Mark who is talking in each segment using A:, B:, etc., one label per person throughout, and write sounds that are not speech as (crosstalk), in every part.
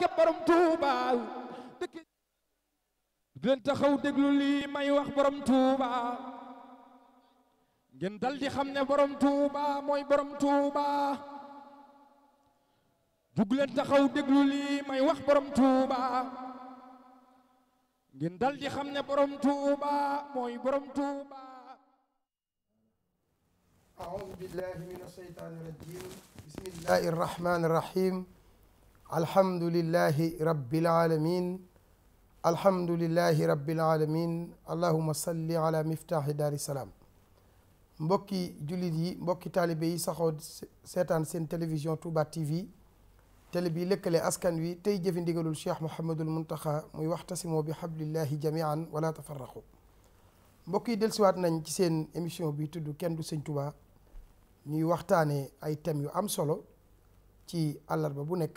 A: Mbàkke borom Touba dëkk di leen taxaw déglu lii may wax borom Touba ngeen dal di xam ne borom
B: Touba mooy borom Touba jug leen taxaw déglu lii may wax borom Touba ngeen dal di xam ne borom Touba mooy borom Touba أعوذ بالله من الشيطان الرجيم بسم الله الرحمن الرحيم الحمد لله رب العالمين الحمد لله رب العالمين اللهم صل على مفتاح دار السلام mbokki jullit yi mbokki taalibe yi saxoo seetaan seen télévision Touba TV télé bi lëkkale askan wi tey jëfi ndigalul cheikh Mouhamadul Muntaxa muy waxtasimoo bi hablillahi jamian wala tafarraqu mbokk yi dellusiwaat nañ ci seen émission bi tudd kenn du sëñ Touba ñuy waxtaanee ay thèmes yu am solo ci àllarba bu nekk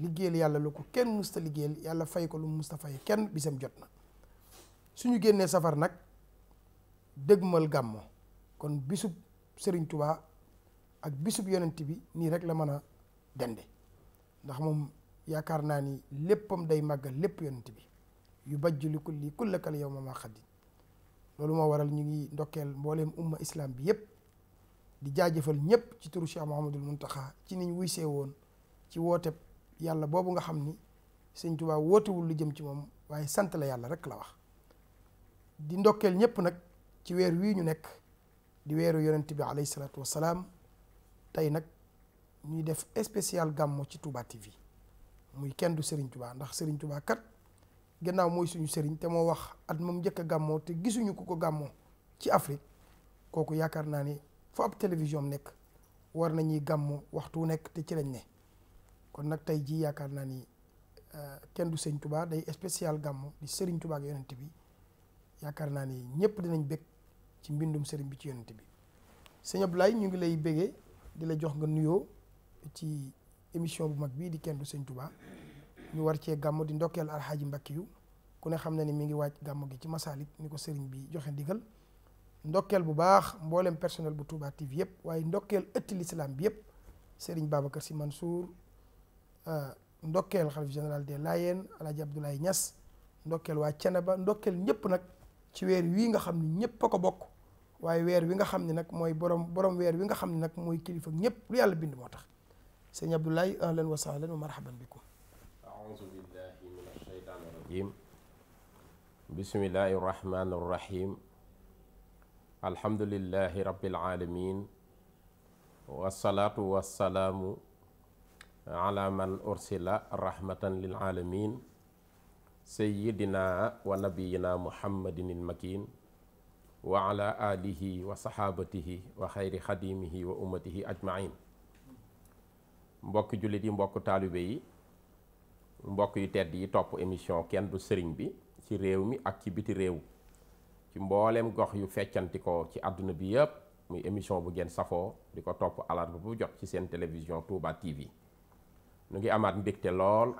B: liggéeyal yalla loko Ken kenn musta liggéeyal yalla fay ko lu musta fay kenn bisam jotna suñu génné safar nak deggmal gammo kon bisub serigne touba ak bisub yonenti bi ni rek la mëna a dende ndax mom yaakar na ni leppam day maga lepp yonenti bi yu bajjul kulli kullaka yow ma ma xaddi waral ñi ngi ndokkeel mbolem umma islam bi yépp di jaajeufal ñepp ci turu Cheikh mohammedul Mountakha ci niñ wuy ci yàlla boobu nga xam ni sëñ Tuubaa wootewul lu jëm ci moom waaye sant la yàlla rek la wax di ndokkeel ñëpp nag ci weer wii ñu nekk di weeru yonent bi alayhi salaatu wassalaam tey nag ñuy def spécial gàmmo ci Touba TV muy kenn du Serigne Touba ndax Serigne Touba kat gannaaw mooy suñu Serigne te moo wax at moom njëkk a gàmmoo te gisuñu ku ko gàmmoo ci Afrique kooku yaakaar naa ni fa ab télévision nekk war nañuy gàmmo waxtu wu nekk te ci lañ ne kon nag tey jii yaakaar naa ni euh, kenn du sëñ tubaa day spécial gàmmu di Serigne Touba ak yonent bi yaakaar naa ni ñëpp dinañ bég ci mbindum sëriñ bi ci yonent bi sëñ Abdoulaye ñu ngi lay bégee di la jox nga nuyoo ci émission bu mag bii di kenn du sëñ tubaa ñu war cee gàmm di ndokkeel alxaaji Mbàkke yu ku ne xam na ni mi ngi wàcc gàmm gi ci Masalik ni ko Serigne bi joxe ndigal ndokkeel bu baax mboolem personnel bu Touba TV yëpp waaye ndokkeel ëtti lislaam bi yëpp Serigne Babacar Sy Mansour. ndokel khalif général de layen Alaaji Abdoulaye Niass ndokel wa tianaba ndokel ñëpp nak ci wèr wi nga xamni ne ñëpp ko bok way wèr wi nga xamni nak moy borom borom wèr wi nga xamni nak moy kilifa ñëpp lu yàlla bind motax seigne Abdoulaye ahlan wa sahlan wa marhaban bikum
A: a'udhu billahi minash asheytaani rajim bismillahir rahmanir rahim alhamdulillahi rabbil alamin والصلاة والسلام ala man ursila rahmatan lil alamin sayyidina wa nabiyina muhammadin makin wa ala wa saxaabatihi wa xayri xadimihi wa ummatihi ajmain mbokki jullit yi mbokk taalibe yi mbokk yu tedd yi topp émission kenn du sëriñ bi ci réew mi ak ci biti réew ci mboolem gox yu feccanti ko ci àdduna bi yépp muy émission bu ngeen safoo di ko topp alarba bu jot ci seen télévision Touba TV nu ngi amaat mbégte lool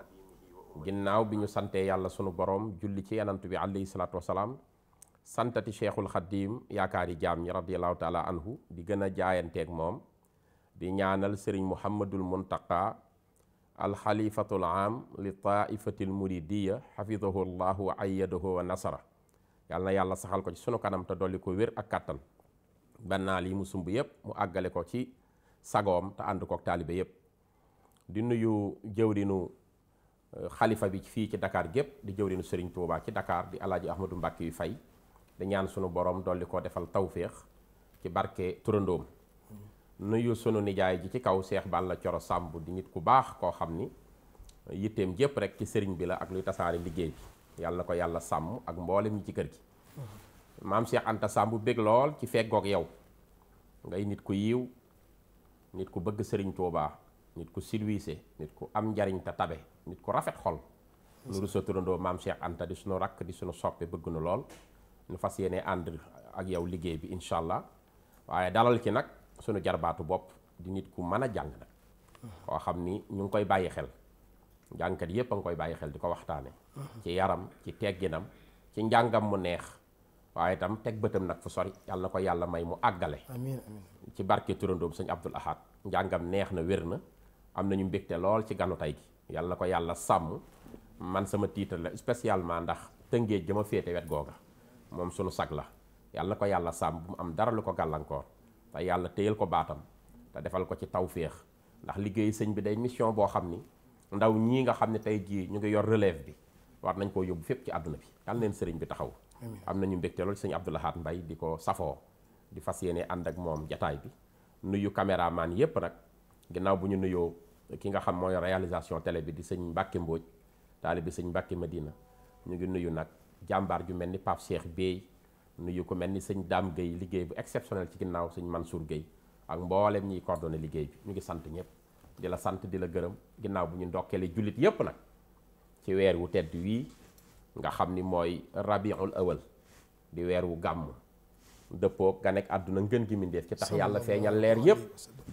A: ginnaaw bi ñu santee yàlla sunu borom julli ci yanantu bi alayhi salatu wasalaam santati cheikhul xadim yaakaari jaam ñi radiallahu taala anhu di gën a jaayanteeg moom di ñaanal sëriñ muhammadul muntaqa al am li taifati Muridiyah muridiya xafidahu llahu wa ayadahu wa nasara sahal na yàlla saxal ko ci sunu kanam te doli ko wér ak kàttan bannaal yi mu sumb yépp mu àggale ko ci sagoom te ànd kook taalibe yépp di nuyu jëwrinu euh, xalifa bi fii ci dakaar gépp di jëwrinu sëriñ Touba ci dakaar di alaaji Ahmadou Mbàkke yu fay di ñaan sunu borom dolli ko defal tawféex ci barke turandoom nuyu sunu nijaay ji ci kaw Cheikh Balla Coro sàmb di nit ku baax koo xam ni yitteem jépp rek ci sëriñ bi la ak luy tasaare liggéey bi yàlla ko yàlla sàmb ak mboolem ñi ci kër gi maam Cheikh Anta Samb bég lool ci feggoog yow ngay nit ku yiw nit ku bëgg sëriñ Touba nit ku silwiise nit ku am jariñ ta tabe nit ku rafet xol nuru sa turando mam Cheikh Anta di sunu rak di sunu soppe bëgg na lool nu fas and ak yow liggéey bi inshallah waye dalal ki nak sunu jarbaatu bop di nit ku mën jang jàng ko xamni ñu koy bàyyi xel yépp koy xel di ko ci yaram ci tegginam ci njàngam mu neex waye tam tek beutam nak fu sori yalla ko yalla may mu àggale amin amin ci barke turandom seigne Abdul Ahad njàngam neex na werna am nañu mbégte lool ci ganu tay gi yalla ko yalla sam man sama titre la spécialement ndax teungé jëma fété wét goga mom sunu la yalla ko yalla sam bu am dara lu ko gàllankoor ta yalla teyel ko batam ta defal ko ci taw ndax liggéey señ bi day mission bo xamni ndaw ñi nga xamni tay gi ñu ngi yor relève bi war nañ ko yob fépp ci aduna bi yàlla leen señ bi taxaw am nañu mbégte lool señ Abdou Lahad Mbaye di ko di fasiyene yéene mom ak bi nuyu cameraman yépp nak ginaaw buñu nuyu ki nga xam mooy réalisation télé bi di sëñ Mbacke Mbodj taalibi sëñ Mbacke medina ñu ngi nuyu nag jàmbaar ju mel ni Pape Cheikh Bey nuyu ko mel ni sëñ Dame Gueye liggéey bu exceptionnel ci ginnaaw sëñ Mansour Gueye ak mboolem ñiy coordonné liggéey bi ñu ngi sant ñëpp di la sant di la gërëm ginnaaw bu ñu ndokkeele julit yépp nag ci weer wu tedd wii nga xam ni mooy rabiul awal di weer wu gàmm dëppoo ganek nekk àdduna ngën gi mindeef ci tax yàlla feeñal leer yépp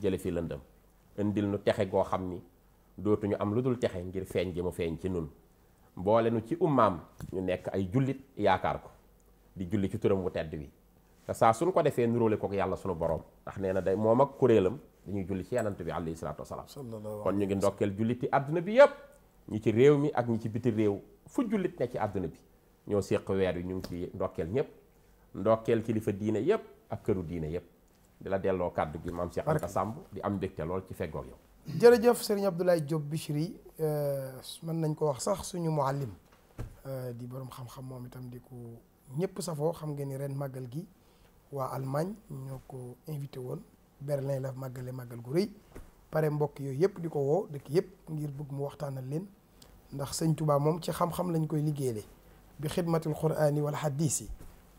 A: jële fi lëndëm indil nu texe go xamni dootu ñu am luddul texe ngir feñ gi mu feeñ ci nun boole nu ci umam ñu nekk ay julit yaakar ko di julli ci turam wu tedd wi ta sa suñ ko defé defee ko ko yàlla sunu borom tax neena day mom ak kuréelam dañuy julli ci yanante bi alayhi salatu wasalaam kon ñu ngi ndokkeel julliti aduna bi yeb ñi ci rew mi ak ñi ci biti rew fu julit ne ci aduna bi ño séq wër wi ñu ngi ci ndokkeel ñëpp ndokkeel kilifa diine yeb ak këru diine yeb di la delloo kàddu gi maam Cheikh Anta Samb di am mbégte lool ci feggoog
C: yow
B: jërëjëf sëriñ Abdoulaye Diop Bichri mën nañ ko wax sax suñu muallim di borom xam-xam moom itam di ko ñëpp safoo xam ngeen ni ren màggal gi waa Allemagne ñoo ko invité woon Berlin la màggale màggal gu rëy pare mbokk yooyu yëpp di ko woo dëkk yëpp ngir bëgg mu waxtaanal leen ndax sëñ Touba moom ci xam-xam lañ koy liggéeyale bi xidmatul quraani wal hadisi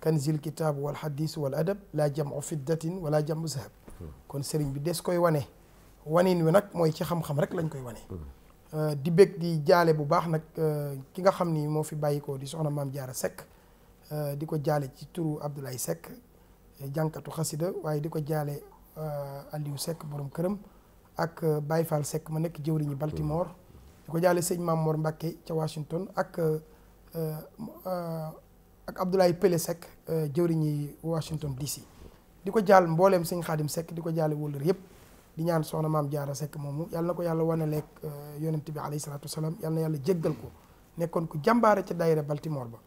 B: kanzil kitaab wal xadis wal adab laa jamu fiddatin wala jamu zahab kon sëriñ bi des koy wane wanin wi nag mooy ci xam-xam rek lañ koy wane euh, di bég di jaale bu baax nag euh, ki nga xam ni moo fi bàyyikoo di soxna maam jaara Seck euh, di ko jaale ci turu Abdoulaye sekk jànkatu xasida waaye di ko jaale Aliou sekk borom këram ak Baye Fall Seck ma nekk jëwriñu Baltimore di ko jaale sëñ Maam Mor Mbacke ca Washington ak ak Abdoulaye Pélé Seck euh, jëwriñi Washington DC di ko jaal mbooleem sëñ Xaadim sekk di ko jaale wóllër yëpp di ñaan soxna maam jaara sekk moomu yàlla na ko yàlla wanaleeg euh, yonent bi alayhi salaatu wasalaam yàlla na yàlla jéggal ko nekkoon ku jàmbaare ca daayira Baltimore ba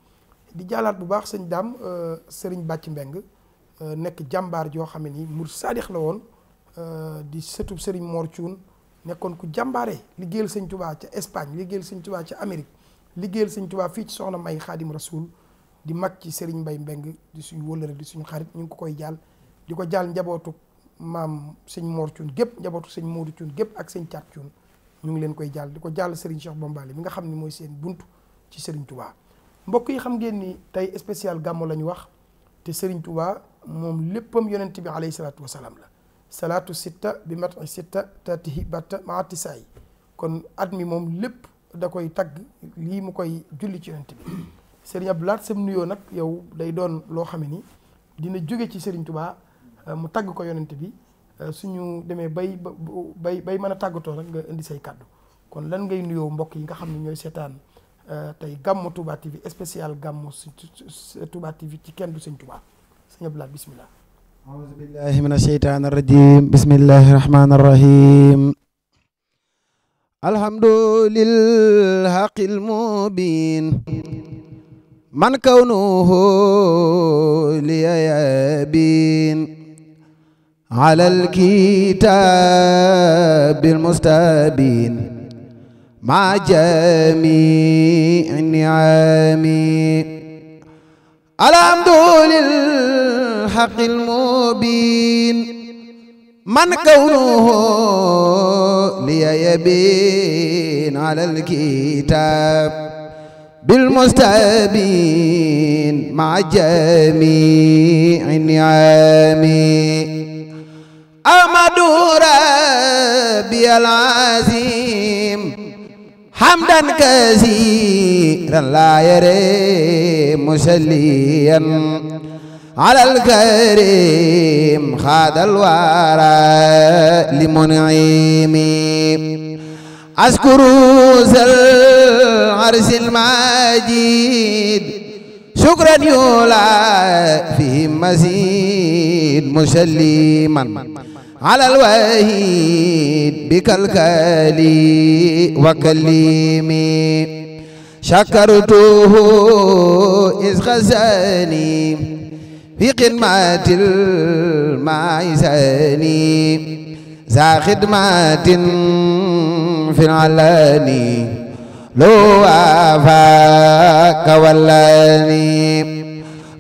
B: di jaalaat bu baax sëñ daam euh, sëriñ bàcc mbeng nekk jàmbaar joo xam ne ni mur saadix la woon di sëtub sëriñ Mor Cuun nekkoon ku jàmbaare liggéeyal sëñ tubaa ca Espagne liggéeyal sëñ tubaa ca Amérique liggéeyal sëñ tubaa fii ci soxna may Xaadim Rasoul di mag ci Serigne mbay mbeng di suñu wëllëre di suñu xarit ñu ngi ko koy jaal di ko jaal njabootu maam sëñ Mor Thioune gépp njabootu sëñ Modou Thioune gépp ak sëñ Thiat Thioune ñu ngi leen koy jàll di ko jaal Serigne Cheikh Bombali mi nga xam ni mooy seen buntu ci Serigne Touba mbokk yi xam ngeen nii tey spécial gàmmu la ñu wax te Serigne Touba moom léppam yonent bi alayhi salaatu wa salaam la salaatu sitta bi mat sitta tatihi batta maati saa saay kon at mi moom lépp da koy tagg lii mu koy julli ci Serigne abdoulat sem nuyo nak yow day don lo xam ni dina jóge ci Serigne Touba euh, mu tag ko yonent bi euh, suñu demee bay bay bay mën tagoto rek nga indi say cadeau kon lan ngay nuyo mbokk yi nga xamni ñoy ñooy tay euh, tey Touba TV spécial gàmmu Touba TV ci kenn du Serigne Touba Serigne abdoulat bismillah a'udhu billahi
D: minash shaitanir rajim bismillahir rahmanir rahim
E: haqqil mubin من كونه ليبين على الكتاب المستبين مع جميع النعم الحمد للحق المبين من كونه ليبين على الكتاب بالمستعبين مع جميع نعمي أمد ربي العظيم حمدا كثيرا لا يريم مسليا على الكريم خاد الورى لمنعيمي أذكروا ذا العرش المجيد شكرا يولى في مزيد مسلما على الوحيد بك الكلي وكلمي شكرته إذ غزاني في قمة المعزاني ذا خدمة في العلاني لو عفاك ولاني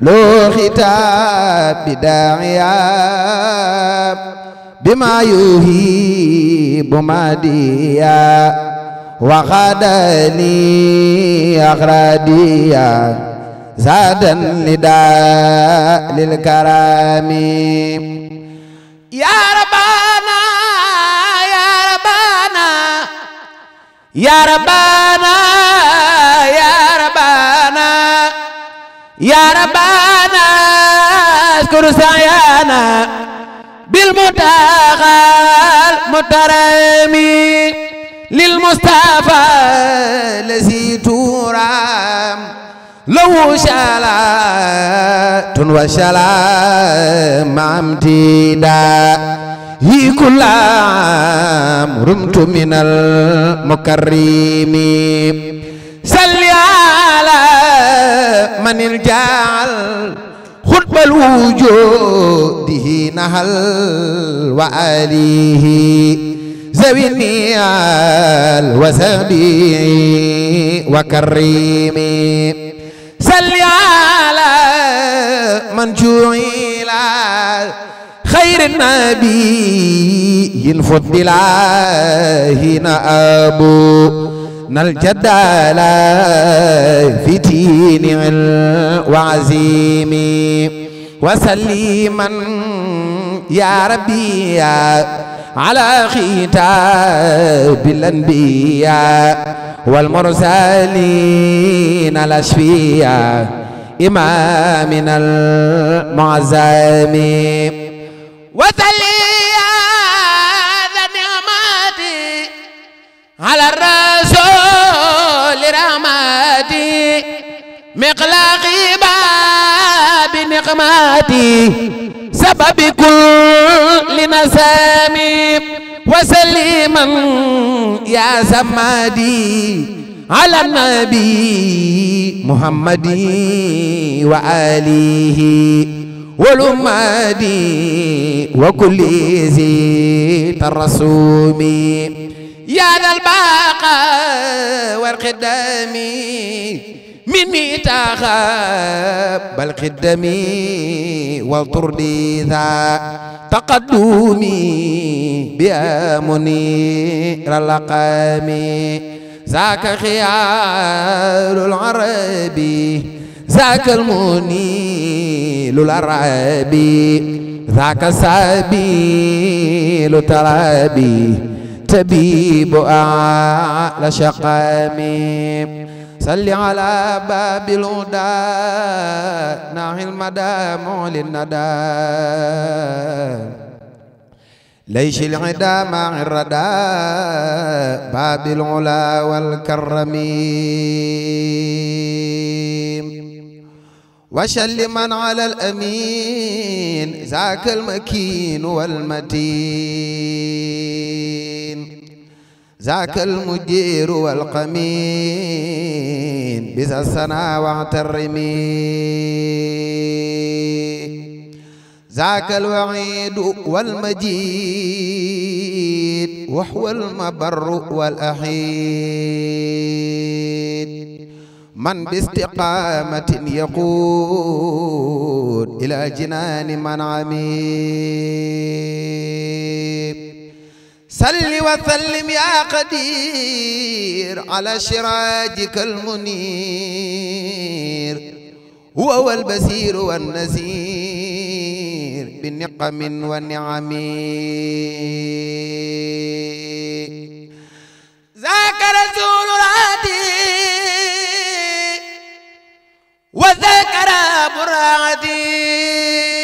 E: لو ختاب داعيا بما يهيب ماديا وغدني أغراديا زاد النداء للكرام يا رب yaa rabbaana yaa
F: rabbaana yaa rabbaana askuru sa'yaana bil mutaqal mutarami
E: lil mustafa lazi turam له شلاة وسلام امتداء كل عام رمت من المكرم صل على من الجعل خطب الوجود نهل وآله ذوي النيال وسبي وكريمي صل على من جعل خير النبي فضل هنا أبو الجدال في تين وعزيمي وسليما يا ربي يا على خطاب الأنبياء والمرسلين الأشفياء إمامنا المعزم وتلي هذا نعمتي على الرسول رحمتي مقلاقي باب نقمتي بسبب كل مسامي وسليما يا سمادي على النبي محمد وآله والأماد وكل ذي الرسوم يا ذا الباقى والقدامي مني تخاب بل قدمي والطردي ذا تقدمي بيا منير ذاك خيار العربي ذاك الموني للعربي ذاك سابي لترابي تبيب أعلى شقامي صل على باب الهدى ناحي المدى مولي الندى ليش العدا مع الردى باب العلا وشل من على الأمين ذاك المكين والمتين ذاك المجير والقمين بذا السنا واعترمي ذاك الوعيد والمجيد وهو المبر والأحيد من باستقامة يقود إلى جنان من عميد صل وسلم يا قدير على شراجك المنير هو البصير والنذير بالنقم والنعم
F: ذاك رسول العادي
E: وذاك رب العادي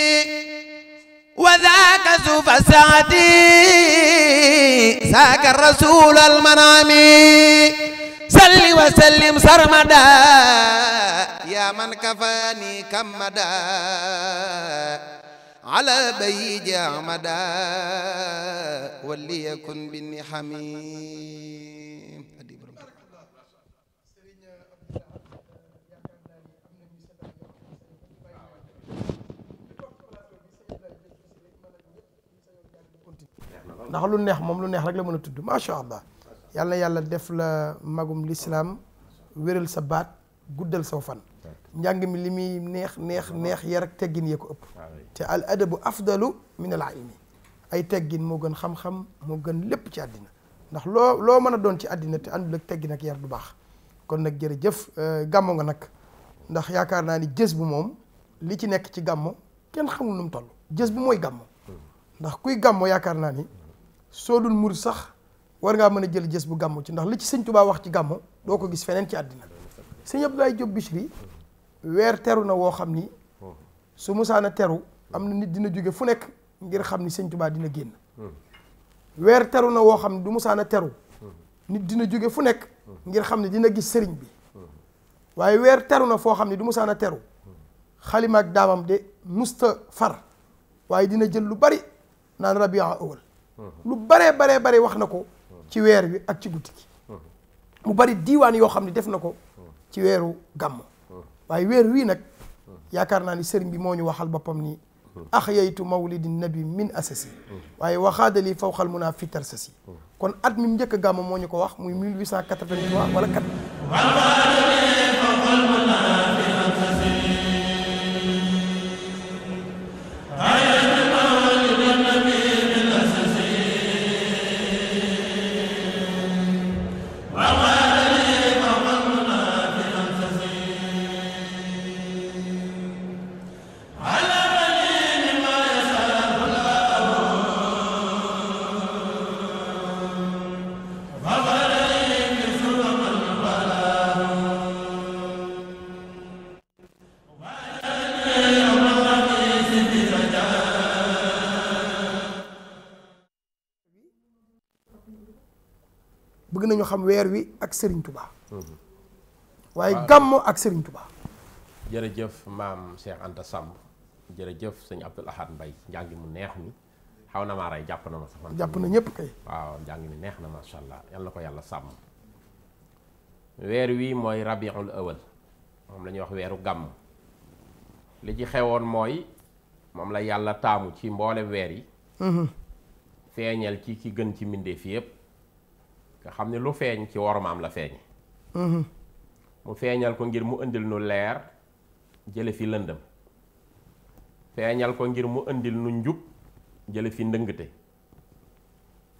E: وذاك سوف سعدي ساك الرسول المنامي سل وسلم سرمدا يا من كفاني كمدا
C: على بيج عمدا
E: وليكن حميد
B: ndax lu neex moom lu neex rek la mën a tudd macha allah yàlla yàlla def la magum lislaam wéral sa baat guddal saw fan njàng mi li muy neex neex neex yar ak teggin yee ko ëpp te al adabu afdalu min al ilmi ay teggin moo gën xam-xam moo gën lépp ci àddina ndax loo loo mën a doon ci àddina te àndul ak teggin ak yar du baax kon nag jërëjëf gàmmo nga nag ndax yaakaar naa ni jës bu moom li ci nekk ci gàmmo kenn xamul nu mu toll jës bu mooy gàmmo ndax kuy gàmmo yaakaar naa ni soo dul murit sax war ngaa mën a jël jës bu gàmmu ci ndax li ci sëñ Tuubaa wax ci gàmmu doo ko gis feneen ci àddina sëñ Abdoulaye Diop Bichri weer teru na woo xam ni su musaana teru am na nit dina jóge fu nekk ngir xam ni sëñ dina génn teru na woo xam ni du musaana teru nit dina jóge fu nekk ngir xam ne dina gis sëriñ bi waaye weer teru na foo xam ne du musaana teru xalima ak daamam de musta far waaye dina jël lu bari naan rabia awal lu baree baree bare wax na ko ci weer wi ak ci guddi gi mu bari diiwaan yoo xam ne def na ko ci weeru gàmm waaye weer wii nag yaakaar naa ni sëriñ bi moo ñu waxal boppam ni axyaytu mawlidi nabi min asasi waaye waxaadali fawxal munaa fi tarsasi kon at mi njëkk a gàmm moo ñu ko wax muy 1883 wala 4 xam wèr wi ak Serigne Touba. waye gamu ak Serigne Touba.
A: jeuf mam Cheikh Anta jere jeuf serigne Abdoul Ahad mbay jangi mu neex ni xawna ma ray japp na ma sama japp na ñëpp kay. waaw jangi mi neex na macha allah yalla ko yalla sam wèr wi moy rabiul awal mom lañ wax wèru gam li ci xewon moy mom la yalla tamu ci mbolé wèr yi. Mhm. feñal ci ki gën ci yépp nga xam ne lu feeñ ci wormaam la feeñ mm-hmm. mu feeñal ko ngir mu indil nu leer jële fi lëndëm feeñal ko ngir mu indil nu njub jële fi ndëngte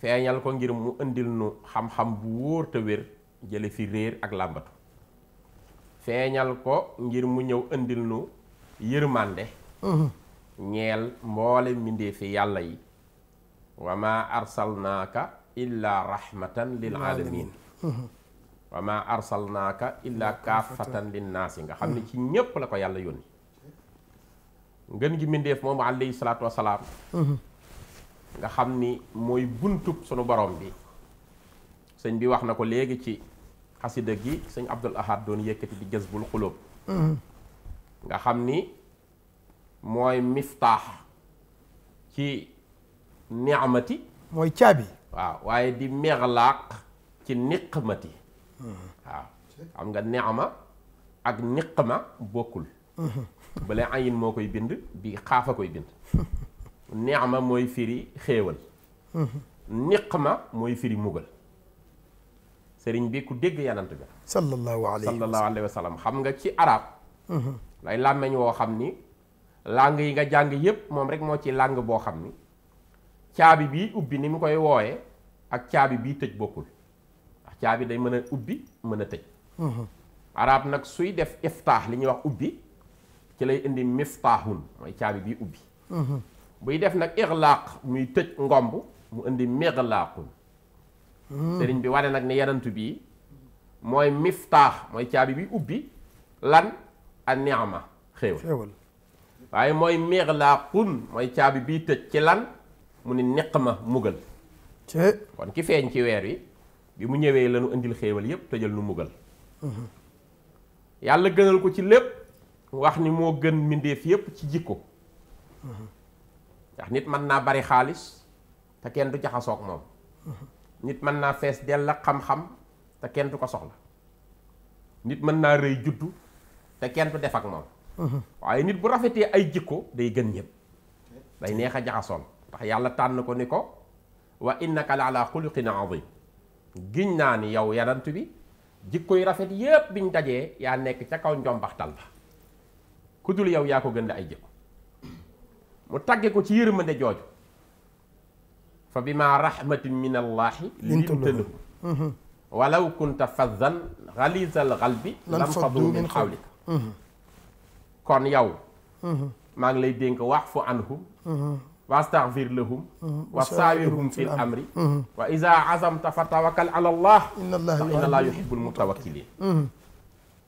A: feeñal ko ngir mu indil nu xam-xam bu wóor te wér jële fi réer ak làmbatu feeñal ko ngir mu ñëw indil nu yërmande mm-hmm. ñeel mboole mbindee fi yàlla yi wa arsalnaaka illaa rahmatan lil alamin (laughs) wa maa arsalnaaka illaa kaafatan linnaasi nga xam ne ci ñépp la ko yàlla yónni ngën gi mbindeef moom alayhi salaatu wasalaam (laughs) nga xam ni mooy buntub sunu borom bi sëñ bi wax na ko léegi ci xasida gi sëñ abdul ahad doon yëkkati di gës bul xulóob nga xam ni mooy miftaax ci ni'mati mooy caabi waaw waaye di meexlaaq ci niqmat yi waaw xam nga neexma ak niqma bokkul bale ayin moo koy bind bi xaafa koy bind neexma mooy firi xéewal niqma mooy firi mugal sëriñ bi ku dégg yanant bi
D: sallallahu
A: xam nga ci araab mhm. lay làmmeñ woo xam ni làng yi nga jàng yépp moom rek moo ci làng boo xam ni caabi bii ubbi ni mu koy wooyee ak caabi bii tëj bokkul ndax caabi day mën a ubbi mën a tëj arab nag suy def iftaax li ñuy wax ubbi ci lay indi miftaahun mooy caabi bii ubbi buy def nag ixlaaq muy tëj ngomb mu indi mixlaaqun sëriñ bi wane nag ne yarantu bii mooy miftaax mooy caabi bi ubbi lan a niama xéewal waaye mooy mixlaaqun mooy caabi bii tëj ci lan mu ne neq mugal kon ki feñ ci wër wi bi mu ñëwé lañu andil xéewal yépp tejal nu mugal mhm. yalla gënal ko ci lépp wax ni mo gën fi yépp ci jikko mhm. ndax nit man na bari xaaliss ta kenn du mhm. ak mom nit man na fess del la xam-xam ta kenn du ko soxla nit man na rëy juddu ta kenn du def ak mom waye nit bu rafeté ay jikko day gën ñëpp day neexa jaxason ndax yàlla tànn ko ni ko wa innaka la ala xuluqin azim giñ naa ni yow yanant bi jikko rafet yépp biñ dajee yaa nekk ca kaw njombaxtal ba ku dul yow yaa ko gën ay jikko mu tagge ko ci yërmande jooju fa bima rahmatin min allahi linta lahum walaw kunta faddan ghaliza alqalbi lam fadu min qawlik kon yow maa ngi lay dénk wax fu anhum wastaghfir lahum wa saawirhum fil amri wa iza azamta fa tawakkal ala allah inna allaha yuhibbul mutawakkilin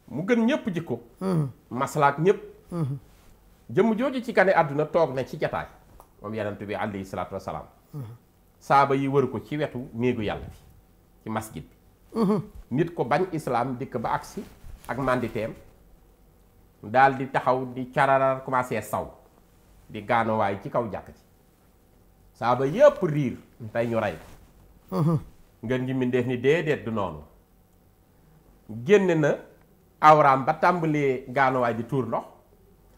A: mu gën ñépp jikko maslaak ñépp jëmm jooju ci kane àdduna toog na ci jataay moom yonent bi saaba yi wër ko ci wetu néegu yàlla bi ci masjid
G: bi
A: nit ko bañ islaam dikk ba agsi ak manditeem daal di taxaw di cararar commencé saw di gaanowaay ci kaw jàkk ci saaba yépp riir tey ñu rey
G: ko uh-huh.
A: ngeen ngi mindeef ni déedéet du noonu génn na awraam ba tàmbalee gaanuwaay di tuur ndox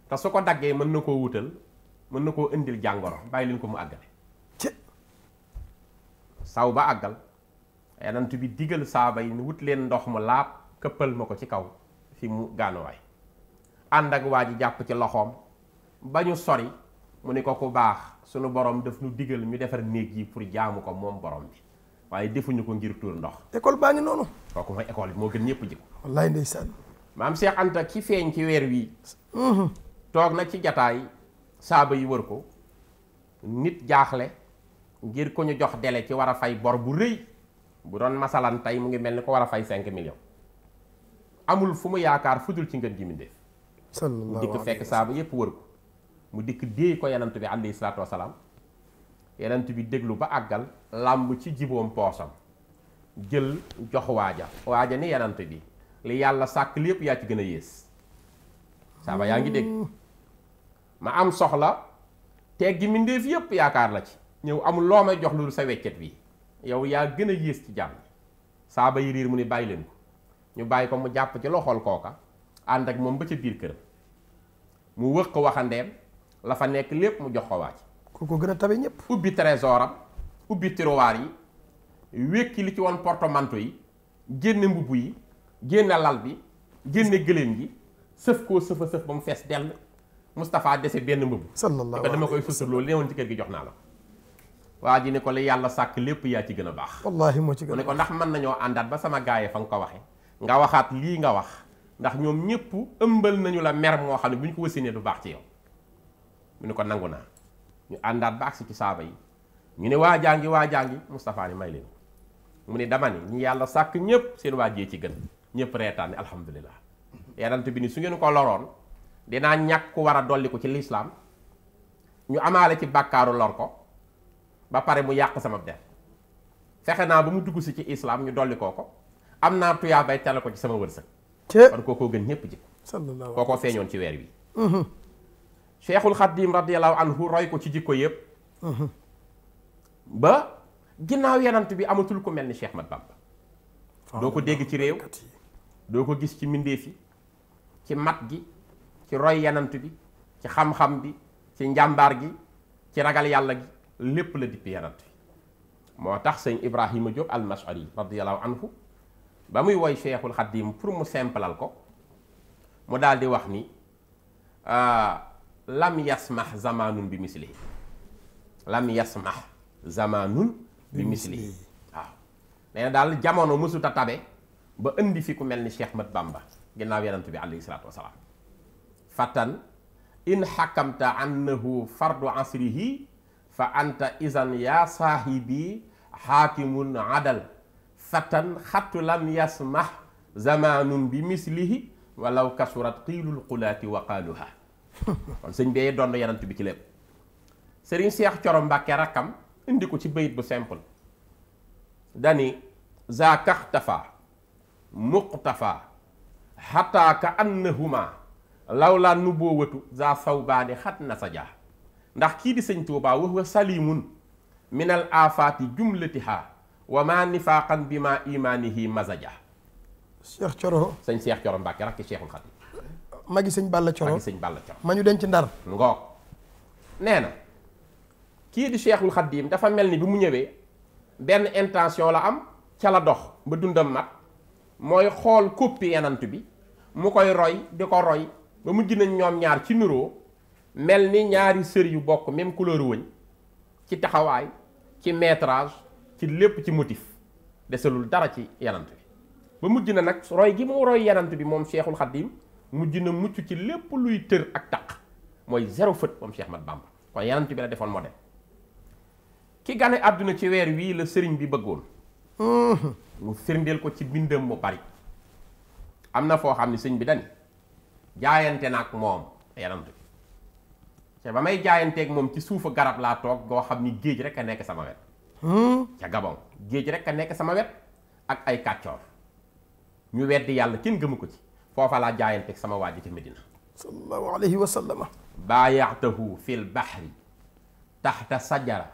A: te su ko daggee mën na koo wutal mën na koo indil jàngoro bàyyi leen ko mu àggale saw ba àggal yanant bi digal saaba yi wut leen ndox mu laab këppal ma ko ci kaw fi mu gaanuwaay ànd ak waa ji jàpp ci loxoom ba ñu sori mu ni ko ku baax sunu borom daf nu digal ñu defar néeg yi pour jaamu ko moom boroom bi waaye defuñu ko ngir tuur ndox. école baa ngi noonu. kooku mooy école bi moo gën ñëpp jikko. wallaay ndeysaan. maam Cheikh Anta ki feeñ ci weer wi. Mm-hmm. toog na ci jataay saaba yi wër ko nit jaaxle ngir ko ñu jox délai ci war a fay bor bu rëy bu doon masalan tey mu ngi mel ni ku war a fay 5 millions amul fu mu yaakaar fu fudul ci ngën ji mi def.
D: sallallahu fekk
A: saaba yëpp wër ko. mu dik déey ko yenant bi alayhi salatu wasalaam yenant bi deglu ba agal lamb ci jibom posam jël jox waja waja ni yenant bi li yalla sak lepp ya ci gëna yes sa ba yaangi deg ma am soxla teggi mbindéef yep yaakar la ci ñew am loo may jox lu sa wéccet bi yow ya gëna yes ci jamm sa ba yirir mu ni bàyyi ko ñu bay ko mu japp ci ak mom ba ci bir mu ko la fa nekk lépp mu jox ko waa ji ku ko gën a tabe ñëpp ubbi trésor am ubbi tiroir yi wékki li ci woon portemanteau yi génne mbubb yi génne lal bi génne gëléem gi sëf koo sëfa sëf ba mu fees dell Moustapha dese benn mbubb sallallahu alayhi dama koy fësal loolu leewoon ci kër gi jox naa la waa ji ne ko la yàlla sàkk lépp yaa ci gën a baax
B: wallaahi moo ci gën a baax ne ko ndax
A: mën nañoo àndaat ba sama gaayee fa nga ko waxe nga waxaat lii nga wax ndax ñoom ñëpp ëmbal nañu la mer moo xam ne bu ñu ko wësinee du baax ci yow ñu ko nangu naa ñu àndaat ba agsi ci saaba yi ñu ne waa jàngi waa jàngi Moustapha ni may leen mu ne dama ni ñi yàlla sàkk ñëpp seen waa jee ci gën ñëpp reetaan ni alhamdulilah bi ni su ngeen ko loroon dinaa ñàkk ku war a dolli ko ci lislaam ñu amaale ci bàkkaaru lor ko ba pare mu yàq sama def fexe naa ba mu dugg si ci islaam ñu dolli koo ko am naa tuyaa bay tele ko ci sama wërsëg kon kookoo gën ñëpp kookoo feeñoon ci weer wi mm-hmm. cheikhul xaddim radiallahu anhu roy ko ci jikko yëpp uh-huh. ba ginnaaw yenant bi amatul ko mel ni Cheikh Mat Bamba ah, doo ko dégg ci réew doo ko gis ci mbindeef yi ci mat gi ci roy yenant bi ci xam-xam bi ci njàmbaar gi ci ragal yàlla gi lépp la dippi yenant bi moo tax sëñ Ibrahima Diop al-Mashari radiallahu anhu ba muy woy cheikhul xaddim pour mu simplal ko mu daal di wax ni ah, lam yasmah zamanun bi mislihi lam yasmah zamanun
F: bi mislihi
A: dalam nee na daal jamono mësuta tabe ba indi fi ku melni cheikh mat bamba ginaaw yaronte bi alayhi salatu fatan in hakamta annahu fardu asrihi fa anta izan ya sahibi hakimun adal fatan khattu lam yasmah zamanun bi mislihi walau kasurat qilul qulati wa qaluha kon sëñ bee doon bi ci lépp sëriñ seex coro mbàkke rakkam indi ko ci bayit bu simple dani zaakax tafa muqtafa xataa ka annahuma lawlaa nubuwatu za sawbaani xat na sa jaa ndax kii di sëñ tuubaa wax wa salimun min al aafaati jumlatiha wa ma nifaaqan bi ma imaanihi mazaja seex coro sëñ seex coro mbàkke rakki seexul xadim
B: magi seigne Balla choro magi seigne Balla choro mañu denc ndar ngok
A: neena ki di Cheikhul Khadim dafa mel ni bi mu ñëwee benn intention la am ci la dox ba dundam mat mooy xool koppi yenant bi mu koy roy di roy ba mu nañ ñom ñaar ci nuro mel ni ñaari sër yu bok même couleur wuñ ci taxaway ci métrage ci lepp ci motif desselul dara ci yenant bi ba mu na nak roy gi mu roy yenant bi mom Cheikhul Khadim mujj na mucc ci lépp luy tër ak taq mooy zéro fët moom Cheikh Ahmad kon yanant bi la defoon moo ki gane àdduna ci weer wii la sëriñ bi bëggoon mhm. mu firndeel ko ci bindam mu bari am na foo xam ne sëñ bi dani jaayante na ak moom yanant bi te ba may jaayanteeg moom ci suufa garab laa toog goo xam ni géej rek a nekk sama wet hmm? ca Gabon géej rek a nekk sama wet ak ay kàccoor ñu weddi yàlla kenn gëmu ko ci foofa laa jaayanteeg sama waa ji ca Medina. sallallahu alayhi wa sallam. baayaatahu fil baxri taxta sajara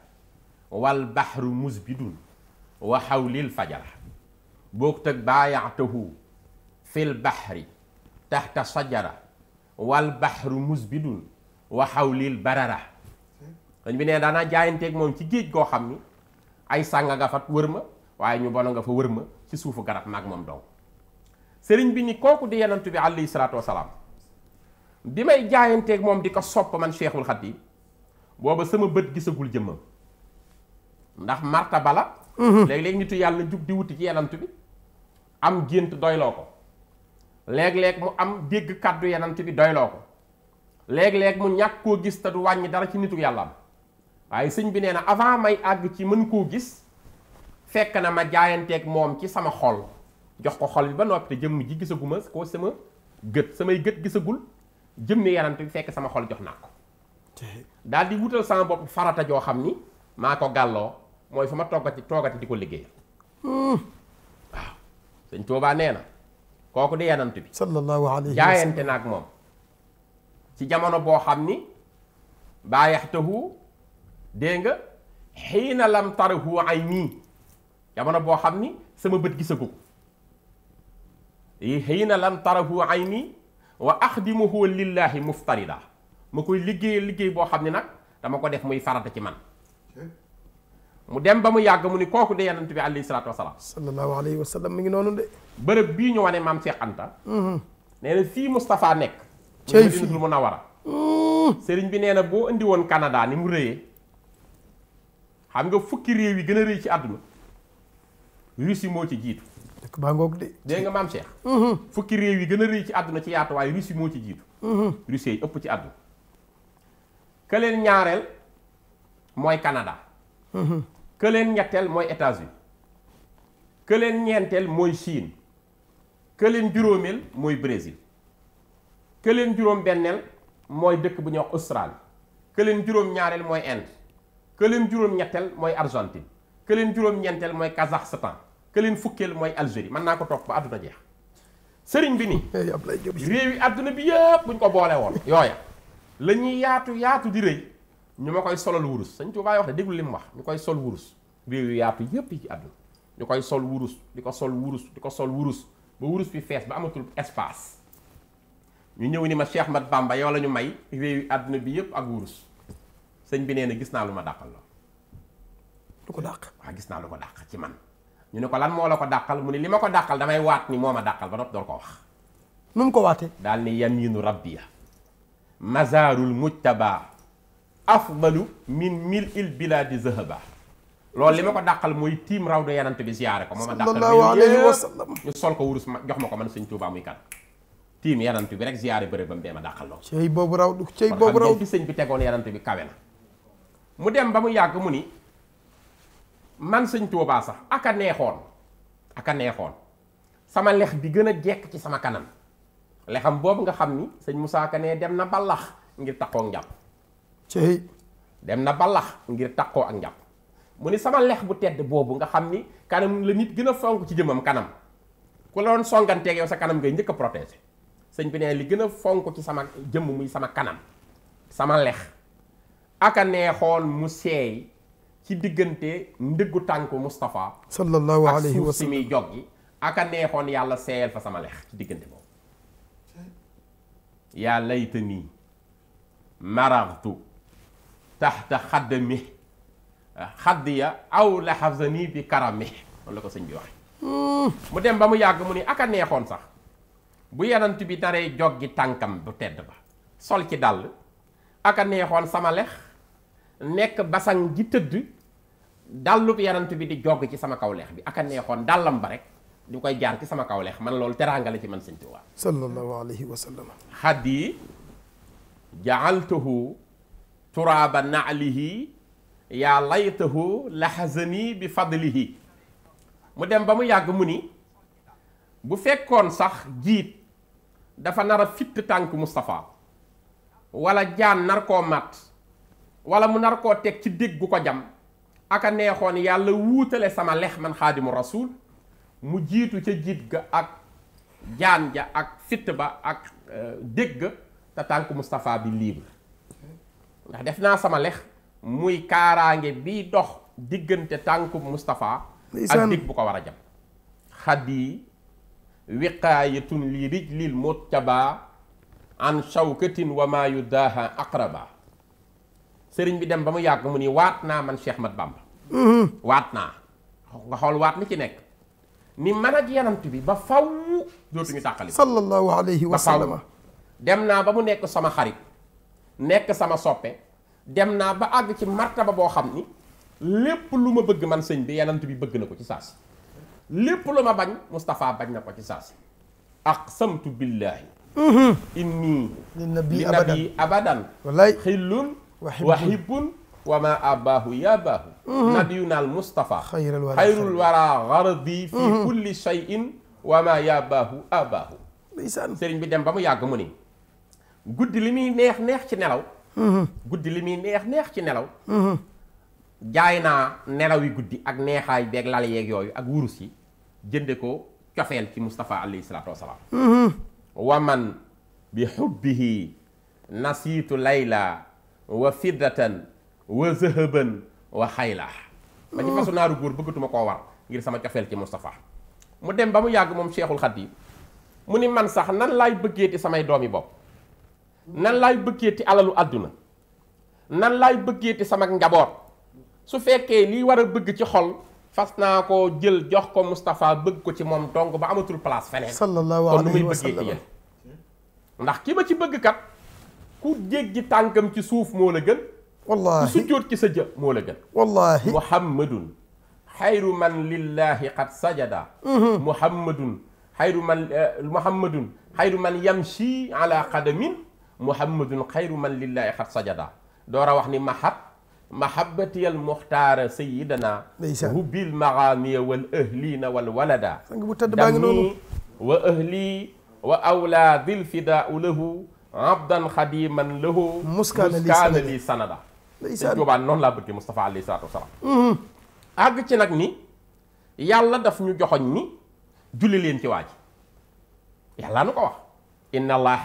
A: wal baxru musbidun wa xawlil fajara bokkut ak baayaatahu fil baxri taxta sajara wal baxru musbidun wa xawlil barara. dañ bi ne daanaa jaayanteeg moom ci géej goo xam ni ay sàng nga fa wër ma waaye ñu bon nga fa wër ma ci suufu garab maag moom dong. sëriñ bi ni kooku di yenantu bi alayhi salaatu wasalaam bi may jaayanteeg moom di ko sopp man xat Xadim booba sama bët gisagul jëmmam ndax marta bala mhm. léeg-léeg nitu yàlla jug di wuti ci yenantu bi am gént doyloo ko léeg-léeg mu am dégg kàddu yenantu bi doyloo ko léeg-léeg mu ñàkk koo gis te du wàññi dara ci nitu yàlla am waaye sëñ bi nee na avant may àgg ci mën koo gis fekk na ma jaayanteeg moom ci sama xol jox ko xol bi ba noppi te jëmm ji gisaguma ko sama gët samay gët gisagul jëmmi yarante bi fekk sama xol jox naa ko daal di wutal sama bopp farata joo xam ni maa ko gàlloo mooy fu ma toggati toogati di ko liggéeyal hmm. waaw sëñ Tuubaa nee na kooku di yanant bi
B: sallallahu alayhi jaayante
A: ak moom ci jamono boo xam ni baayaxtahu dégg nga xiina lam tarahu ay nii jamono boo xam ni sama bët gisagu ko xiina lam tarahu ayni wa axdimuhu lillahi muftarida ma koy liggéey liggéey boo xam ne nag dama ko def muy farata ci man mu dem ba mu yàgg mu ni kooku de yonent bi alayhi salaatu wasalaam sallallahu
B: alayhi wa sallam mi ngi noonu
A: de bërëb bii ñu wane maam Cheikh Anta mm-hmm. nee na fii Moustapha nekk cey fii mu nawara
B: mm-hmm.
A: sëriñ bi nee na boo indi woon kanadaa ni mu rëyee xam nga fukki réew yi gën a rëy ci àdduna Russie moo ci jiitu dëkk baa ngoog de. dégg nga maam Cheikh. Mm-hmm. fukki réew yi gën a rëy ci àdduna ci yaatu waaye Russie moo ci jiitu. Mm-hmm. Russie yi ëpp ci àdduna. ka ñaareel mooy Canada. Mm-hmm. këleen ñetteel mooy États-Unis ka ñeenteel mooy Chine. këleen leen juróomeel mooy Brésil. këleen leen juróom-benneel mooy dëkk bu ñuy wax Australie. këleen leen juróom-ñaareel mooy Inde. ka leen juróom-ñetteel mooy Argentine. ka leen juróom-ñeenteel mooy Kazakhstan. que leen fukkeel mooy Algérie man nako tok ba aduna jeex serigne bi ni rewi aduna bi yëpp buñ ko bolé won yoya la yaatu yaatu di reuy ñuma koy solal wurus serigne touba wax de lim wax ñukoy sol wurus rewi yaatu yëpp ci aduna ñukoy sol wurus diko sol wurus diko sol wurus ba wurus fi fess ba amatul espace ñu ñew ni ma Cheikh Mat Bamba yow lañu may rewi aduna bi yëpp ak wurus serigne bi neena gis na luma ma dàqal la lu ko dàq gis na lu dak ci man ñu ne ko lan moo la ko dàqal mu ne li ma ko dàqal damay waat ni moo ma dàqal ba noppi door ko wax nu mu ko waatee daal ni yaminu rabbiya mazaarul mujtaba afdalu min mil il biladi zahaba loolu li ma ko dàqal muy tiim raw do yanant bi siyaare ko moo ma dàqal ñu sol ko wurus jox ma ko man sëñ Tuubaa muy kan tiim yanant bi rek siyaare bëre bam bee ma dàqal loolu
B: cey boobu raw du
A: cey boobu raw fi sëñ bi tegoon yanant bi kawe na mu dem ba mu yàgg mu ni man seigne touba sax aka neexon aka neexon sama lekh bi geuna jek ci sama kanam lekham bob nga xamni seigne Moussa kané dem na balax ngir takko ak njàpp cey dem na balax ngir takko ak njàpp muni sama lekh bu tedd boobu nga xamni kanam la nit geuna fonk ci jëmam kanam ku la doon ak yow sa kanam ngay ñëk protéger seigne bi né li geuna fonk ci sama jëm muy sama kanam sama lekh aka neexon mu seey ci diggante ndëggu tànk Moustapha.
B: sallallahu alayhi wa ak suuf si
A: muy joggi ak a neexoon yàlla seeyal fa sama lex ci diggante boobu. yaa laytani marartu taxta xaddami xaddiya aw la xafsani bi ko sëñ bi waxe mu dem ba mu yàgg mu ni ak a neexoon sax bu yenant bi naree joggi tànkam bu tedd ba sol ci dàll ak a neexoon sama lex Nek basang ji teud dalu yarant bi di jog ci sama kaw bi ak neexon dalam ba rek di koy jaar ci sama kaw leex man lol teraanga ci man seigne touba
B: sallallahu alaihi wasallam.
A: Hadi jaaltuhu turaba na'lihi ya laytahu lahzani bi fadlihi mu dem ba mu yag muni bu fekkon sax jiit dafa nara fit tank mustafa wala jaan nar ko mat wala mu nar koo teg ci dégg gu ko jam aka neexoon yàlla wuutale sama lex man xaadimu rasuul mu jiitu ca jiit ga ak jaan ja ak fitt ba ak euh, dégg te tànk Moustapha bi libre ndax def naa sama lex muy kaaraange bi dox diggante tànk Moustapha ak dégg bu ko war a jam xaddi wiqaayatun li rijlil muttabaa an shawkatin wa maa yudaaha sering bi dem bamu yag mu ni watna man Cheikh Mat Bamba watna naa nga xol wat ni ci nek ni man ak yanant bi ba faw dootuñu takali sallallahu alayhi wa sallam dem na bamu nek sama xarit nek sama soppe dem na ba ag ci martaba bo xamni lepp luma ma bëgg man señ bi yanant bi bëgg nako ci sas lepp luma bañ mustafa bañ nako ci sas aqsamtu billahi
B: inni li nabi
A: abadan wallaay
B: khilun wahibun
A: wa ma abaahu yabaahu nabiyuna al mustafa xayrul fi kulli shayin wa ma abaahu ndeysaan sëriñ bi dem ba mu yàgg mu ni guddi li muy neex neex ci nelaw guddi li muy neex neex ci nelaw jaay nelaw yi guddi ak neexaay beeg lal yeeg yooyu ak wurus yi jënde ko cofeel ci Moustapha alayhi waman bi xubbihi nasiitu layla wa fiddatan wa zahaban wa xayla ba ci fasu naaru góor bëggatuma koo war ngir sama cofeel ci Moustapha mu dem ba mu yàgg moom Cheikhul yi mu ni man sax nan laay bëggeeti samay doom yi bopp nan laay bëggee ti alalu àdduna nan laay bëggee ti sama njaboot su fekkee lii war a bëgg ci xol fas naa ko jël jox ko Moustapha bëgg ko ci moom dong ba amatul place feneen kon
C: nu muy bëggeeti yéen
A: ndax ki ma ci bëgg kat ku degg tankam ci suuf mo la gën والله سجود كي سجد مولاك والله محمد خير من لله قد سجد محمد خير من محمد خير من يمشي على قدم محمد خير من لله قد سجد دورا وخني محب محبتي المختار سيدنا هو المغاني والاهلين والولدا واهلي واولاد الفداء له عبدا خديما له مسكان لي سندا سندا جوبا نون لا بك مصطفى عليه الصلاه والسلام اغ سي نك ني يالا داف ني جوخني ني جولي لين تي واجي يالا نكو واخ ان الله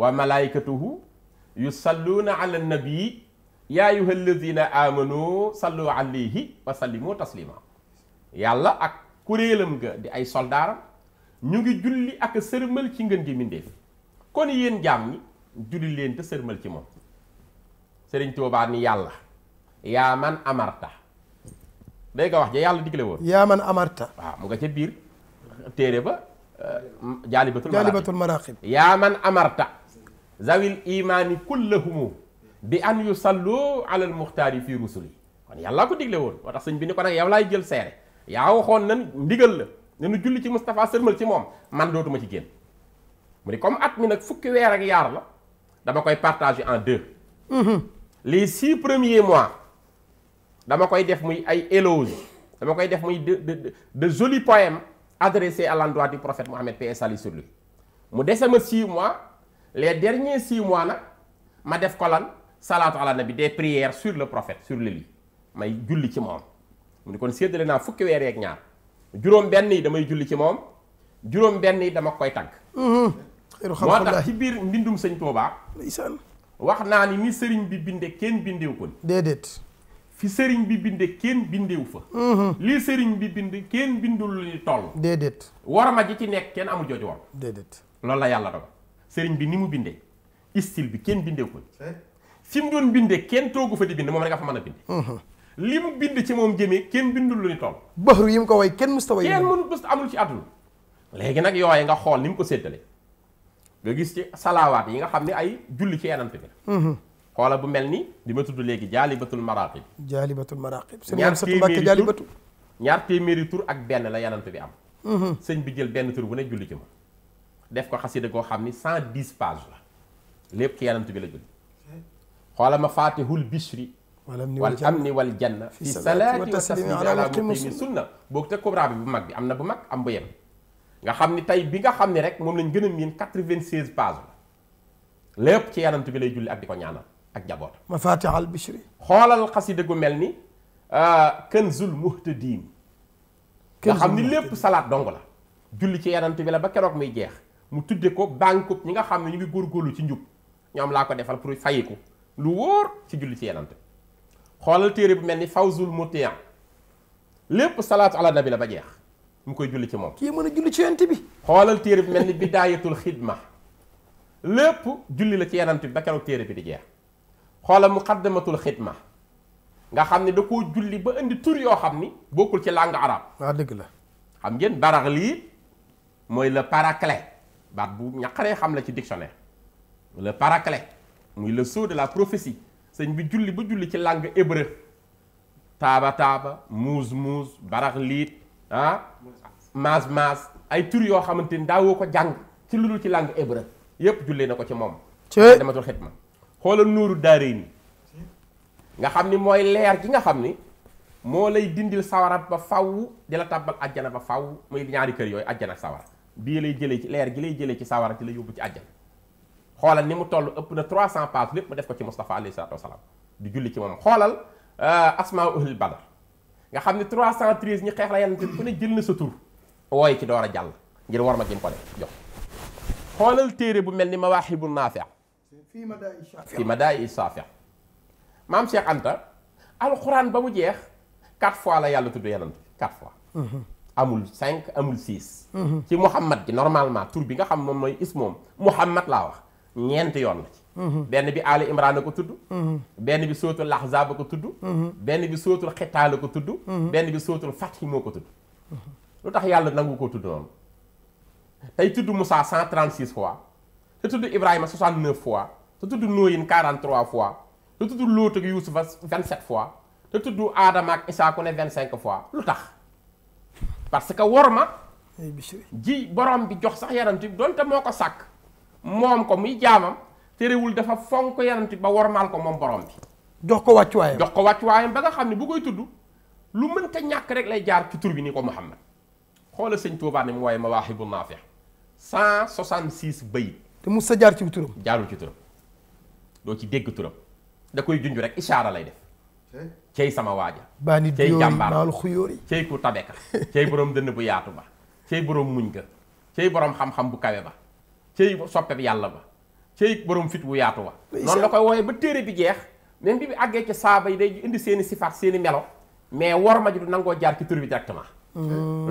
A: وملائكته يصلون على النبي يا ايها الذين امنوا صلوا عليه وسلموا تسليما يالا اك كوريلم غا دي اي سولدار نيغي جولي اك سيرمل سي غن دي مينديف kon yéen jaam ñi julli leen te sërmal ci moom sëriñ Tuubaa ni yàlla yaa man amarta day ko wax ja yàlla digle woon yaa
B: man amarta waaw
A: mu ca biir téere ba euh, jaalibatul jaalibatul maraqib yaa man amarta zawil imaani kullahumu bi an yusallu ala al muxtaari fi rusuli kon yàllaa ko digle woon moo tax sëñ bi ni ko nag yow laay jël seere yaa waxoon nan ndigal la ne nu julli ci Moustapha sërmal ci moom man dootuma ci génn mu ni comme at mi nag fukki weer ak yaar la dama koy partager en deux mhm. les six premiers mois dama koy def muy ay éloges dama koy def muy de de de jolis poèmes adressés à l'endroit du prophète Mohammed paix et salut sur lui mu dese ma six mois les derniers six mois nag ma def ko lan salat ala nabi des prières sur le prophète sur le lit may julli ci moom mu ni kon séddale naa fukki weer yeeg ñaar juróom benn yi damay julli ci moom juróom benn yi dama koy tagg
B: mhm. moo tax ci
A: biir mbindum sañ Tuubaa ndeysaan wax naa ni ni sëriñ bi bindee kenn bindeew ko déedéet fi sëriñ bi bindee kenn bindew fa mm-hmm. lii sëriñ bi bind kenn bindul lu ni toll déedéet warma ji ci nekk kenn amul jooju war déedéet loolu la yàlla dogal sëriñ bi ni mu bindee style bi kenn bindew ko fi mu doon binde kenn toogu fa di bind moom rek nga fa mën a binde mm-hmm. li mu bind ci moom jëmee kenn bindul lu ni toll baxru yi mu ko way kenn musta way kenn mënu musta amul ci àdduna léegi nag yooye nga xool ni mu ko séddale nga gis ci salaawaat yi nga xam ne ay julli ci yenante bi mhm. xoola bu mel ni di ma tudd léegi jaalibatul maraqib
B: jaalibatul maraqib jaalibatu
A: ñaar téeméeri tur ak benn la yenante bi am mhm. sëñ bi jël benn tur bu ne julli ci moom def ko xasida koo xam ni cent dix page la lépp ci yenant bi la julli xoola ma faatihul bishri wal amni wal janna fi salaati wa taslimi ala muqimi sunna boog te kubra bi bu mag bi am na bu mag am bu yem nga xam ni tey bi nga xam ni rek moom lañ gën a miin 96 pages la lépp ci yanant bi lay julli ak di ko ñaanal ak njaboot.
B: mafatihal bishri.
A: xoolal xasida gu mel ni Kanzul Muhtadin.
H: nga xam ni lépp
A: salaat dong la. julli ci yanant bi la ba keroog muy jeex mu tudde ko bànkub ñi nga xam ne ñu ngi góorgóorlu ci njub ñoom laa ko defal pour fayiku lu wóor ci julli ci yanant bi xoolal téere bu mel ni Fawzul Mutiyan lépp salaatu ala nabi la ba jeex. ñu koy julli ci moom. kii mën a julli ci yonent bi. xoolal téere bi mel ni bidaayatul xidma lépp julli la ci yonent bi ba keroog téere bi di jeex xoolal muqaddamatul xidma nga xam ne da koo julli ba indi tur yoo xam ni bokkul ci langue arabe. waaw dëgg la. xam ngeen barax lii mooy le paraclet baat bu ñaqaree xam la ci dictionnaire le paraclet muy le sceau de la prophétie sëñ bi julli ba julli ci langue hébreu taaba taaba muus muus barax liit ah mas mas ay tour yo xamanteni da daawoo ko jàng ci lulul ci langue hébreu yépp jullee nako ci mom dama dematul xitma xoolal nuru daaree ni nga xamni moy lèr gi nga xamni mo lay dindil sawara ba faw dila tabal aljana ba faw muy ñaari kër yoy aljana ak sawara bii lay jëlé ci lèr gi lay jëlé ci sawara ci lay yobbu ci aljana xolal ni mu tollu ëpp na 300 pages lépp mu def ko ci Moustapha alayhi salaatu di julli ci mom xolal asmaa ah, uhlil badar nga xam ne 313 ñi xeex la yonent bi ku ne jël na sa tur wooy ci door a jàll ngir war ma gim ko def jox xoolal téere bu mel fi madai naafi fi madaai saafi maam Cheikh Anta alxuraan ba mu jeex quatre fois la yàlla tudd yonent bi fois amul cinq amul six mhm. ci Muhammad gi normalement tur bi nga xam moom mooy is Muhammad laa wax ñeenti yoon ci benn bi Ali Imran la ko tudd benn bi sootul Ahzab ko tudd benn bi sootul Xitaa la ko tudd benn bi sootul Fathi moo ko tudd lu tax yàlla nangu koo tudd noonu tey tudd Moussa 136 fois te tudd Ibrahima 69 fois te tudd Nooyin 43 fois tudd Lóot ak Yuusufa 27 fois te tudd Aadama ak Isaa ne fois lu tax parce que wor ma ji borom bi jox sax yaranti donte moo ko sàkk moom ko muy jaamam terewul dafa fonk yonent ba wormaal ko moom borom bi. jox ko wàcc wàccuwaayam jox ko wàcc wàccuwaayam ba nga xam ne bu koy tudd lu mënta ñàkk rek lay jaar ci tur bi ni ko Muhammad xoola sëñ Tuubaa ni mu waaye Mawaahibu Naafi' 166 bayit te mu sa jaar ci turam. jaarul ci turam doo ci dégg turam da koy junj rek ishaara lay def. cey sama waaja baani cey jàmbaar xuyóori cey ku tabeka cey boroom dënn bu yaatu ba cey boroom muñ ka cey boroom xam-xam bu kawe ba cey soppe bi yàlla ba cey borom fit wu yaatu wa noonu la koy wooyee ba téere bi jeex même bi bi àggee ci saaba yi day indi seeni sifaat seeni melo mais worma ji du nangoo jaar ci tur bi directement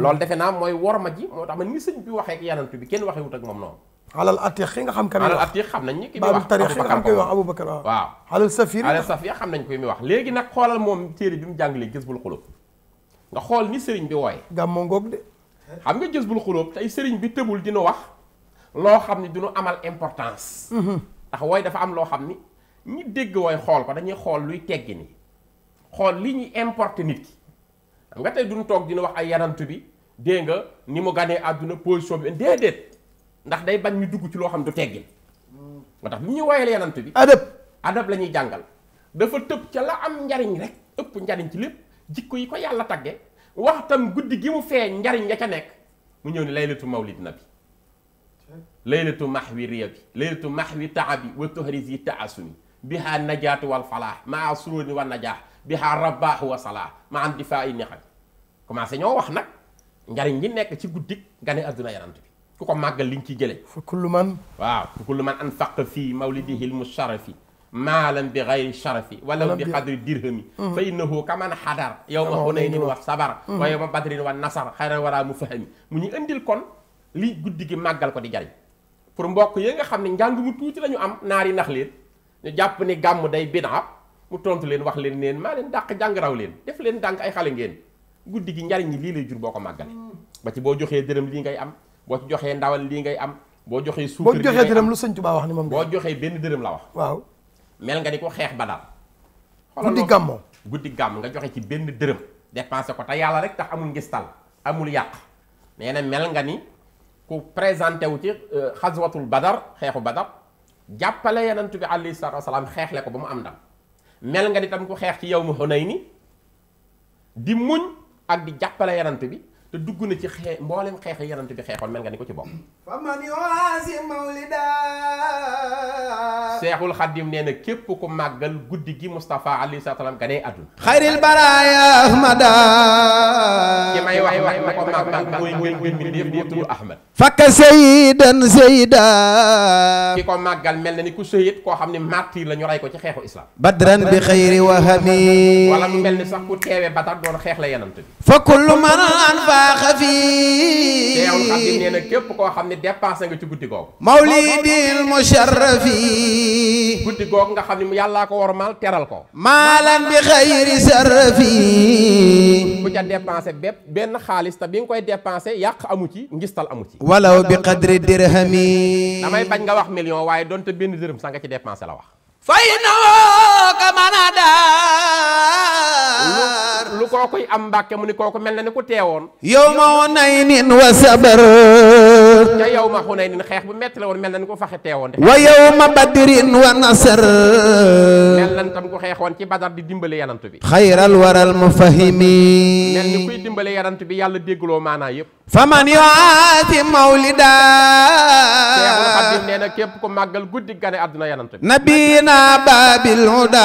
A: loolu defe naa mooy worma ji moo tax man ni sëñ bi waxee ak yanantu bi kenn waxee wut ak moom noonu
B: alal atiq ki nga xam kan alal
A: atiq xam nañ ni ki muy wax tariq ki nga xam koy wax aboubacar waaw alal safir alal safir xam nañ koy muy wax léegi nag xoolal moom téere bi mu jàngalee gis bul xulóob nga xool ni sëriñ bi wooye gàmmoo ngoog de xam nga gis bul xulóob tey sëriñ bi tëbul dina wax lo xamni ni amal importance. Mhm. ndax way dafa am lo xamni ni ñi dégg way xol ko dañuy xol luy teggi ni xool li ñi importé nit ki nga tay duñu tok dina wax ay yarantu bi dégg nga ni mu gané aduna position bi déedéet ndax day bañ ñu dugg ci lo xam du teggin. moo tax li ñuy bi. adab adab la jangal dafa tepp ci la am njariñ rek ëpp njariñ ci lepp jikko yi ko yalla tagge waxtam guddigi mu fé njariñ ya ca nek mu ñëw ni laylatul mawlid nabi laylatu maxwi riyabi laylatu maxwi taabi wa tuhrisi taasumi biha najaatu wal falaax maa suruni wa najaax biha rabbaaxu wa salaax ma am difaa i nexam commencé ñoo wax nag njariñ li nekk ci guddik nga ne adduna yarant bi ku ko màggal li nga ciy jëlee fa kullu man waaw fa kullu man anfaqa fii mawlidihi lmusharafi maalan bi gayri sharafi walaw bi qadri dirhami fa innahu kaman xadar yawma hunaynin wa sabar wa yawma badrin wa nasar xayran waraa mu fahami mu ñu indil kon li guddi gi màggal ko di jariñ pour mbokk yi nga xamni ne mu tuuti lañu am naari nax leen ñu japp ni gam day bina mu tontu leen wax leen neen ma leen dakk jang raw leen def leen dank ay xalé ngeen guddi gi njariñ li lay jur boko ko ba ci bo joxee deureum li ngay am bo ci joxee ndawal li ngay am bo joxee suuf bo joxee deureum
B: lu señtu ba wax ni
A: mom bo joxee benn deureum la wax waaw mel nga diko xex badal guddi gam guddi gam nga joxe ci benn deureum dépenser ko ta yalla rek tax amul ngistal amul yaq nee mel nga ni ku présenté wu ci xaswatul badar xeexu badar jàppale yonent bi ali sallallahu alayhi wasallam wasalaam xeexle ko ba mu am ndam mel nga ni tam ku xeex ci yawmu hunayni di muñ ak di jàppale yonent bi te dugg na ci xee mboolem xeex yi yonent bi xeexoon mel nga ni ko ci bokk. seexul xaddim nee na képp ku màggal guddi gi Moustapha alayhi salaam ganee àdduna.
E: xayril baraaya ahmada. ki may wax ma ko màggal mooy
A: ngeen ngeen mbindéef ki ko màggal mel na ni ku sëyit koo xam ne martyr la ñu rey ko ci xeexu islam.
E: badran bi xayri wahami. wala mu
A: mel ni sax ku teewee batar doon xeex la yonent bi. fa kullu man anfa xafi teewul Xaadim nee na képp koo xam ne dépensé nga ci guddi googu mawlidil musharrafi guddi googu nga xam ne mu yàllaa ko war maal teral ko maalan bi xayri sarrafi bu ca benn xaalis ta bi koy dépensé yàq amu ci ngistal amu ci
E: walaw bi qadri dirhami
A: damay bañ nga wax million waaye doonte benn dërëm sax nga ci dépensé la wax
F: fay nawoo ka mën a
A: lu ko koy am mbàkke ya, mu ni kooku mel na ni ku teewoon
E: yawma hunaynin wa sabar ca ya
A: yawma hunaynin xeex bu metti la woon mel ku faxe teewoon wa
E: yawma badrin wa nasar mel
A: tam ku xeexoon ci badar di dimbale yanantu bi
E: xayral waral mufahimi mel ni
A: kuy dimbale yanantu bi yàlla déggloo maanaa yëpp
E: faman yuati
A: mawlida Seexul Xadim nee na guddi gane àdduna yanantu
E: bi nabina babil huda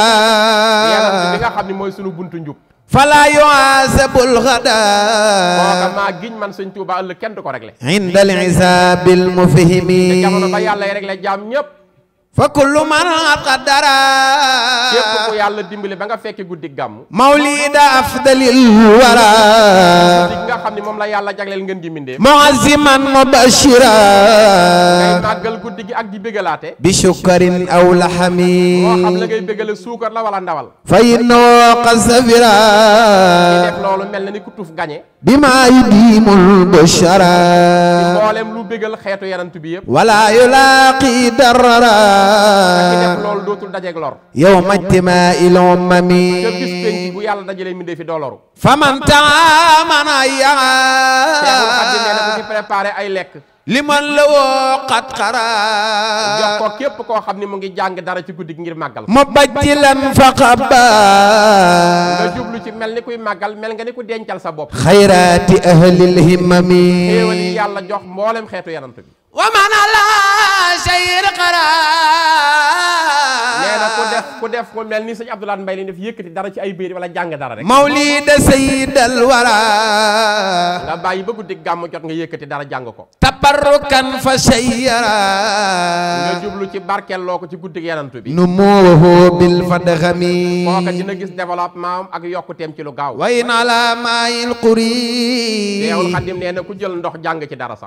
E: yanantu bi nga xam ne mooy buntu njub fala yu'azabul ghada kooka
A: maa giñ man sëñ Tuuba ëllëg kenn du ko réglé indal isabil mufhimi jamono ba yàlla yi réglé jaam ñëpp fa kullu man qaddara képp ku yàlla dimbali ba nga fekki guddi gàmm
E: mawlida afdalil wara guddi
A: nga xam ne moom la yàlla jagleel ngeen gi mindee muaziman mubashira ngay màggal guddi gi ak di bégalaate bi sukkarin aw laxami moo xam la ngay bégale suukar la wala ndawal fa innahu
E: qasafira def
A: loolu mel na ni ku tuuf gañe bi maa yu diimul bushara
E: mboolem lu bégal xeetu yanant bi yëpp wala yulaaqi darara loolu dootul dajeeg lor yow majtimaa il ummami
A: yàlla dajalee mbindee fi dooloru faman taamana yaul xat yi nee na ku ci préparé ay lekk li man la woo xat xara jox ko képp koo xam ne mu ngi jàng dara ci guddi gi ngir màggal mu bajji lan faqaba nga jublu ci mel ni kuy màggal mel nga ni ku dencal sa bopp xayraati ahlil himmami xéewal yi jox mboolem xeetu yanant bi
E: wa man ala shayr xara
A: ku def ku mel ni sëñ Abdoulaye Mbaye li def yëkkati dara ci ay béer wala jàng dara rek mawlida sayyidal wara nga bàyyi ba guddi gàmm jot nga yëkkati dara jàng ko barrukan fa sayyara nga jublu ci barkeel looko ci guddi yenantu bi nu moohoo bil
E: fadxami kooka
A: dina gis développement ak yokkuteem ci lu gaaw wayn ala maayil quri teewul xadim nee na ku jël ndox jàng ci dara bi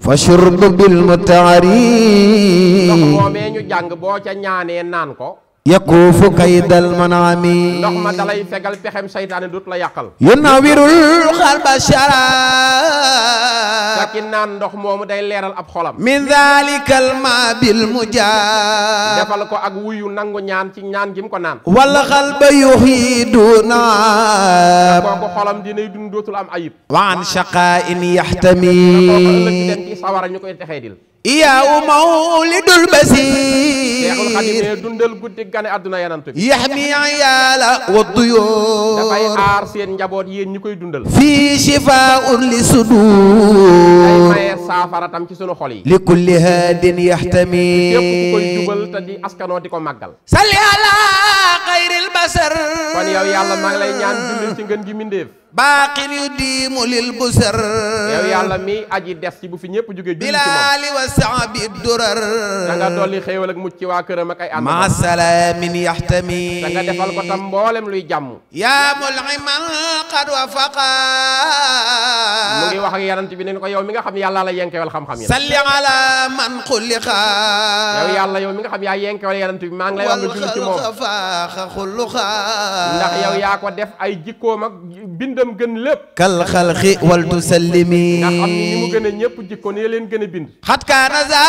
E: fa shurb bil mutaari
A: boo ca ñaanee naan ko
E: yakufu kaydal manami ndox ma
A: dalay fegal pexem shaytan dut la yakal yunawirul khalbashara shara saki naan ndox moomu day leral ab xolam min zalikal
E: ma bil mujah.
A: defal ko ak wuyu nangu ñaan ci ñaan gi mu ko naan wal khalba
E: yuhiduna
A: ko xolam di ne dundotul am ayib
E: wa an in yahtami dem ci sawara iyaawu ya mawlidul basiir ya ya dundal guddi gane àdduna yanant bi yaxmi yaala wa duyóor
A: dafay aar seen njaboot yéen ñi koy dundal fii shifaaun li
C: sudur day maye
A: saafara tam ci sunu xol yi li kulli haadin yaxtami képp ku koy jubal te di askanoo di ko màggal
E: salli ala xayril basar kon
A: yow yàlla maa ngi lay ñaan julli ci ngën gi mindeef
E: baaxiri diimu lil busar yow yàlla mi
A: aji des ci bu fi ñëpp jóge julli ci moom bilaali wa saabi durar da nga dolli xéewal ak mucc waa këram ak ay ànd ma
E: salaamin yaxtami da nga defal ko tam
A: mboolem luy jàmm yaa
E: mulhiman qad wafaqa
A: mu ngi wax ak yonent bi ne ko yow mi nga xam yàlla la yenkewal xam-xam yi salli
E: ala man xuliqa yow yàlla yow mi nga xam
A: yaa maa ngi lay wax nga julli ci moom ndax ko def ay jikkoom ak bind bindam gën lépp
E: kal xalqi wal tusallimi nga xam ni mu
A: gën a ñëpp jikko ne leen gën a bind
E: xat kaana za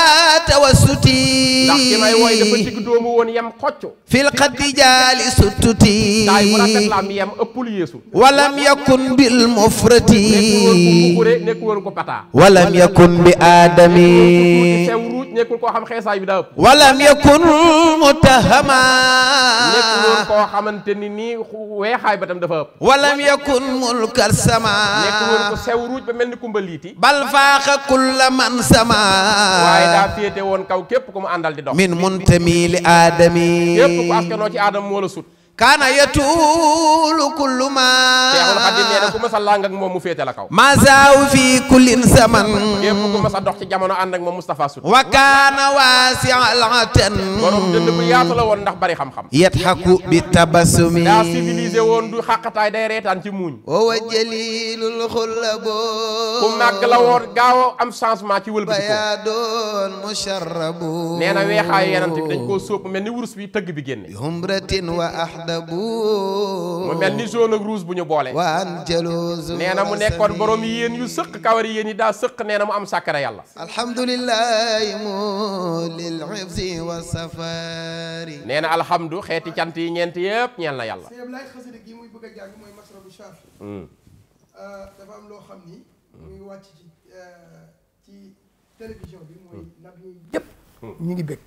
E: tawassuti ndax ki may woy dafa digg
A: doomu woon yam xocc
E: fil xaddi jaali suttuti daay mu rafet la am yam ëppul yeesu walam yakun bil mufrati nekk woon ko pataa walam yakun bi aadami sew
A: ruuj nekkul koo xam xeesaay bi daa ëpp walam yakun
E: mutahama
A: nekkul woon koo xamante ni nii weexaay ba tam
E: dafa ëpp walam yakun mulkal sama nekk woon ko sew ruuj ba mel ni kumba liiti bal faaxa kulla man sama waaye daa
A: féete woon kaw képp ku mu
E: àndal di dox min muntamii li aadami képp ku askanoo ci aadam moo la sut kaana yatuulu kullu maa. Seexul
A: Xadiim nee na ku mas a làng ak moom mu féete la kaw.
E: masaaw fii kullin zaman.
A: képp ku mas dox ci jamono ànd ak moom Moustapha Sut. wa kaana waasi'atan. borom dënd bu yaatu la woon ndax bari xam-xam.
E: yadhaku bi tabassumi. daa civilisé woon du
A: xaqataay day reetaan ci muuñ. wa jaliilul xullaboo. ku màgg la woon gaaw am changement ci wëlbati ko. ba doon musharrabu. nee na weexaay yeneen bi
E: dañ koo sóob mel ni wurus bi tëgg bi génne. humratin mu mel ni jaune
A: ak rouge bu ñu boole. nee na mu nekkoon borom yéen yu sëq kawar yéen yi daa sëq nee na mu am sàkkara yàlla. nee na alhamdu xeeti cant yi ñeent yëpp ñeel na yàlla.
B: Mm. Euh, dafa am loo xam ni. muy wàcc ci euh, ci télévision bi mm. nag yooyu yëpp. Mm. ñu ngi bëgg.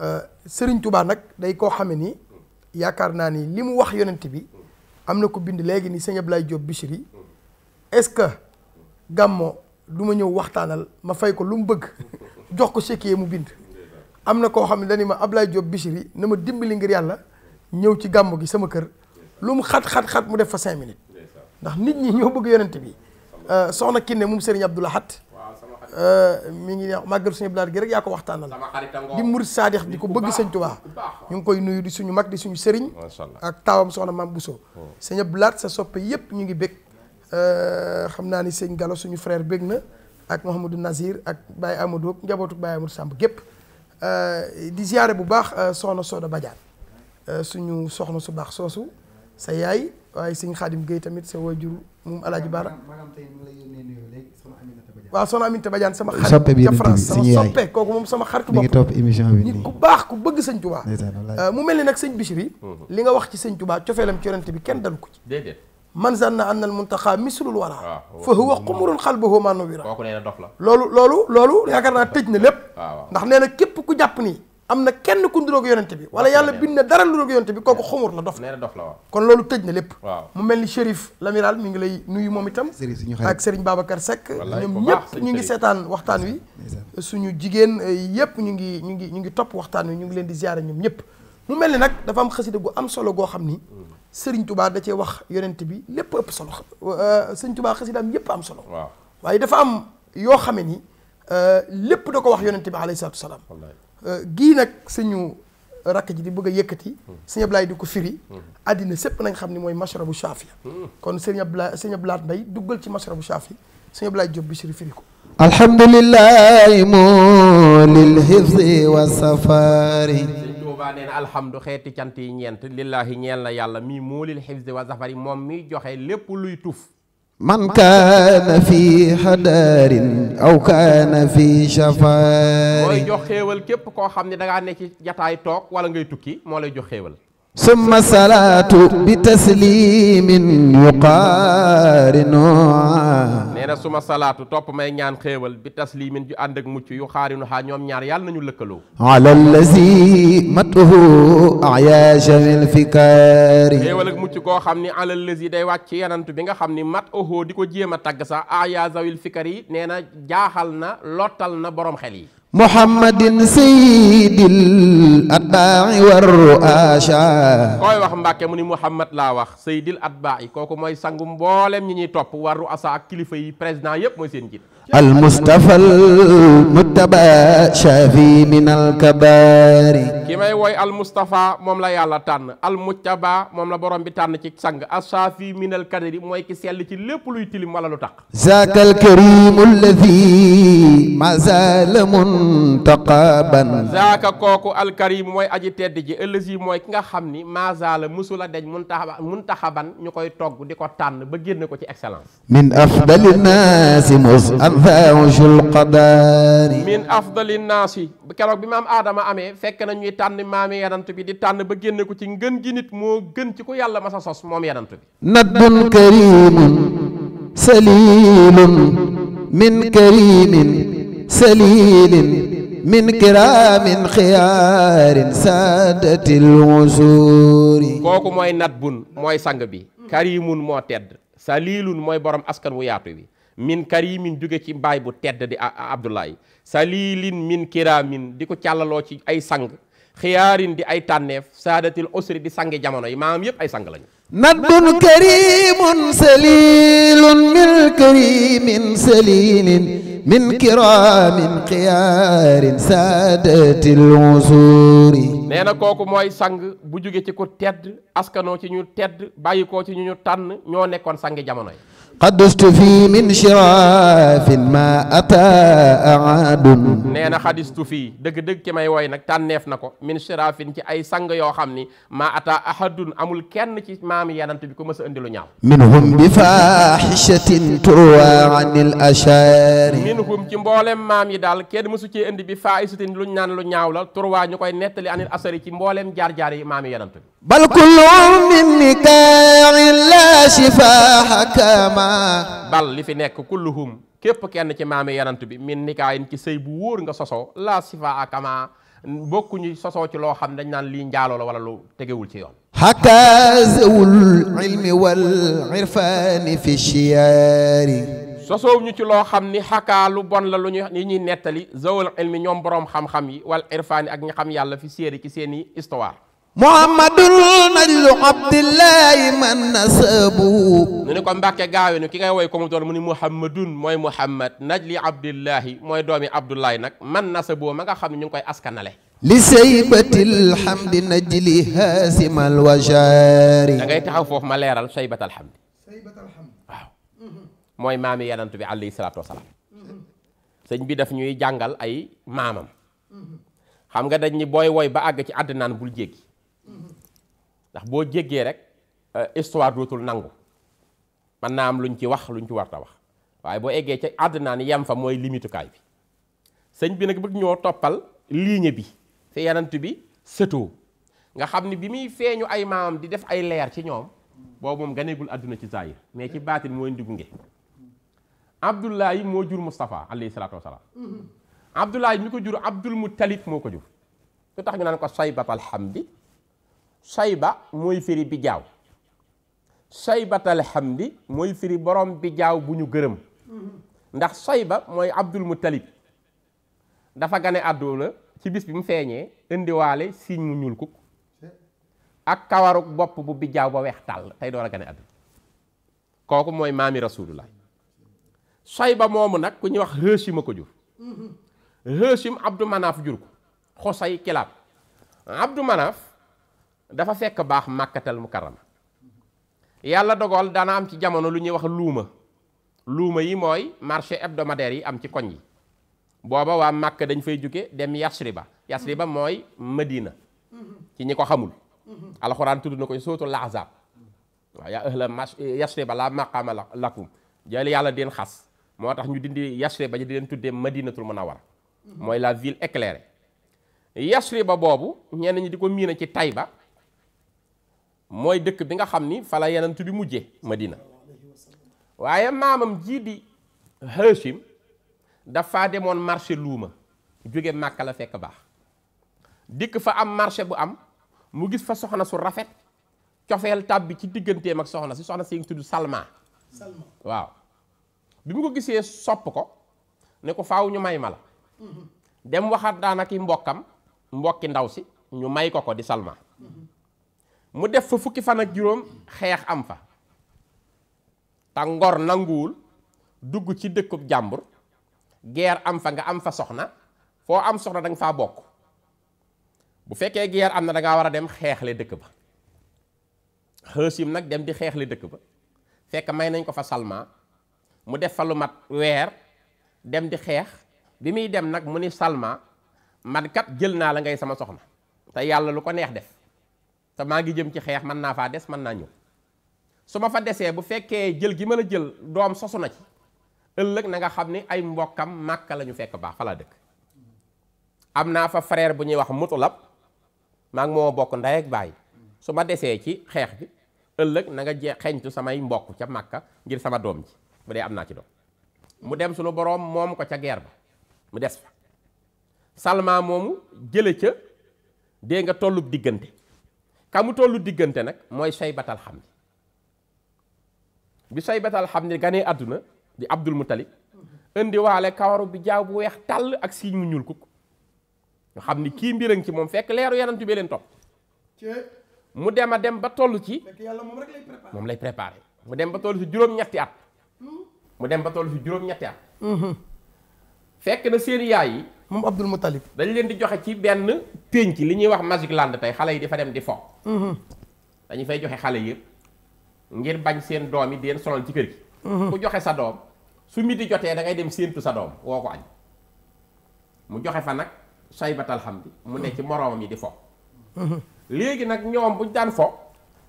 B: Euh, day koo xame ni. yaakaar naa ni li mu wax yonent bi am na ko bind léegi ni sëñ Ablaye Diop Bichri est-ce que gàmmo du ma ñëw waxtaanal ma fay ko lu mu bëgg jox ko chéquier mu bind am na koo xam ne dañu ma Ablaye Diop Bichri na ma dimbali ngir yàlla ñëw ci gàmmo gi sama kër lu mu xat-xat-xat mu def fa cinq minutes ndax nit ñi ñoo bëgg yonent bi euh, soxna mu Kiné moom Serigne xat Euh, mi ngi neex màggal suñu blaat gi rek yaa ko waxtaanal di murid saadix di ko bëgg sëñ Tuubaa ñu ngi koy nuyu di suñu mag di suñu sëriñ ak taawam soxna maam Bousso hmm. sëñ laat sa soppe yépp ñu ngi bég euh, xam naa ni sëñ Gallo suñu frère bég na ak Mouhamadou Nazir ak Baye Amadou njabootu Baye Amadou Samb gépp euh, di ziare bu baax soxna Soda Badiane suñu soxna su baax soosu sa yaay waaye sëñ Xaadim géey tamit sa wajur moom El Hadj Baara waaw soxna Aminata Badiane sama
D: xarit ca France sama soppe
B: kooku moom sama xaritu bopp topp
D: émission bi nit ku
B: baax ku bëgg sëñ Touba mu mel ni nag sëñ Bichri li nga wax ci sëñ Touba cofeelam ci yonent bi kenn dalu ko ci déedéet man zanna anna al muntaxa mislul wara fa huwa xumurun xalbahu ma nuwira kooku nee na dof la loolu loolu loolu yaakaar naa tëj na lépp ndax nee na képp ku jàpp nii am na kenn ku nduróog yonente bi wala yàlla bind na dara nduróog yonente bi kooku xumur la dof la kon loolu tëj na lépp mu mel ni Chérif Lamiral mi ngi lay nuyu moom itam ak Serigne Babacar Seck ñoom ñëpp ñu ngi seetaan waxtaan wi suñu jigéen euh, yëpp ñu ngi ñu ngi ñu ngi topp waxtaan wi ñu ngi leen di ziare ñoom ñëpp mu mel ni nag dafa am xasida gu am solo goo xam ni mm. Serigne tubaa da cee wax yonente bi lépp ëpp solo euh, Serigne Touba xasidaam yëpp am solo waaye dafa am yoo xame ni euh, lépp da ko wax yonente bi alayhi salaatu gii nag suñu rakk ji di bëgg a yëkkati. sëñ Ablaye di ko firi. àddina sépp nañ xam ni mooy mashrabu shaafi. kon sëñ Ablaye sëñ Ablaye Mbaye duggal ci mashrabu shaafi sëñ Ablaye Diop Bichri firi ko.
A: na alhamdu xeeti cant yi ñeent lillahi ñeel na yàlla mii moo wa safari moom miy joxe lépp luy tuf man kaana fi xadaarin
E: aw kaana fi safaarin mooy
A: jox xéewal képp koo xam ni dangaa ne ci jataay toog wala ngay tukki moo lay jox xéewal
E: ثم صلاة بتسليم يقارن
A: نرا ثم الصلاة توب ماي نيان خيوال بتسليم جو اندك موتي يقارن ها نيوم نيار يال نانيو لكلو على الذي
E: مته عياش الفكار خيوال
A: موتي كو خامني على الذي داي واتي يانانت بيغا خامني مات هو ديكو جيما تاغسا عياذ الفكار نينا جاخالنا لوتالنا بروم خيلي
E: muhammadin seydil atbaa'i war ru'aasha
A: kooy wax mbàkke mu ni muhammad laa wax seydil atbaa'i kooku mooy sangu mboolem ñi ñuy topp war ru'aasa ak kilifa yi président yépp mooy seen jiit المصطفى
E: المتبى شافي من الكبار
A: ki may woy almustafa moom la yàlla tànn almuttaba moom la borom bi tànn ci sang asaafi min alkadari mooy ki sell ci lépp luy tilim wala lu tax zaaka alkarim
E: alladi ma zaala
A: kooku alkarim mooy aji tedd ji ëllësi mooy ki nga xam ni ma zaala musula deñ muntaxaba muntaxaban ñu koy togg di ko tànn ba génn ko ci excellence min afdali
E: naasi فاوش القدر
A: من افضل الناس بكرو بما ادم امي فك نا ني تان مامي يادنت بي دي تان با ген تي نغن جي نيت مو غن تي كو يالا مسا سوس موم
E: يادنت بي نبد كريم سليم من كريم سليم من كرام خيار سادة الوزور
A: كوكو موي نادبون موي سانغ بي كريم مو تيد سليل موي بروم اسكن مو ياتو بي min karimin jóge ci mbaay bu tedd di abdoulaye salilin min kiramin di ko càllaloo ci ay sang xiyaarin di ay tànneef saadatil usri di sange jamono yi maam yëpp ay sang lañu
E: naddun karimun salilun min karimin salilin min kiramin xiyaarin saadatil usuri
A: nee na kooku mooy sang bu jóge ci ku tedd askanoo ci ñu tedd bàyyi koo ci ñu ñu tànn ñoo nekkoon sange jamono yi
E: قد استفي من شراف ما اتى اعاد
A: نانا قد استفي دغ دغ كي ماي واي نك تانيف نكو من شراف تي اي سانغ يو خامني ما اتى احد امول كين تي مام يانت بي كو مسا اندي لو نياو
E: منهم بفاحشه تروى عن الاشاري
A: منهم تي مبولم مام يي دال كين مسو تي اندي بي فايسه لو نان لو نياو لا تروى نكوي نيتلي عن الاشاري تي مبولم جار جار مام يانت
F: بل كل من نكاع
E: لا شفاحك مام
A: bal li fi nekk kulluhum képp kenn ci maami yanant bi min nikaayin ci sëy bu wóor nga sosoo la sifa akama bokkuñu sosoo ci loo xam dañ naan lii njaaloo la wala lu tegewul ci yoon
E: xakka zawul ilmi wal irfani fi shiyaari
A: sosoow ñu ci loo xam ni xakaa lu bon la lu ñu li ñuy nettali zawul ilmi ñoom boroom xam-xam yi wal irfani ak ñu xam yàlla fi séeri ci seeni histoire
E: muhammadul najlu abdillahi man nasabu
A: nu ne ko mbàkke gaawe nu ki ngay woy ko mu doon mu ni muhammadun mooy muhammad najli abdillahi mooy doomi abdullahi nag man nasabu ma nga xam ne ñu ngi koy askanale
E: li saybatil hamdi najli haasimal wajaari da
A: taxaw foofu ma leeral saybatal hamdi waaw mooy maami yenant bi alayhi salaatu wasalaam sëñ bi def ñuy jàngal ay maamam mm-hmm. xam nga dañ ni booy woy ba àgg ci àddinaan bul jéggi ndax boo jéggee rek euh, histoire dootul nangu mën naa am luñ ci wax luñ ci warta wax waaye boo eggee ci àddinaa ni yem fa mooy limitukaay bi sëñ bi nag bëgg ñoo toppal ligne bi fi yanant bi sëtoo nga xam ni bi muy feeñu ay maam di def ay leer ci ñoom boobu moom ganeegul àdduna ci zahir mais ci baatin mooy ndigunge abdullahi moo jur Moustapha alayhi salaatu wasalaam mm-hmm. abdullahi ñu ko jur abdul muttalib moo ko jur lu tax ñu naan ko xam bi sayba mooy firi bi jaaw saybatal hamdi mooy firi borom bi jaaw bu ñu gërëm ndax sayba mooy abdul muttalib dafa gane àdduna ci bis bi mu feeñee indiwaale siiñ mu ñuul kuk ak kawaruk bopp bu bi jaaw ba weex tàll tey door a gane àdduna kooku mooy maami rasulullah sayba moomu nag ku ñuy wax Hashim a ko jur Hashim abdu manaaf jur ko xosay kilaab abdu manaaf dafa fekk baax màkkatal mukarrama yàlla dogal daana am ci jamono lu ñuy wax luuma luuma yi mooy marché hebdomadaire yi am ci koñ yi booba waa màkk dañ fay jóge dem ba yasriba ba mooy madina ci ñi ko xamul alxuraan tudd na ko sootul ahzab waaw yaa ahla yasriba laa maqaama lakku jël yàlla deen xas moo tax ñu dindi yasriba ji di leen tuddee madinatul war mooy la ville éclairée ba boobu ñenn ñi di ko miina ci ba moy dekk bi nga xamni ni fa la yenant bi mujjé medina waye mamam jidi Hashim dafa demoon marché louma jóge makka la fekk bax dik fa am marché bu am mu gis fa soxna su rafet tab bi ci digënté mak soxna ci soxna si tuddu salma Salma waaw bimu ko gisé sop ko ne ko faaw ñu may ma la mhm. dem waxaat daanaki mbokam mbokki ndaw si ñu may ko ko di Salma mhm mu def fa fukki fan ak juroom xeex am fa ta ngor nangul dugg ci dëkkub jàmbur guerre am fa nga am fa soxna foo am soxna nga faa bokk bu fekkee guerre am na dangaa war a dem xeexle dëkk ba Xaasim nag dem di xeexle dëkk ba fekk may nañ ko fa Salma mu def fa lu mat weer dem di xeex bi muy dem nak mu ni Salma man kat jël la ngay sama soxna te yàlla lu ko neex def ta ma ngi jëm ci xex man na fa des man na ñu suma ma fa déssé bu féké jël gi ma jël doom soso na ci ëlëk na nga xamni ni ay mbokam makka lañu ñu fekk baax fa la dëkk amna fa frère bu ñi wax mutulab ma ngi mo bok nday ak bay suma ma ci xex bi ëlëk na nga xéñtu sama ay mbokk ci makka ngir sama doom ci bu dé amna ci doom mu dem suñu borom mom ko ca guer ba mu des fa salma momu jëlé ca dé nga tollu digënté kamu tolu digënté nak moy saybatal xam ni bi saybatal xam ni ganee di abdul mutalib indi walé kawaru bi jaaw bu weex tal ak siñ mu ñul kukk nga xamni ki kii ci mom fekk léru yarantu bi leen ci mu dem dem ba tollu ci
B: rek
A: lay préparer mu dem ba tollu ci juroom ñetti at hmm? mu dem ba tollu ci juroom ñetti at hmm. fekk na seen yaay yi moom Abdul Muttalib dañ leen di joxe ci benn pénc li ñuy wax Magic Land tey xale yi di fa dem di fo mhm. dañu fay joxe xale yëpp ngir bañ seen doom yi di leen ci kër gi mhm. ku joxe sa doom su midi jotee da ngay dem séentu sa doom woo ko añ mu joxe fa nag saybatal xam bi mu ne ci moroomam yi di fo mhm. léegi nag ñoom buñ daan fo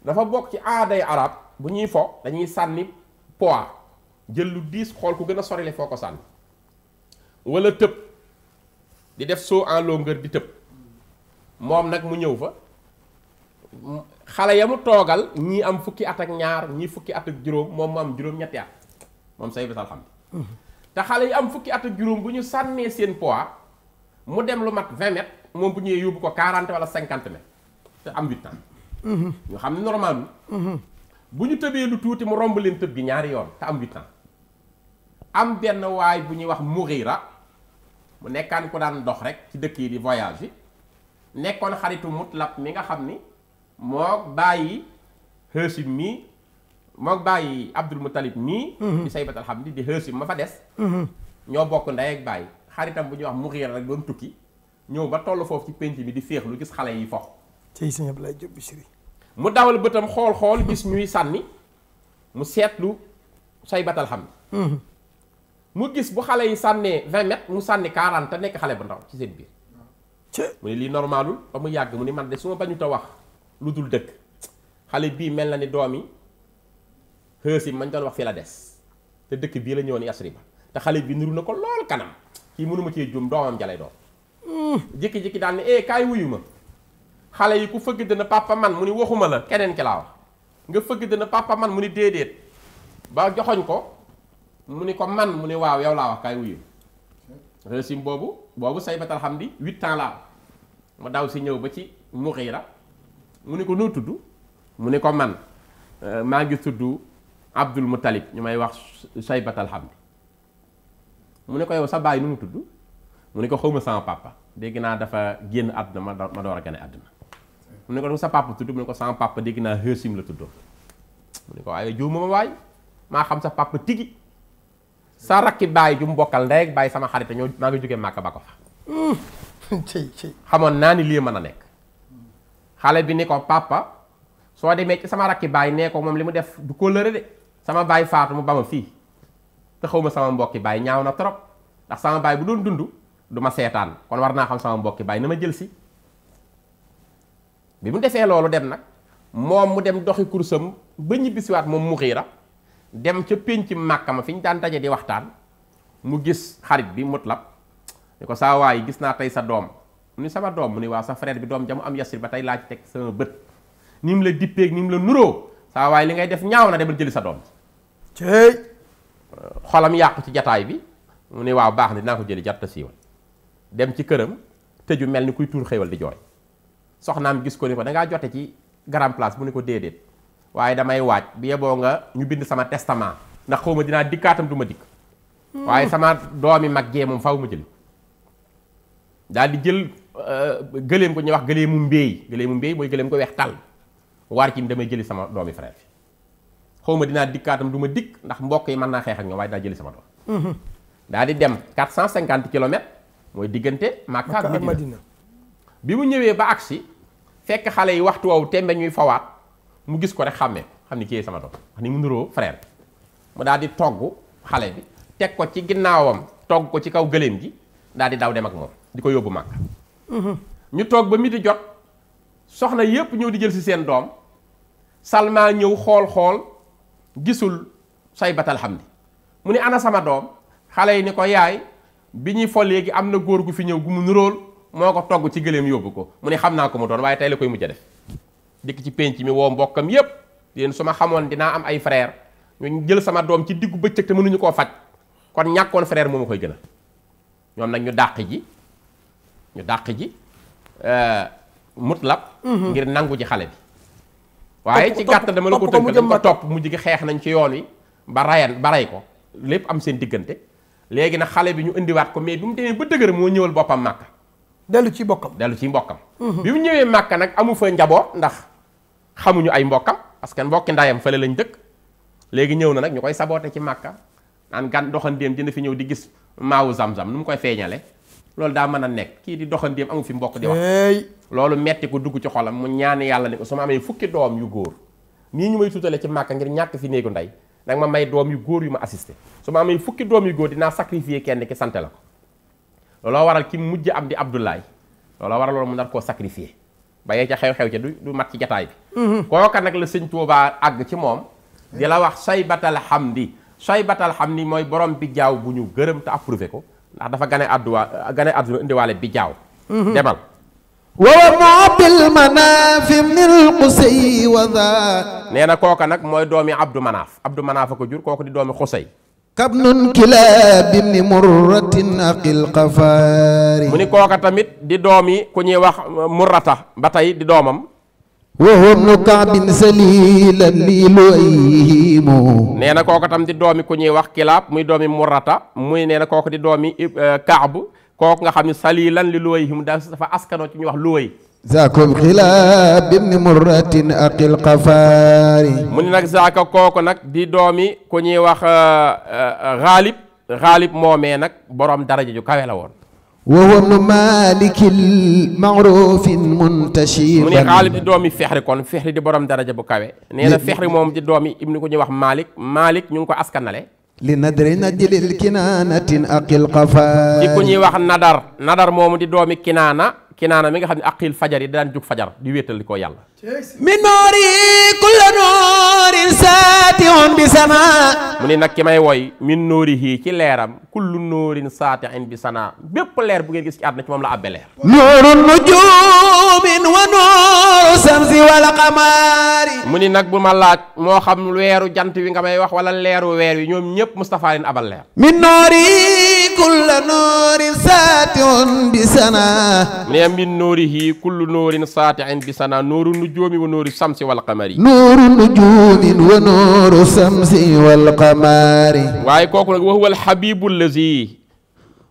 A: dafa bokk ci aaday arab bu ñuy fo dañuy sànni poids jël lu diis xool ku gën a sorile foo ko sànni wala tëb di def so en longueur di tepp mom nak mu ñew fa xale yamu togal ñi am fukki at ak ñaar ñi fukki at ak juroom mom mu am juróom-ñetti at moom say bi xam ta xale yi am fukki at ak juroom bu ñu sanné seen poids mu dem lu mat 20 mètres mom bu ñewé yóbbu ko 40 wala 50 mètres te am 8 ans. ñu xam normal bu ñu tebé lu tuti mu romb leen tëb gi ñaari yoon ta am 8 ans am ben way bu ñuy wax mourira mu nekkaan ku daan dox rek ci dëkk yi di voyage yi nekkoon xaritu mutlaq mi nga xam ni moo bàyyi Haasim mii moo bàyyi Abdul Muttalib mii di saybat alhamdi di Haasim ma fa des ñoo bokk ndey ak bàyyi xaritam bu ñuy wax Mughira rek doon tukki ñëw ba toll foofu ci penc mi di féex lu gis xale yi fox tey sëñ Abdoulaye mu dawal bëtam xool-xool gis ñuy sànni mu seetlu saybat alhamdi mu gis bu xale yi sànnee 20 mètres mu sànni 40 nekk xale bu ndaw ci seen biir. mu ne lii normalul ba mu yàgg mu ni man de su ma bañu ta wax lu dul dëkk xale bii mel na ni doom yi xëës yi mañ doon wax fii la des te dëkk bii la ñëwoon yasri ba te xale bi nuru na ko lool kanam kii mënuma ci juum doomam jalay doom hmm. jékki-jékki daal ne eh kaay wuyu ma xale yi ku fëgg dana papa man mu ni waxuma la keneen ki nga fëgg dana papa man mu ni déedéet ba joxoñ ko mu ni ko man mu ni waaw yow la wax kay wuyu resim bobu bobu saybatal alhamdi 8 ans la ma daw si ñew ba ci mu ko no tuddu mu ko man euh, ma ngi tuddu abdul mutalib ñu may wax saybatal alhamdi mu ni ko yow sa bay nu mu mu ko xawma sama papa degg na dafa genn àdduna ma ma gane ko sa papa tuddu mu ko sama papa degg na resim la tuddu mu ni ko waaye juuma ma xam sa papa tigi sa rakki jumbokan ju mbokal ndey baye sama xarit ñoo ma nga jógee makka bako ko
G: fa
A: xamoon naa ni lii mën a nekk bi ni ko papa so make ci sama rakki baye ne ko mom limu def du leure de sama baye faatu mu bama fi te xawma sama mbokki baye ñaaw na torop ndax sama baye bu doon dundu duma ma kon warna xam sama mbokki baye nama jël si bi mu defee lolu dem nak mom mu dem doxi kursam ba ñibisi wat mom mukhira dem ci pénc màkka ma fi ñu daan di waxtaan mu gis xarit bi mutlab ni ko saa gis na tay sa dom ni sama dom, ni wa sa frère bi dom jamu am yassir ba tey laa ci teg sama beut nim la dippé nim la nuro sa way li ngay def ñaaw na demal jël sa dom céy xolam yaq ci jotaay bi mu ni wa baax na dinaa jël jatta si won dem ci kërëm teju melni ni kuy tour xewal di joy soxnaam gis ko ni ko da nga jote ci grand place mu ni ko dedet waye damay waaj bi yebo nga ñu bind sama testament ndax xaw dina dikatam duma dik waye sama doomi mag jee moom faw jël dal di jël euh, geleem ko ñu wax geleemu mbey geleemu mbey moy geleem ko wex tal war ci damay jël sama doomi frère fi xaw dina dikatam duma dik ndax mbokk yi man na xex ak ñoom waye da jël sama
G: doom
A: dal di dem 450 km moy digënté Makka ak Madina bi mu ñëwé ba aksi fekk xalé yi waxtu waw tembe ñuy fawaat mu gis ko rek xàmmee xam ni kii sama doom wax ni mu nuroo frère mu daal di togg xale bi teg ko ci ginnaawam togg ko ci kaw gëléem gi daal di daw dem ak moom di ko yóbbu mag mhm. ñu toog ba mi di jot soxna yépp ñëw di jël si seen doom salma ñëw xool-xool gisul say batal xam ni mu ne ana sama doom xale yi ni ko yaay bi ñuy fo léegi am na góor gu fi ñëw gu mu nuróol moo ko togg ci gëléem yóbbu ko mu ne xam naa ko mu doon waaye tey la koy mujj def dik ci penc mi wo mbokam yépp yeen suma xamone dina am ay frère ñu jël sama dom ci diggu beccëk te mënuñu ko fajj kon ñakkon frère moo ma koy gën a ñoom ñu dàq ji ñu dàq ji euh, mutlab mhm. ngir nangu ji xalé bi waye ci gatt dama la ko tekk ko top mu jigi xex nañ ci yoon wi ba rayal ba ray ko lepp am seen digënté légui nag xalé bi ñu waat ko mais bimu déme ba dëgër mo ñëwul bopam makka delu ci bokkam delu ci mbokkam bimu ñëwé makka nak amu fa njabo ndax xamuñu ay mbokkam parce que mbokki ndayam fële lañ dëkk léegi ñëw na nag ñu koy saboote ci màkka naan gan doxandéem dina fi ñëw di gis maawu zam-zam nu mu koy feeñale loolu daa mën a nekk kii di doxandéem amu fi mbokk di wax loolu metti ko dugg ci xolam mu ñaan yàlla ni ko su ma amee fukki doom yu góor nii ñu may tuutale ci màkka ngir ñàkk fi néegu ndey danga ma may doom yu góor yu ma assisté su ma amee fukki doom yu góor dinaa sacrifier kenn ki sante la ko waral ki mujj am di Abdoulaye looloo waral loolu mu nar koo sacrifier ba yee ca xew-xew ca du mat ci jataay bi mhm. kooka nag la sëñ Tuubaa àgg ci moom di la wax xam soy batal xam hamdi mooy borom bi jaaw bu ñu gërëm te approuvé ko ndax dafa gane àdduwa gane àdduna indiwaale bi jaaw
C: mhm. demal
E: wawa mobil manafi minal xusay wa
A: nee na kooka nag mooy doomi abdou manaaf abdou manaaf a jur kooku di doomi xusay
E: kabnun ibn murrat aqil qafari. muni
A: koka tamit di domi ku ñi wax uh, murrata batay di domam
E: wa huwa ibnu kaabin salilan li luayhimu
A: neena koka tam di domi ku ñi wax kilab muy domi murrata muy neena koka di domi uh, kaab kok nga xamni salilan li luayhimu daal dafa askanoo ci ñuy wax luway
E: زاكم خلاب ابن مرة أقي القفاري
A: من نك زاك كوكو نك دي دومي كوني واخ غالب غالب مومي نك بروم درجة جو كاوي لاور
E: وهو ابن مالك المعروف المنتشر من غالب دي
A: دومي فحر كون فحر دي بروم درجة بو كاوي نينا فحر موم دي ابن كوني واخ مالك مالك نيون كو اسكان لي
E: لندر نجل الكنانة أقي القفاري دي كوني
A: واخ ندر ندر موم دي كنانة kinaana mi nga xam ne aqil fajar yi daan jug fajar di wéetali ko yàlla
E: min noori kulla noorin
A: saatiun bi sana mu ne nag ki may woy min noori hii ci leeram kullu noorin saatiun bi sana bépp leer bu ngeen gis ci àdduna ci moom la abbe leer
E: nooru nujumin wa nooru samsi wala qamari
A: mu ni nag bu ma laaj moo xam weeru jant wi nga may wax wala leeru weer wi ñoom ñëpp Moustapha leen abal leer
E: min noori kulla noorin saatiun bi sana
A: من نوره كل نور ساطع بسنا نور النجوم ونور الشمس والقمر
E: نور النجوم ونور الشمس والقمر
A: واي كوكو وهو الحبيب الذي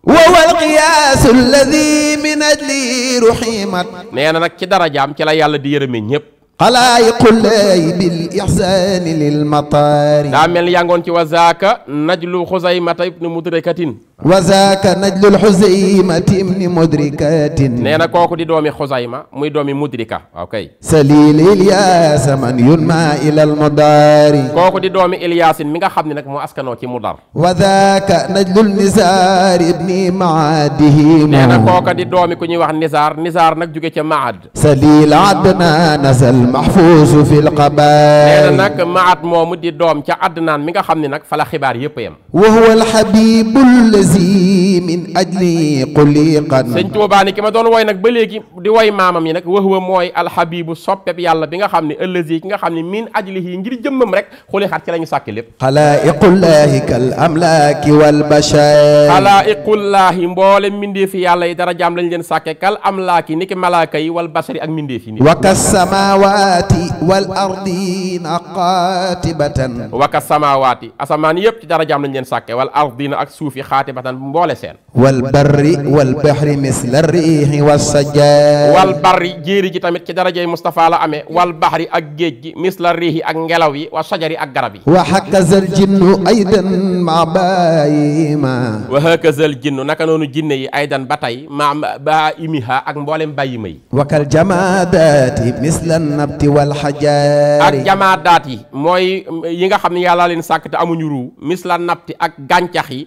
E: وهو القياس الذي من اجلي رحيمت
A: نينا نك كي درجام كي لا يالا دي يرمي نيب
E: خلائق الله بالاحسان للمطار
A: دامل يانغون كي وزاك نجلو خزيمه ابن مدركه
E: وذاك نجل الحزيمة من مدركات نينا
A: كوكو دي دومي خزيمة مي دومي مدركة اوكي
E: سليل الياس من ينمى الى المدار كوكو
A: دي دومي الياس ميغا خامني نك مو أسكنو كي مدار
E: وذاك نجل النزار ابن معاده نينا كوكو
A: دي دومي كوني واخ نزار نزار نك جوغي تي معاد
E: سليل عدنان نزل محفوظ في القبائل نينا
A: نك معاد مو مدي دوم تي عدنان ميغا خامني نك فلا خبار ييب يم
E: وهو الحبيب الذي nafsi min ajli quliqan sëñ
A: Tuubaa ni ki ma doon woy nag ba léegi di woy maamam yi nag wax wa mooy alxabibu soppeb yàlla bi nga xam ne ëllësi ki nga xam ne min ajlihi ngir jëmmam rek xuli xat ci la ñu sàkk lépp
E: xalaayiqullaahi kal amlaaki wal bashar
A: xalaayiqullaahi mboole mbindeefi yàlla yi dara jaam lañ leen sàkke kal amlaaki ni ki malaaka yi wal bashari ak mbindeefi ni waka samawaati
E: wal ardi naqatibatan
A: waka samawaati asamaan yëpp ci dara jaam lañ leen sàkke wal ardi na ak suufi xaati baatan mboole seen
E: wal barri wal bahri misla riihi wassajaaj wal
A: barri jéeri ji tamit ci darajey Moustapha la amee wal bahri ak géej gi misla riihi ak ngelaw yi wa sajari ak garab
E: yi wa hakazal jinnu aydan ma bayima
A: wa hakazal jinnu naka noonu jinne yi aydan ba tey ma baimiha ak mboolem bayima yi
E: wakal jamaadaati misla nabti wal hajaari ak
A: jamaadaat yi mooy yi nga xam ne yàlla leen sàkk te amuñu ruu misla nabti ak gàncax yi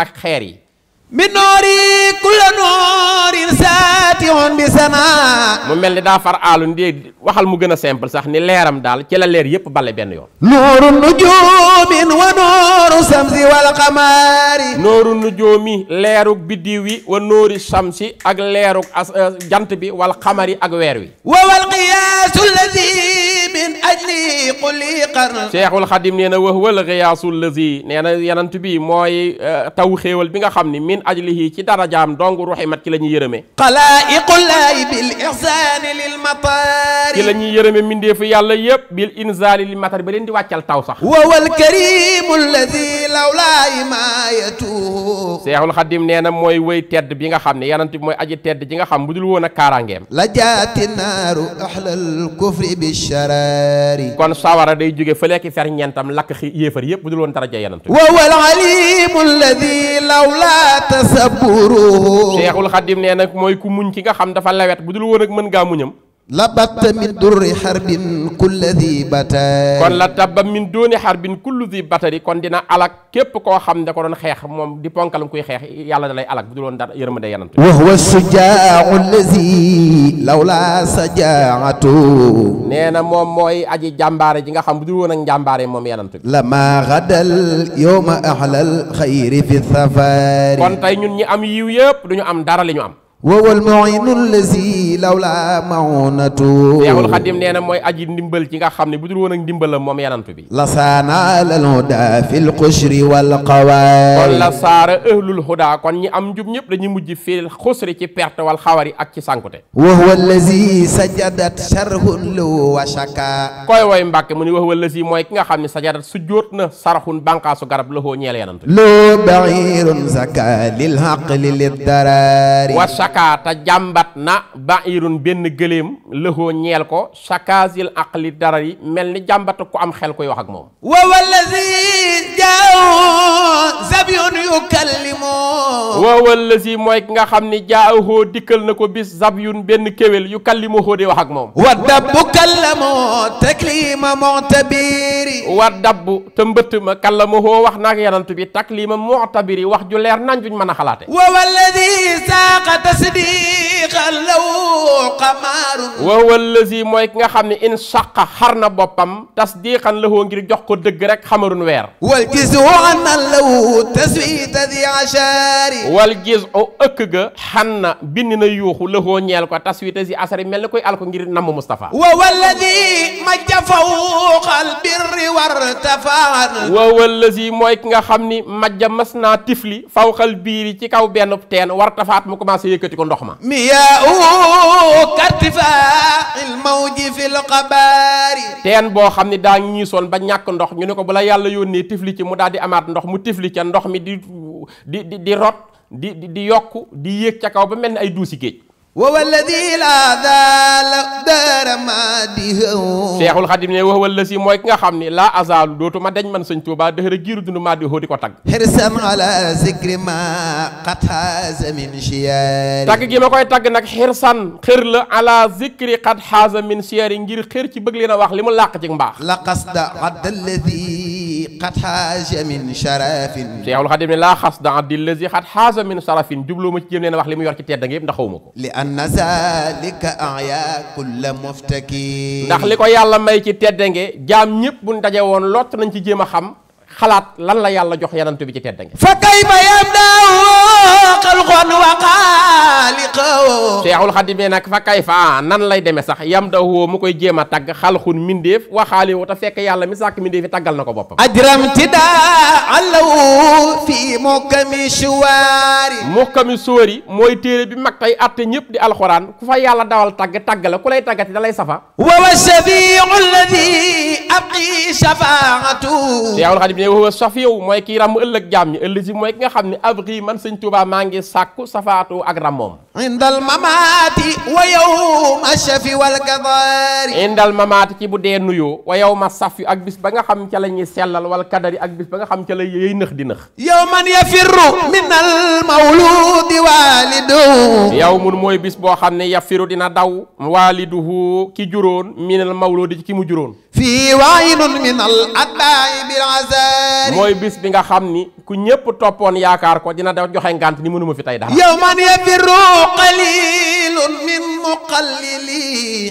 A: ak xeer yi
E: bi noori kulla noorin
A: mu mel ni daa far aalu ndi waxal mu gën a simple sax ni leeram daal ci la leer yépp bale benn yoon
E: nooru nujumin wa nooru samsi wal qamari nooru nujumi
A: leeruk biddiw wi wa noori samsi ak leeruk eh, jant bi wal qamari ak weer wi
E: wa wal من أجلي قل لي قر
A: شيخ الخادم nee na wax wala xiyaasul lazi nee na yanant bi mooy taw xéewal bi nga xam ni min ajlihi ci darajaam dong ruximat ci la ñuy yërëme
E: xalaayiqullahi bil ihsaani lil
A: matari ci la ñuy yërëme mindeefu yàlla yëpp bil inzaali lil matari ba leen di wàccal taw sax wawal karimu
E: lazi lawlaayi maa yatuhu
A: seexul xadim nee na mooy wëy tedd bi nga xam ne yanant bi mooy aji tedd ji nga xam bu dul woon a kaaraangeem
E: la jaati naaru ahlal kufri bi shara kon sawara day jóge fa ki fer
A: ñeentam lakk xi yéefar yëpp bu dul woon dara ja yenant wa wal
E: alimu alladi lawla tasaburuhu
A: Cheikhul Xadim nee nag mooy ku muñ ki nga xam dafa lawet bu dul woon ak mën ngaa muñam la batta min durri
E: xarbin kulli di batari kon la
A: tabba min dooni xarbin kulli di batari kon dina alak képp koo xam ne ko doon xeex moom di ponkalam kuy xeex yàlla da lay alak bu dul woon dara yërmande yanant wa huwa sujaau
E: allazi lawla sajaatu
A: nee na moom mooy aji jàmbaare ji nga xam bu dul woon moom
E: yanant la ma gadal yowma ahlal xayri fi kon tey
A: ñun ñi am yiw yëpp duñu am dara li ñu am
E: wowal mu'inul lazi lawla ma'unatu Seexul Xadim
A: nee na mooy aji ndimbal ci nga xam ne bu dul woon ak ndimbalam moom yanantu bi
E: la saana lal huda fil xusri wal xawaari kon la saara
A: ahlul huda kon ñi am njub ñëpp dañuy mujj fil xusri ci perte wal xawari ak ci sànkute wa huwa lazi sajadat
E: sarhun lu wa shaka
A: koy woy Mbàkke mu ni wa huwa lazi mooy ki nga xam ne sajadat su jóot na sarxun bànqaasu garab la hoo ñeel yanantu bi loo
E: bairun zaka lil haqli lid darari
A: sakaata jàmbat na bairun benn gëléem lëxoo ñeel ko sakaasil aqli dara yi mel ni jàmbat ko am xel ko koy wax ak moom
E: wa wallazi jaaw
A: woowa lazi mooy ki nga xam ni jaahoo dikkal na ko bis zab yun benn kéwél yu kallimuhoo di wax ak moom wa dabbu kallamoo taklima mutabiri wa dabbu te mbëtt ma kallamuhoo wax naak yanant bi taklima mutabiri wax ju leer nañ juñ mën a xalaate
E: woowa lazi saaqa tasdiqan law qamaarun
A: woowa lazi mooy ki nga xam ne in saqa xar na boppam tasdiqan lahoo ngir jox ko dëgg rek xamarun weer wal
E: gisu an law taswita di ashari
A: wal gis o ëkk ga xan na bind na yuuxu lëxoo ñeel ko taswita si asari mel na koy alko ngir namm Moustapha wa
E: wallazi majja fawqal birri
A: wartafaan wa wallazi mooy ki nga xam ni majja mas naa tifli fawqal biiri ci kaw benn teen wartafaat mu commencé yëkkati ko ndox ma
E: miyaa kartifa il mawji fil qabaari
A: teen boo xam ni daa ñiisoon ba ñàkk ndox ñu ne ko bu la yàlla yónnee tifli ci mu daal di amaat ndox mu tifli ca ndox mi di di di di rot di di yokk di yéeg ca kaw ba mel ni ay duusi géej wawa alladi laa zaala
E: dërëmaadihoo
A: Seexul Xadim mooy ki nga xam ni laa azaalu dootuma deñ man sëñ Tuubaa dëxër a giiru dundu ma di hoo di ko tagg
E: xirsam ala zikri ma xatxaasa min siyaari tagg
A: gi ma koy tagg nag xirsan xër la ala zikri xatxaasa min siyaari ngir xër ci bëgg leen wax li mu làq ci mbaax
E: قد حاز من شرف
A: شيخ الخادم لا خاص دا عبد الذي قد حاز من شرف دبلو ما جيم لنا واخ لي يور تي تيدغي نداخو مكو لان
E: ذلك اعيا كل مفتكي نداخ ليكو
A: يالا ماي تي تيدغي جام نيب بون داجي وون لوت نان جيما خام خلات لان لا يالا جوخ يانتو بي تي تيدغي فكيف يمدا
F: وقل وقال
A: seexul xadime nag fa kay fa nan lay demee sax yam da woo mu koy jéem a xal xalxun mindéef waxaali wu te fekk yàlla mi sàkk mindéef yi taggal na ko boppam
E: ajramti daa allaw fi mukkami suwaari
A: mukkami sóori mooy téere bi mag tey atte ñëpp di alxuraan ku fa yàlla dawal tagg tagg la ku lay taggati da lay safa wawa shafiu alladi mooy kii ràmm ëllëg jaam ñi ëllëg si mooy ki nga xam ne abqi man sëñ Tuubaa maa ngi sàkku safaatu ak mom
E: indal mamaati wa yow ma safi
A: wal kadari indal mamaati ci bu dee nuyoo yow ma saf ak bis ba nga xam ca la ñuy sellal wal kadari ak bis ba nga xam ca la yey di nëx
E: yow man yafirru
A: mun mooy bis boo xam ne yafiru dina daw waaliduhu ki juróon min al mawludi ki mu juróon fii waayinun min al
E: adbaai bil azari mooy
A: bis bi nga xam ni ku ñépp toppoon yaakaar ko dina daw joxe ngant ni mënuma fi tey dara
E: قليل min muqallili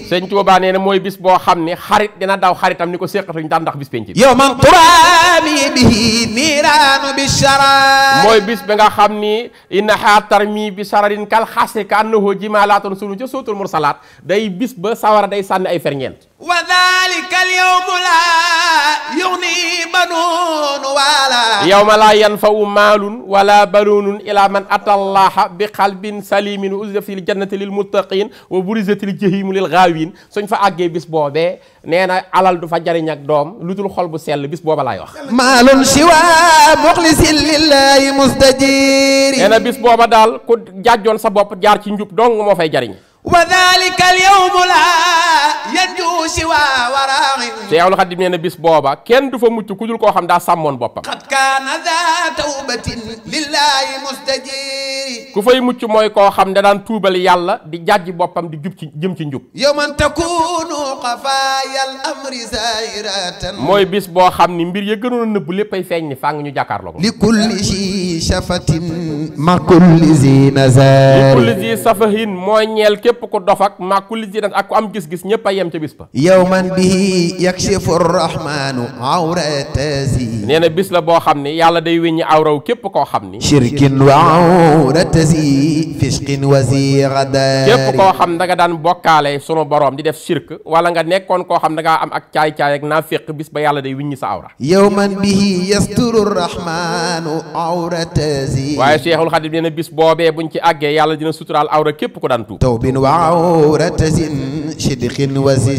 A: sëñ Tuubaa nee na mooy bis boo xam ne xarit dina daw xaritam ni ko séqatuñ daan ndax bis penc bi yow man
E: turaami bihi niiraanu bi shara
A: mooy bis bi nga xam ni innahaa tarmi bi shararin kal xase ka annahu jimaalaatun sunu ca suutul mursalaat day bis ba sawara day sànni ay ferñeent
E: wa dhalika al yawmu laa yughni banuun wala yawma laa yanfa'u
A: maalun wala banuun ila man ata allaha bi qalbin salimin uzza fil jannati lil muttaqin wa burizatil jahimu lil ghaawin suñ fa àggee bis boobee nee alal du fa jariñ ak doom lu dul xol bu sell bis booba laay wax
E: si siwa muxlisin lillahi mustajir nee na bis
A: booba daal ku jàjjoon sa bopp jaar ci njub dong moo fay jariñ
E: wa dhalika al yawmul yanju si waa waraaxin
A: Seexul Xadiim nee na bis booba kenn du fa mucc ku dul koo xam daa sàmmoon boppam xat kaana fay mucc mooy koo xam ne daan tuubal yàlla di jàjji boppam di jub ci jëm ci njub
E: yow man takunu mooy
A: bis boo xam ni mbir ya gënoon a nëbb léppay feeñ ni ñu jàkkaarloo ko
E: li kulli si safatin ma nazaar li kulli
A: si safahin mooy ñeel képp ku dof ak ma kulli si ak ku am gis-gis bis ñëpp a yem ca bis ba yow man bihi yakshifu rahmanu awratasi nee na bis la boo xam ne yàlla day weññi awraw képp koo xam ni shirkin wa
E: awratasi fisqin wa zigadaar képp koo
A: xam da daan bokkaale sunu borom di def shirk wala nga nekkoon koo xam da ngaa am ak caay-caay ak naafiq bis ba yàlla day weññi sa awra
E: yow ma bihi yasturu rahmanu awratasi waaye
A: Cheikhul Khadim nee bis boobee buñ ci àggee yàlla dina suturaal awra képp ko daan tuub
E: tawbin wa awratasi naatiqin wasi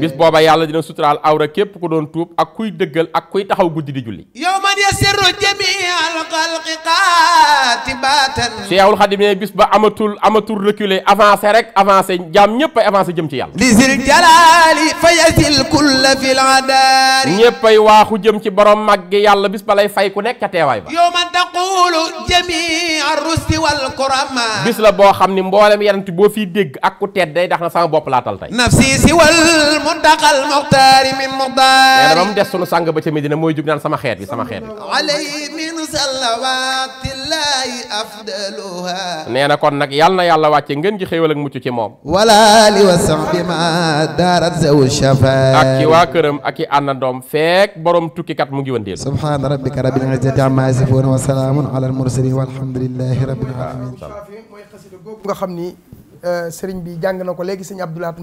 A: bis booba yàlla dina suturaal awra képp ku doon tuub ak kuy dëggal ak kuy taxaw guddi di julli
E: yow man yasiru jamii alxalqi qaatibatan
A: Seexul Xadim ne bis ba amatul reculer avancé rek avancé jam ñépp ay avancé jëm ci yàlla li
E: zil jalali fa yasil kulla fil adaari
A: ñépp waaxu jëm ci borom mag gi yàlla bis ba lay fay ku nekk ca teewaay ba bopp laatal tey
E: nafsi si wal muntaqal muxtaari min muxtaar nee na
A: ba mu des sunu sàng ba ca Medina mooy jug naan sama xeet bi sama xeet bi
E: alay min salawaatillahi
A: afdaluha nee na kon nag yal na yàlla wàcce ngeen ji xéewal ak mucc ci moom wala
E: li wa sahbi ma daarat zawu shafa
D: ak ci waa
A: këram ak i àndandoom feek
B: borom tukkikat mu ngi wëndeel subhaana
D: rabbika rabbil izzati amma yasifuun wa salaamun ala al mursalin walhamdulillahi rabbil alamin
B: mooy xasida googu nga xam ni sëriñ bi jàng na ko léegi sëñ Abdoulahat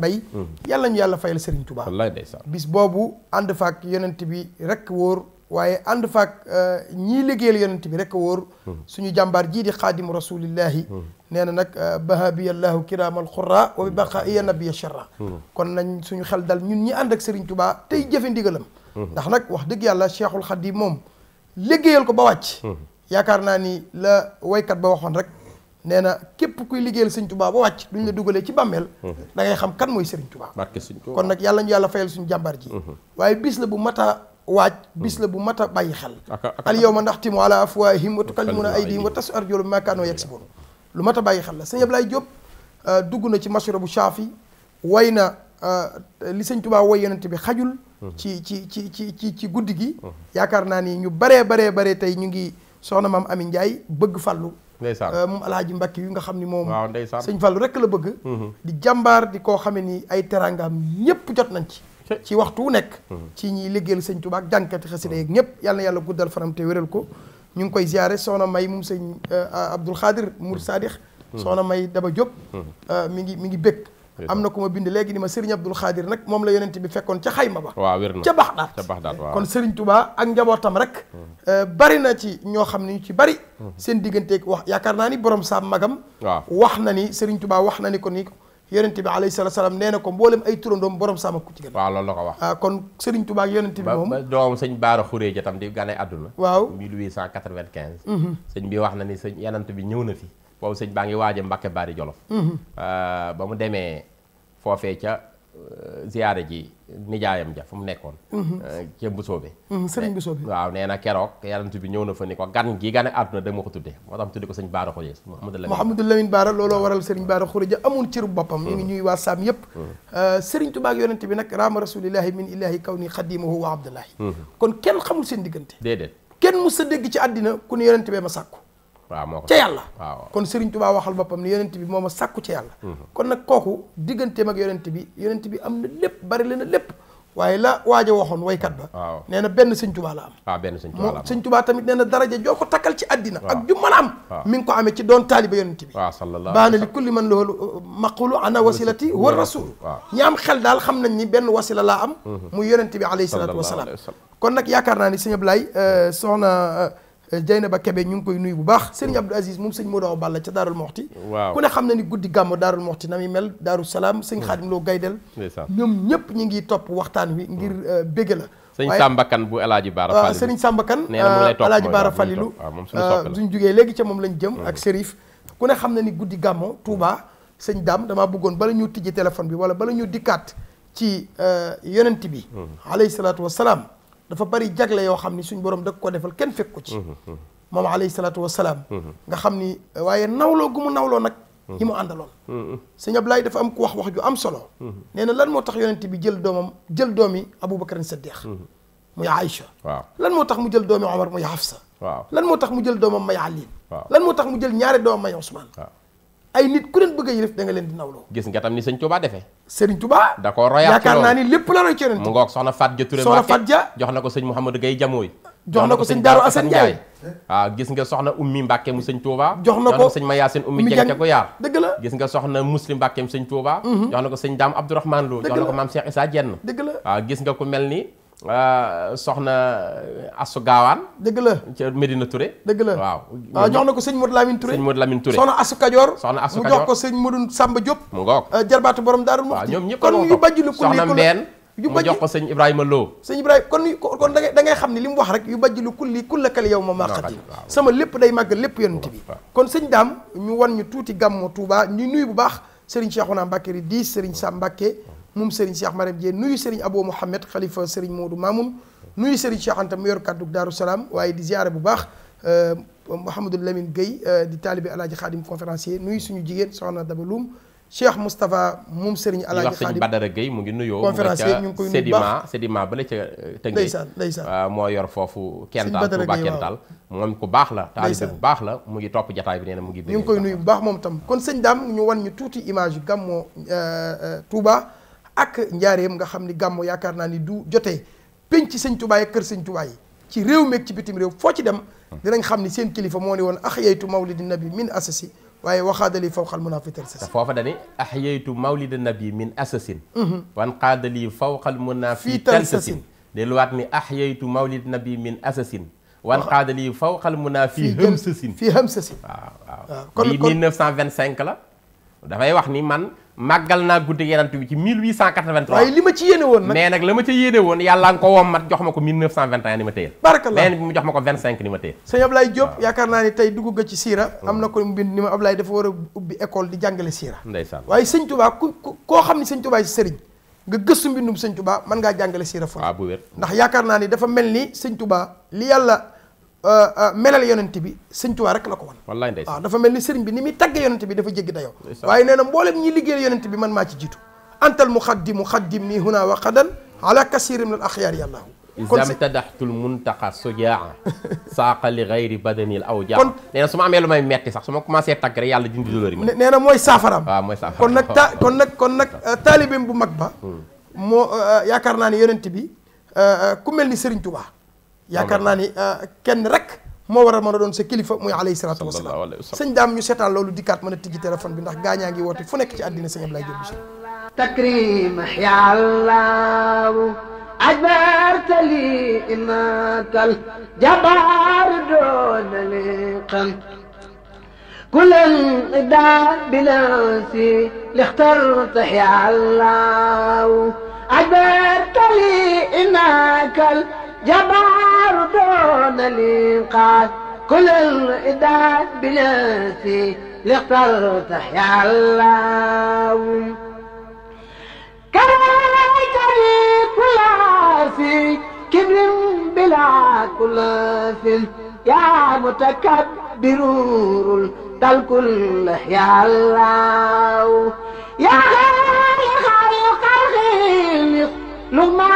B: yàlla ñu yàlla fayal sëriñ Touba wallaay ndeysaan bis boobu ànd faak yonent bi rek wóor waaye ànd faak ñii liggéeyal yonent bi rek wóor suñu jàmbaar jii di xaadimu rasulillahi nee na nag bahabiyallahu kiraamal xurra wa bi baqaiya nabiya sharra kon nañ suñu xel dal ñun ñi ànd ak sëriñ Touba tey jëfe ndigalam ndax nag wax dëgg yàlla cheikhul xadim moom liggéeyal ko ba wàcc yaakaar naa ni la waykat ba waxoon rek nee na képp kuy liggéeyal sëñ Tuubaa ba wàcc duñ la dugalee ci bàmmeel mhm. da xam kan mooy sëriñ Tuubaa kon nag yàlla ñu yàlla fayal suñu jàmbaar ji mhm. waaye bis la bu mata waaj mhm. bis la bu mat a bàyyi xel al yawma naxtimu ala afwaahihim wa tukallimuna aydihim wa tasu arjuluhum bimaa kaanu yaksibuun lu mat a bàyyi xel la sëñ Ablaye Diop euh, dugg na ci masura bu Shaafi way na euh, li sëñ Tuubaa way yonent bi xajul ci ci ci ci ci ci guddi gi yaakaar naa ni ñu baree baree baree tey ñu ngi soxna maam Ami Ndiaye bëgg fàllu ndeysaan euh, moom alaaji Mbàkke yu nga xam ni moom waaw ndeysaan sëñ Fallu la bëgg mm-hmm. di jàmbaar di koo xamee ni ay terangaam ñëpp jot nañ ci ci waxtu wu nekk mm-hmm. ci ñiy liggéeyal sëñ Tuubaa ak jànkati xasida yeeg ñëpp yàlla yàlla guddal fanam te wéral ko ñu ngi koy ziare soxna may moom sëñ euh, Abdul Xaadir Mour Sadix mm-hmm. soxna may daba jóg euh, mi ngi mi ngi bëgg am na ku ma bind léegi ni ma Serigne Abdul Xaadir nag moom la yonent bi fekkoon ca xayma ba waaw
A: wér na ca Baxdaat ca Baxdaat kon Serigne
B: Touba ak njabootam rek hmm. euh, bari ci ñoo xam ne ñu ci bari
A: hmm.
C: seen
B: digganteeg wax yaakaar naa ni borom saam magam waaw wax na ni Serigne Touba wax na ni ko ni yonent bi alayhi salaatu salaam nee na ko mboolem ay turandoom borom saama ku ci gën waaw loolu la ah, kon Serigne Touba ak yonent bi moom doom
A: sëñ Baara Xuree tam di gane àdduna waaw mhm. sëñ bi wax na ni sëñ yonent bi ñëw na fi boobu sëñ baa ngi waaje Mbàkke Baari Jolof mhm. ah, ba mu demee fofé ca ziaré ji nijaayam ja fu mu nekkoon ca serigne sëriñ Mbusoobe waaw néna kérok keroog yarantu bi ñëw na fa ni ko gan gi gane àdduna dama ko tudde moo tax tudde ko sëñ Baara Xurija Mouhamadou
B: Lamine Baara lolo waral sëriñ Baara Xurija amoon cëru boppam ñu ngi ñuy wa sam yépp serigne Tuubaa ak yonente bi nak raama rasulillah min ilahi kawni khadimuhu wa abdullah kon kenn xamul seen digënté dédé kenn musa dégg ci adina ku ne yonente bee ma sàkku ci yàlla kon Serigne Touba waxal boppam ni yonent bi moo sàkku ca yàlla kon nag kooku digganteem ak yonent bi yonent bi lépp bari lépp la ba Serigne Touba la
A: am Serigne Touba la
B: Serigne Touba tamit daraja ci ak ju a am mi ko amee ci doon taaliba yonent
A: bi waaw sallallahu baana
B: li kulli man loolu maqulu ana wasilati wa rasul ñi xel daal xam nañ ni benn wasila laa am muy yonent bi alayhi salatu wasalaam kon ni soxna ba Kebe ñu ngi koy nuyu bu baax sëriñ Abdou Aziz moom sëñ Modou Awa Balla ca Daarul Moxti waaw ku ne xam na ni guddi gàmmu Daarul Moxti na muy mel Daaru Salaam sëñ Xaadim mm. Loo Gaydel ñoom ñëpp ñu ngi topp waxtaan wi ngir mm. euh, bégg la sëñ
A: Sambakan bu El Hadj Baara ah, Falilu sëriñ Sambakan euh, El Hadj Baara Falilu
B: suñ jugee léegi ca moom lañ jëm ak Serif mm. ku ne xam na ni guddi gàmmu tuuba sëñ Dame damaa bëggoon bala ñu tijji téléphone bi wala bala ñu dikkaat ci euh, yonent bi alayhi salaatu wasalaam dafa bari jagle yo xamni ni suñ borom da ko defal ken fekk ko ci moom alayhi salaatu wasalaam nga xamni waye nawlo gumu nawlo nak nawloo nag ñi mu àndaloon sëñ Ablaye dafa am ko wax wax ju am solo neena lan motax yonenti bi jël domam jël doomi Aboubacar Saddeex muy aisha lan motax mu jël domi umar muy Hafsa lan motax mu jël domam may ali lan motax mu jël ñaari domam may usman ay nit ku leen bëgg a yilif da leen di nawloo
A: gis nga tam ni sëñ Touba defee
B: sëriñ Touba
A: da ko royaat yaakaar naa ni lépp la roy ci ren mu ngoog soxna Fat Ja Touré soxna Fat jox na ko sëñ Mouhamadou Gaye Jamooy
B: jox na ko sëñ Daaru Asan
A: ah, gis nga soxna Ummi Mbàkke mu sëñ Touba jox na ko sëñ Mayaasin Ummi ca ko yaar dëgg la gis nga soxna Muslim Mbàkke mu sëñ Touba mhm. jox na ko sëñ Daam Abdourahmane Lo jox na ko maam Cheikh Issa Jenn dëgg la ah, gis nga ko mel ni Euh, soxna Asu Gaawaan. dëgg la ca Medina Touré. dëgg la waaw. waaw jox na
B: ko sëñ Modou Lamine Touré sëñ Modou Lamine Touré. soxna Asu Kajoor. soxna Asu Kajoor mu jox ko sëñ Modou Samba Diop. mu ngoog euh, jarbaatu borom Daaru Muxti. ñoom ñëpp kon ñu bajj lu kulli soxna jox ko sëñ Ibrahima Lo. sëñ Ibrahima kon kon da ngay xam ne li mu wax rek yu bajj lu kulli kullakal yow ma maaxati. sama lépp day màgg lépp yonent bi. kon sëñ daam ñu wan ñu tuuti gàmmu Touba ñu nuyu bu baax Serigne Cheikhouna Mbacké di Serigne Sam Mbacké moom Serigne Cheikh Mariam Diène nuyu Serigne Abou Mouhamed xalifa Serigne Modou Mamoun nuyu Serigne Cheikh Anta mu yor kàddu Daaru waaye di ziare bu baax euh, Mouhamadul Lamine Guèye euh, di taalibe Alaaji Xaadim conférencier nuyu suñu jigéen soxna Daba Loum Cheikh Moustapha moom Serigne Alaaji Xaadim
A: Badara Guèye mu ngi nuyoo conférencier ñu ngi koy nuyu Sedima Sedima bala ca euh, tënk ndeysaan ndeysaan moo yor foofu Kental Touba Kental moom ku baax la taalibe bu baax la mu ngi topp jataay bi nee mu ngi ñu ngi koy
B: nuyu bu baax moom tam kon sëñ daam ñu wan ñu tuuti image yu gàmmoo Touba ak njaareem nga xamni gamu gàmmu yaakaar ni du jotee penc seigne touba ak keur seigne touba yi ci rew mek ci bitim rew fo ci dem dinañ xamni ni seen kilifa mo ni won ahyaytu mawlidin nabi min asasi waaye waxaadali fawqal munafital sasi
A: fofa dani ahyaytu mawlidin nabi min asasin wan qaadali fawqal munafital sasin wat ni ahyaytu mawlidin nabi min asasin wan qaadali fawqal munafi hamsasin
B: fi hamsasin wa wa
A: 1925 la da fay wax ni man màggal naa guddi yenant bi ci 1883 waaye li ma ci yéene woon nag mais nag la ma ci yéene woon yàlla nga ko wommat jox ma ko 1921 ni ma téyel barakallah beneen bi mu jox ma ko 25 ni ma téyel
B: sëñ Ablaye Diop yaakaar naa ni tey dugg nga ci siira hmm. na ko mbind ni ma a ubbi école di jàngale siira ndeysaan waaye sëñ Touba ku xam ne sëñ Touba si sëriñ nga gëstu mbindum sëñ Touba mën ngaa jàngale siira foofu waaw ah, bu wér ndax yaakaar naa ni dafa mel ni sëñ Touba li yàlla melal yonent bi sëñ Tuubaa rek la ko wan
A: wallaay ndeysaan waaw dafa
B: mel ni sëriñ bi ni muy tagge yonent bi dafa jéggi dayoo waaye nee na mboolem ñi liggéeyal yonent bi man maa ci jiitu antal muxaddimu xaddim nii huna wa xadan ala kasirin min al axyaar yàllaahu
A: kon isam tadaxtul muntaqa sujaa saaqa li gayri badanil aw jaa kon nee na su ma amee lu may metti sax su ma commencé tagg rek yàlla dindi douleur yi ma nee na mooy saafaraam waaw mooy saafaraam kon nag ta
B: kon nag kon nag taalibim bu mag ba moo yaakaar naa ne yonent bi ku mel ni sëriñ Tuubaa يكرنا ني كن رك ما ورا ما ندون سكيلي فم علي سرعة وصل سن دام يسات على لولو ديكات من تيجي تلفون بنا غاني عندي وقت فنك عندنا سن
F: تكريم يا الله لي إما كل جبار دون لقم كل إدا بلاسي لاخترت يا الله لي إما جبار دون الإنقاذ كل الإداد بنفسي لاخترت يا الله كرهتني كل في كبر بلا كل في يا متكبر تل كل يا الله يا خالق الخلق لما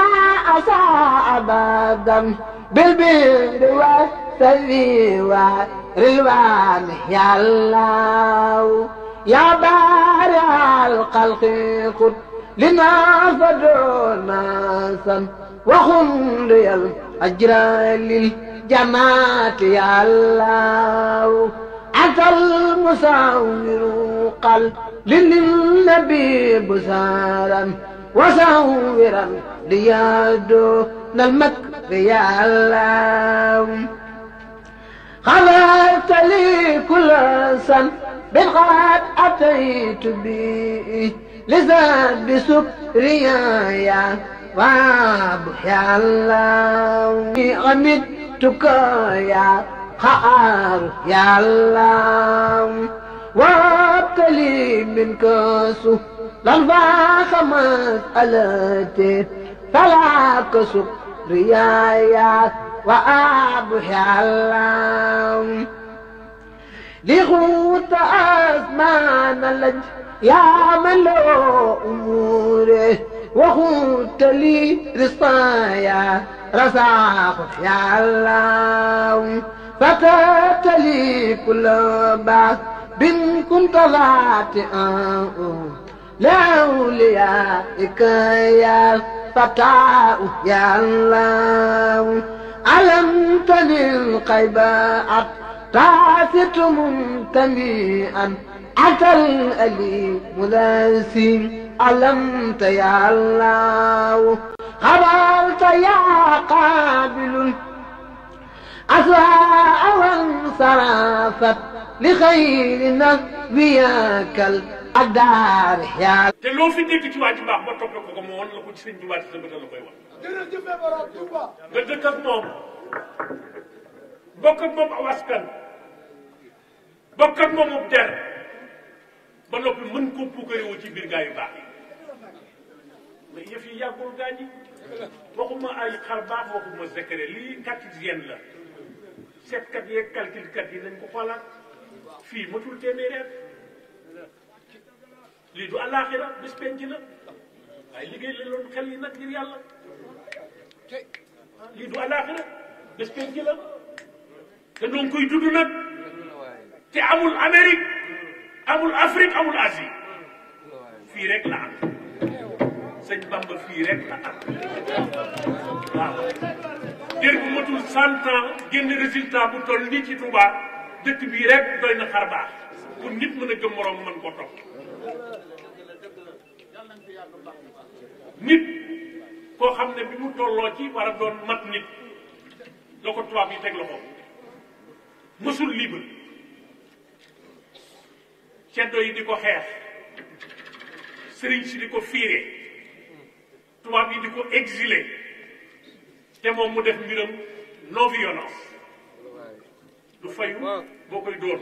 F: أساء أبدا بالبير والثري والرلوان يا الله يا بارع الخلق قد لنا فدعونا سم وخن الأجر للجماعة يا الله أنت المساور قل للنبي بسارا وصورا ليادو للمكر يا الله خلقت لي كل سن بالغاد أتيت بي لزاد بسكريا يا رب يا الله غمدتك يا خار يا الله وابتلي من سهر لنفاخ مسألته فلا كسب ريايا وأبحي الله لغوت أزمان لج يا ملو أموره وغوت لي رصايا رزاق يا الله فتات لي كل بعث بن كنت لا تأمر آه. لأوليائك يا فتاة يا الله ألم تنل قباء تعفت منتميئا أتى الأليم لاسين ألمت يا الله خبرت يا قابل أساء وانصرفت لخير نبيك ak daar yàlla.
H: te loo fi dégg ci waa ji ba toppee ko ko la ko ci sëñ bi waa ci sa bëtal la koy wan.
F: jërëjëf Borom Tuuba.
H: nga dëkk ak moom bokk ak moom aw askan bokk ak moom ab der ba noppi mën ko puukarewoo ci biir gaa yu baax mais yëf yi yàggul gaa ñi waxuma ay xar baax waxuma secret lii quatrième la seetkat yeeg calculkat yi nañ ko xoolaat fii matul téeméeri at lii du àllaaxira bis penc la waaye liggéey la loon xel yi nag ngir yàlla lii du àllaaxira bis penc la te doon koy dudd nag te amul Amérique amul Afrique amul Asie fii rek la am sëñ Bamba fii rek la am waaw jër bu matul cent ans génn résultat bu toll nii ci Touba dëkk bii rek doy na xar baax pour nit mën a gëm moroom mën ko topp nit koo xam ne bi mu tolloo ci war a doon mat nit la ko tubaab yi teg loxo mësul libre ceddo yi di ko xeex sëriñ si di ko fiire tubaab yi di ko exilé te moom mu def mbiram non violence du fayu boo koy dóor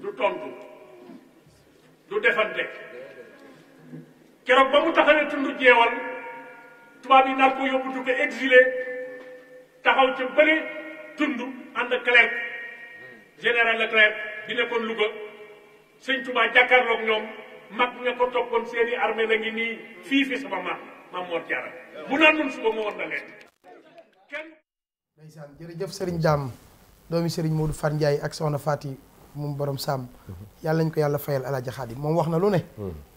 H: du tontu du defante kérok ba mu taxawee tundu jeewal tubaab yi nar ko yóbbu du ko exilé taxaw ci bële tund ànd ak Clerc général Leclerc bi nekkoon Louga sëñ Touba jàkkaarloog ñoom mag nga ko toppoon seen i armée la ngi nii fii fi sama ma ma Mor Diarra bu naan mun suba moo war na leen
B: kenn. ndeysaan jërëjëf Serigne Dame doomi Serigne Modou Fane Ndiaye ak Sohna Fati moom borom sàmm yàlla nañ ko yàlla fayal alaaji xaadim moom wax na lu ne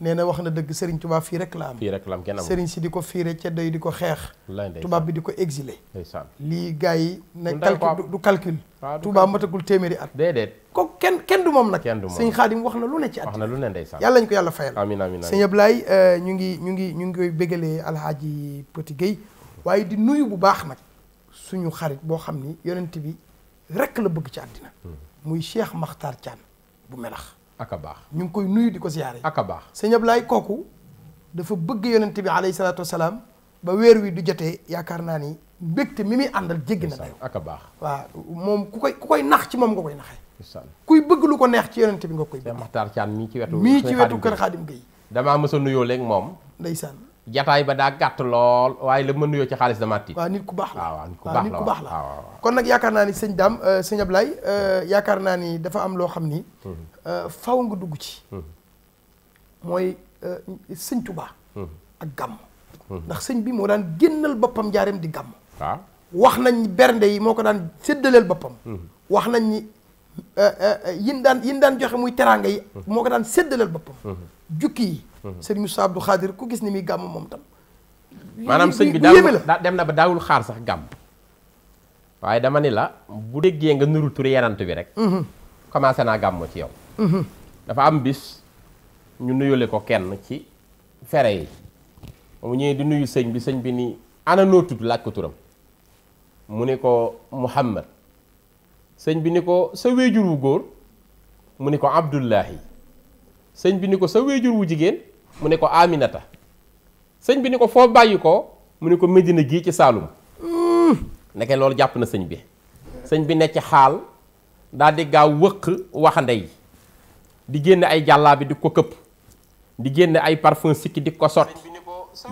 B: nee na wax na dëgg Serigne tubaab fii rek la am fii rek la am kenn si di ko fiire ceddo yi di ko xeex tubaab bi di ko exilé lii gars yi ne calcul du calcul ah, Touba matagul téeméeri at déedéet ko kenn kenn du moom nag sëñ xaadim wax na lu ne ci at na lu ne ndeysaan yàlla nañ ko yàlla fayal amiin amiin sëñ Ablaye euh, ñu ngi ñu ngi ñu ngi koy bégalee alhaaji Petit Guèye waaye di nuyu bu baax nag suñu xarit boo xam ni yenent bi rekk la bëgg ci àddina hmm. muy Cheikh Makhtar Thiam bu melax ak a baax ñu ngi koy nuyu di ko siyaare ak a baax sëñ Ablaye kooku dafa bëgg yonent bi alayhi salaatu salaam ba weer wi di jotee yaakaar naa ni mbégte mi muy àndal jeggi na dayo ak a baax waa moom ku koy ku koy nax ci moom nga koy naxee kuy bëgg lu ko neex ci yonent bi nga koy bëgg
A: Makhtar Thiam mii ci wetu mii ci wetu kër Xaadim Gueye damaa mës nuyoo léegi moom ndeysaan jataay ba daa gàtt lool waaye la mën nuyoo ci xaalis dama tiit waaw nit ku baax la waaw nit ku
C: baax la waaw nit ku baax la
B: kon nag yaakaar naa ni sëñ Dame euh, sëñ Ablaye euh, hmm. yaakaar naa ni dafa am loo xam ni hmm. euh, faw nga dugg ci hmm. mooy sëñ tubaa ak gàmm ndax sëñ bi moo daan génnal boppam jaareem di gàmm waaw ah. wax nañ ni bernde yi moo ko daan séddaleel boppam wax nañ Euh, euh, euh, yin daan yin daan joxe muy teraanga yi mhm. moo ko daan séddalal boppam mhm. jukki yi mhm. sëriñ Moussa Abdou Khadir ku gis ni muy gàmm moom tam maanaam sëñ bi daa
A: dem na ba daawul xaar sax gàmm waaye dama ni la bu déggee nga nuru turi yenant bi rek commencé naa gàmm ci yow dafa am bis ñu nuyule ko kenn ci fere yi mu ñëwee di nuyu sëñ bi sëñ bi ni ana laaj ko turam mu ne ko Muhammad sëñ bi ni ko sa wéejur wu góor mu ni ko abdullahi sëñ bi ni ko sa wéejur wu jigéen mu ne ko aminata sëñ bi ni ko foo bàyyi ko mu ni ko Medina gii ci Saalum mm. nekke loolu jàpp na sëñ bi sëñ bi ne ci xaal daal di gaaw wëq waxande yi di génne ay jàllaa bi di ko këpp di génne ay parfum sikki di ko sotti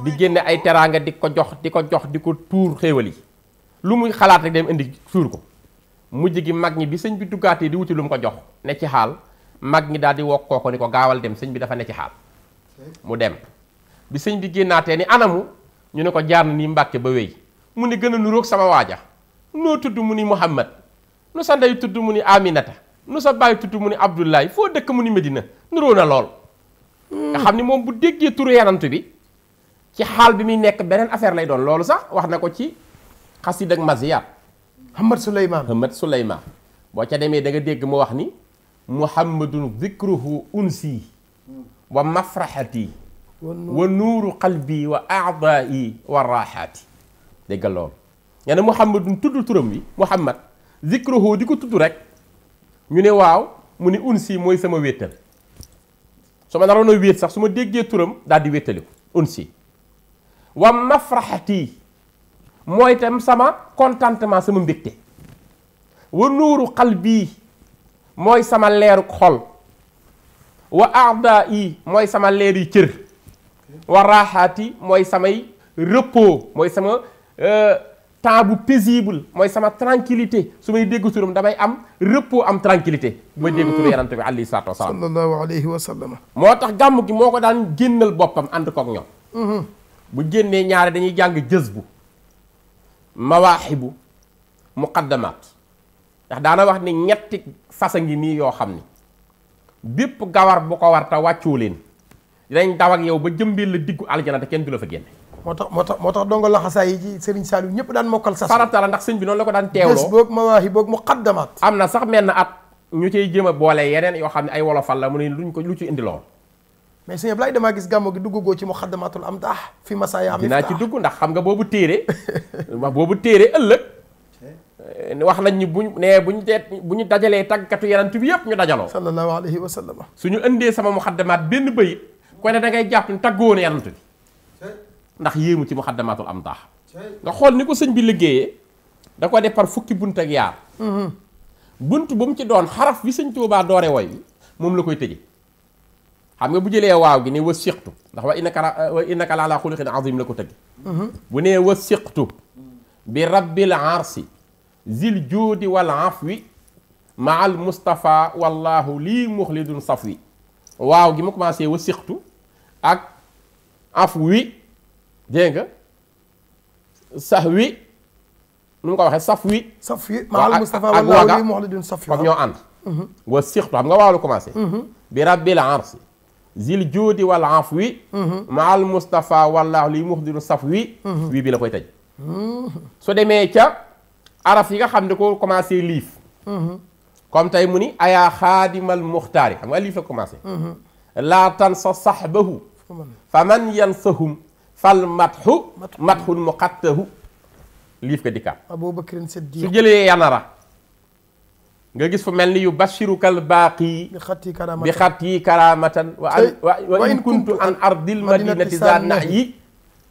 A: di génne ay teraanga di ko jox di ko jox di ko tuur xéewal yi lu muy xalaat rek dem indi suur ko mujj gi mag ñi bi sëñ bi duggaatee di wuti lu mu ko jox ne ci xaal mag ñi daal di wokk kooku ni ko gaawal dem sëñ bi dafa ne ci xaal mu dem bi sëñ bi génnaatee ni anamu ñu ne ko jaar na ni mbàkke ba wéy mu ne gën a nuroog sama waaja noo tudd mu ni muhammad nu sa ndey tudd mu ni aminata nu sa bàyyi tudd mu ni abdullahi foo dëkk mu ni medina nuroo na lool nga xam ni moom bu déggee turu yanantu bi ci xaal bi muy nekk beneen affaire lay doon loolu sax wax na ko ci xasid ak maziyaat Hamad Souleymane Hamad Souleymane boo ca demee da nga dégg mu wax ni muhammadun zikruhu unsi wa mafraxati wa nuuru qalbi wa aadaa'i wa raaxaati dégg loolu nee na muhammadun tudd turam wi muhammad zikruhu di ko tudd rek ñu ne waaw mu ni unsi mooy sama wéttal su ma naroon a wéet sax su ma déggee turam daal di wéttaliku unsi wa mafraxati mooy tam sama contentement sama mbégte wa nuuru xal bii mooy sama leeruk xol wa aada mooy sama leer yi cër wa raaxaat mooy samay rëppo mooy sama euh, temps bu paisible mooy sama tranquillité su may dégg turam damay am repos am tranquillité bu may dégg turu yonent bi alayhi salaatu wa salaam sallallahu moo tax gàmm gi moo ko daan génnal boppam ànd kook ñoom mm-hmm. bu génnee ñaare dañuy jàng jës mawaaxibu muqaddamaat ndax daana wax ni ñetti fasa ngi nii yoo xam ni bépp gawar bu ko war te wàccoo leen dinañ daw ak yow ba jëmbee la diggu aljana te kenn du la fa génne
B: moo tax moo tax moo tax dongo laxasaay yi ci Serigne Saliou ñëpp daan mokkal sas farata
A: la ndax sëñ bi noonu la ko daan teewloo bés boog mawaaxi boog muqaddamaat am na sax menn at ñu cay jéem a boole yeneen yoo xam ne ay wolofal la mu ne luñ ko lu ci indi lool
B: mais sëñ blaye dama gis gàmmo gi go ci muxaddamatul amdah fi masaaya dina ci duggu
A: ndax xam nga bobu téré wax boobu téere ni wax nañ ni buñ né buñ tét bu dajalé dajalee tàggkatu bi yépp ñu dajalo sallallahu alayhi wa sallam suñu ëndé sama muxaddamaat benn bayit ko né da ngay japp ni tàggoon yenant bi ndax yému ci muxaddamatul amdah nga xol ni ko señ bi liggéeyee da ko def par fukki buntu ak yaar mm-hmm. buntu bu mu ci doon xaraf bi señ touba doore woy mom la koy xam nga bu jëlee waaw gi ne wa siqtu ndax wa innaka wa innaka ala xuluqin azim la ko tëgg bu ne wa siqtu bi rabbil arsi zil judi wal afwi ma al mustafa wallahu li mukhlidun safwi waaw gi mu commencé wa siqtu ak afwi dégg nga sax nu ko waxe safwi safwi ma al mustafa wallahu li mukhlidun safwi ñoo ànd. wa siqtu xam nga waaw lu commencé. bi rabbil arsi zil juudi wal afwi maal Moustapha wallaahu li muxdiru safwi wii bi la koy tëj. su demee ca araf yi nga xam ne ko commencé liif. comme tey mu ni ayaa xaadimal muxtaari xam nga liif la commencé. laa tansa saxbahu fa man yansahum fal matxu matxun muqattahu liif ka dikkaat. su jëlee yanara. nga gis fu mel ni yu bashirukal baaqi
B: bi xat
A: yi karamatan wa an wa in kuntu an ardil madinati za na yi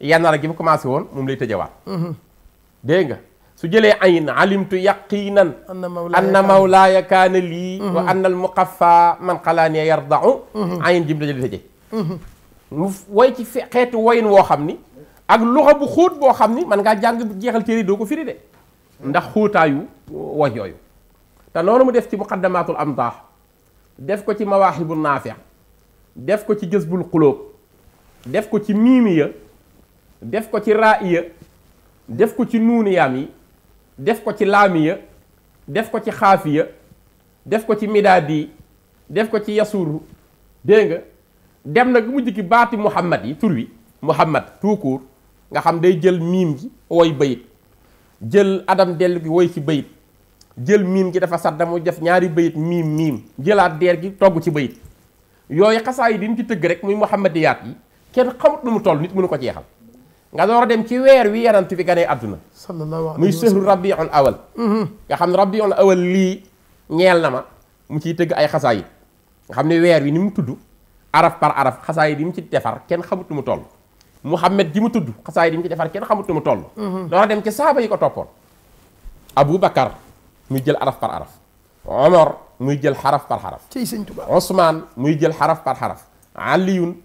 A: yanara gi mu commencé woon moom lay tëjawaat mhm. dégg nga su jëlee ayn alimtu yaqinan
B: anna mawlaaya
A: kaana lii wa mhm. anna al muqaffa man xalaaniya yardau mhm. ayn jim dajale tëje mu way ci xeetu wayin woo xam ni ak luxa bu xóot boo xam ni man ngaa jàng bu jeexal téere doo ko firi de ndax xóotaayu way yooyu ta loolu mu def ci muqaddamatul amdaax def ko ci mawaaxibu nafi' def ko ci jësbul xulóob def ko ci miimiya def ko ci raa'iya def ko ci nuuniyaam yi def ko ci laamiya def ko ci xaafiya def ko ci midaadi def ko ci yasuuru dégg nga dem na mujj ki baati muhammad yi tur wi muhammad tout court nga xam day jël miim gi woy bayit jël adam dellu gi woy ci bayit jël mim gi dafa sadda mu def ñaari beuyit mim mim jëlaat deer gi togg ci beuyit yooyu xasaa yi diñ ci tëgg rek muy yaat yi kenn xamut lu mu toll nit mënu ko jeexal nga door a dem ci weer wi yanant bi ganee àdduna muy sehru rabiul awal mm-hmm. nga xam ne rabiul awal li ñeel na ma mu ci tëgg ay xasaa nga xam ne weer wi ni mu araf par araf xasaa yi di mu ci defar kenn xamut lu mu toll muhammad gi mu tuddu xasaa di mu ci defar kenn xamut lu mu toll mm-hmm. door a dem ci sahaba yi ko toppoon abou bakar muy jël araf par araf Omar muy jël xaraf par xaraf. ci sëñ Tuba Ousmane muy jël xaraf par xaraf.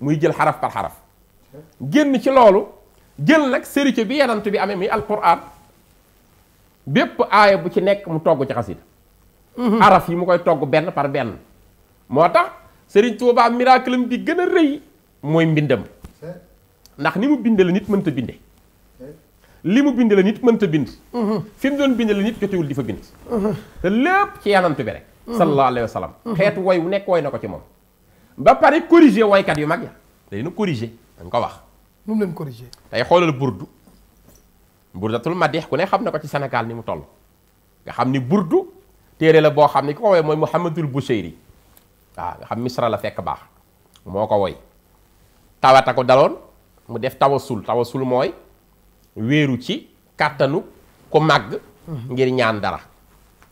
A: muy jël xaraf génn ci loolu jël nag sérité bi bi amee muy alquran bépp aaya bu ci nekk mu togg ci mhm. yi mu koy togg benn par benn moo tax Serigne Touba miracle bi gën a rëy mooy mbindam ndax ni mu binde la nit mënta binde limu mu bind la nit mënta bind fi mu doon bind la nit jotewul di fa bind te lépp ci yanant bi rek sallallahu alayhi wasallam xet way wu nek way nako ci mom ba pare corriger way kat yu mag ya day nu corriger dañ ko wax
B: nu len corriger
A: tay xolal burdu burdatul madih ku ne xam nako ci Sénégal ni mu toll nga xam ni burdu téré la bo xam ni ko woy moy Muhammadul Buseyri waaw nga xam misra la fekk bax moko way tawata ko dalon mu def tawassul tawassul moy wéeru ci kàttanu ko mag ngir ñaan dara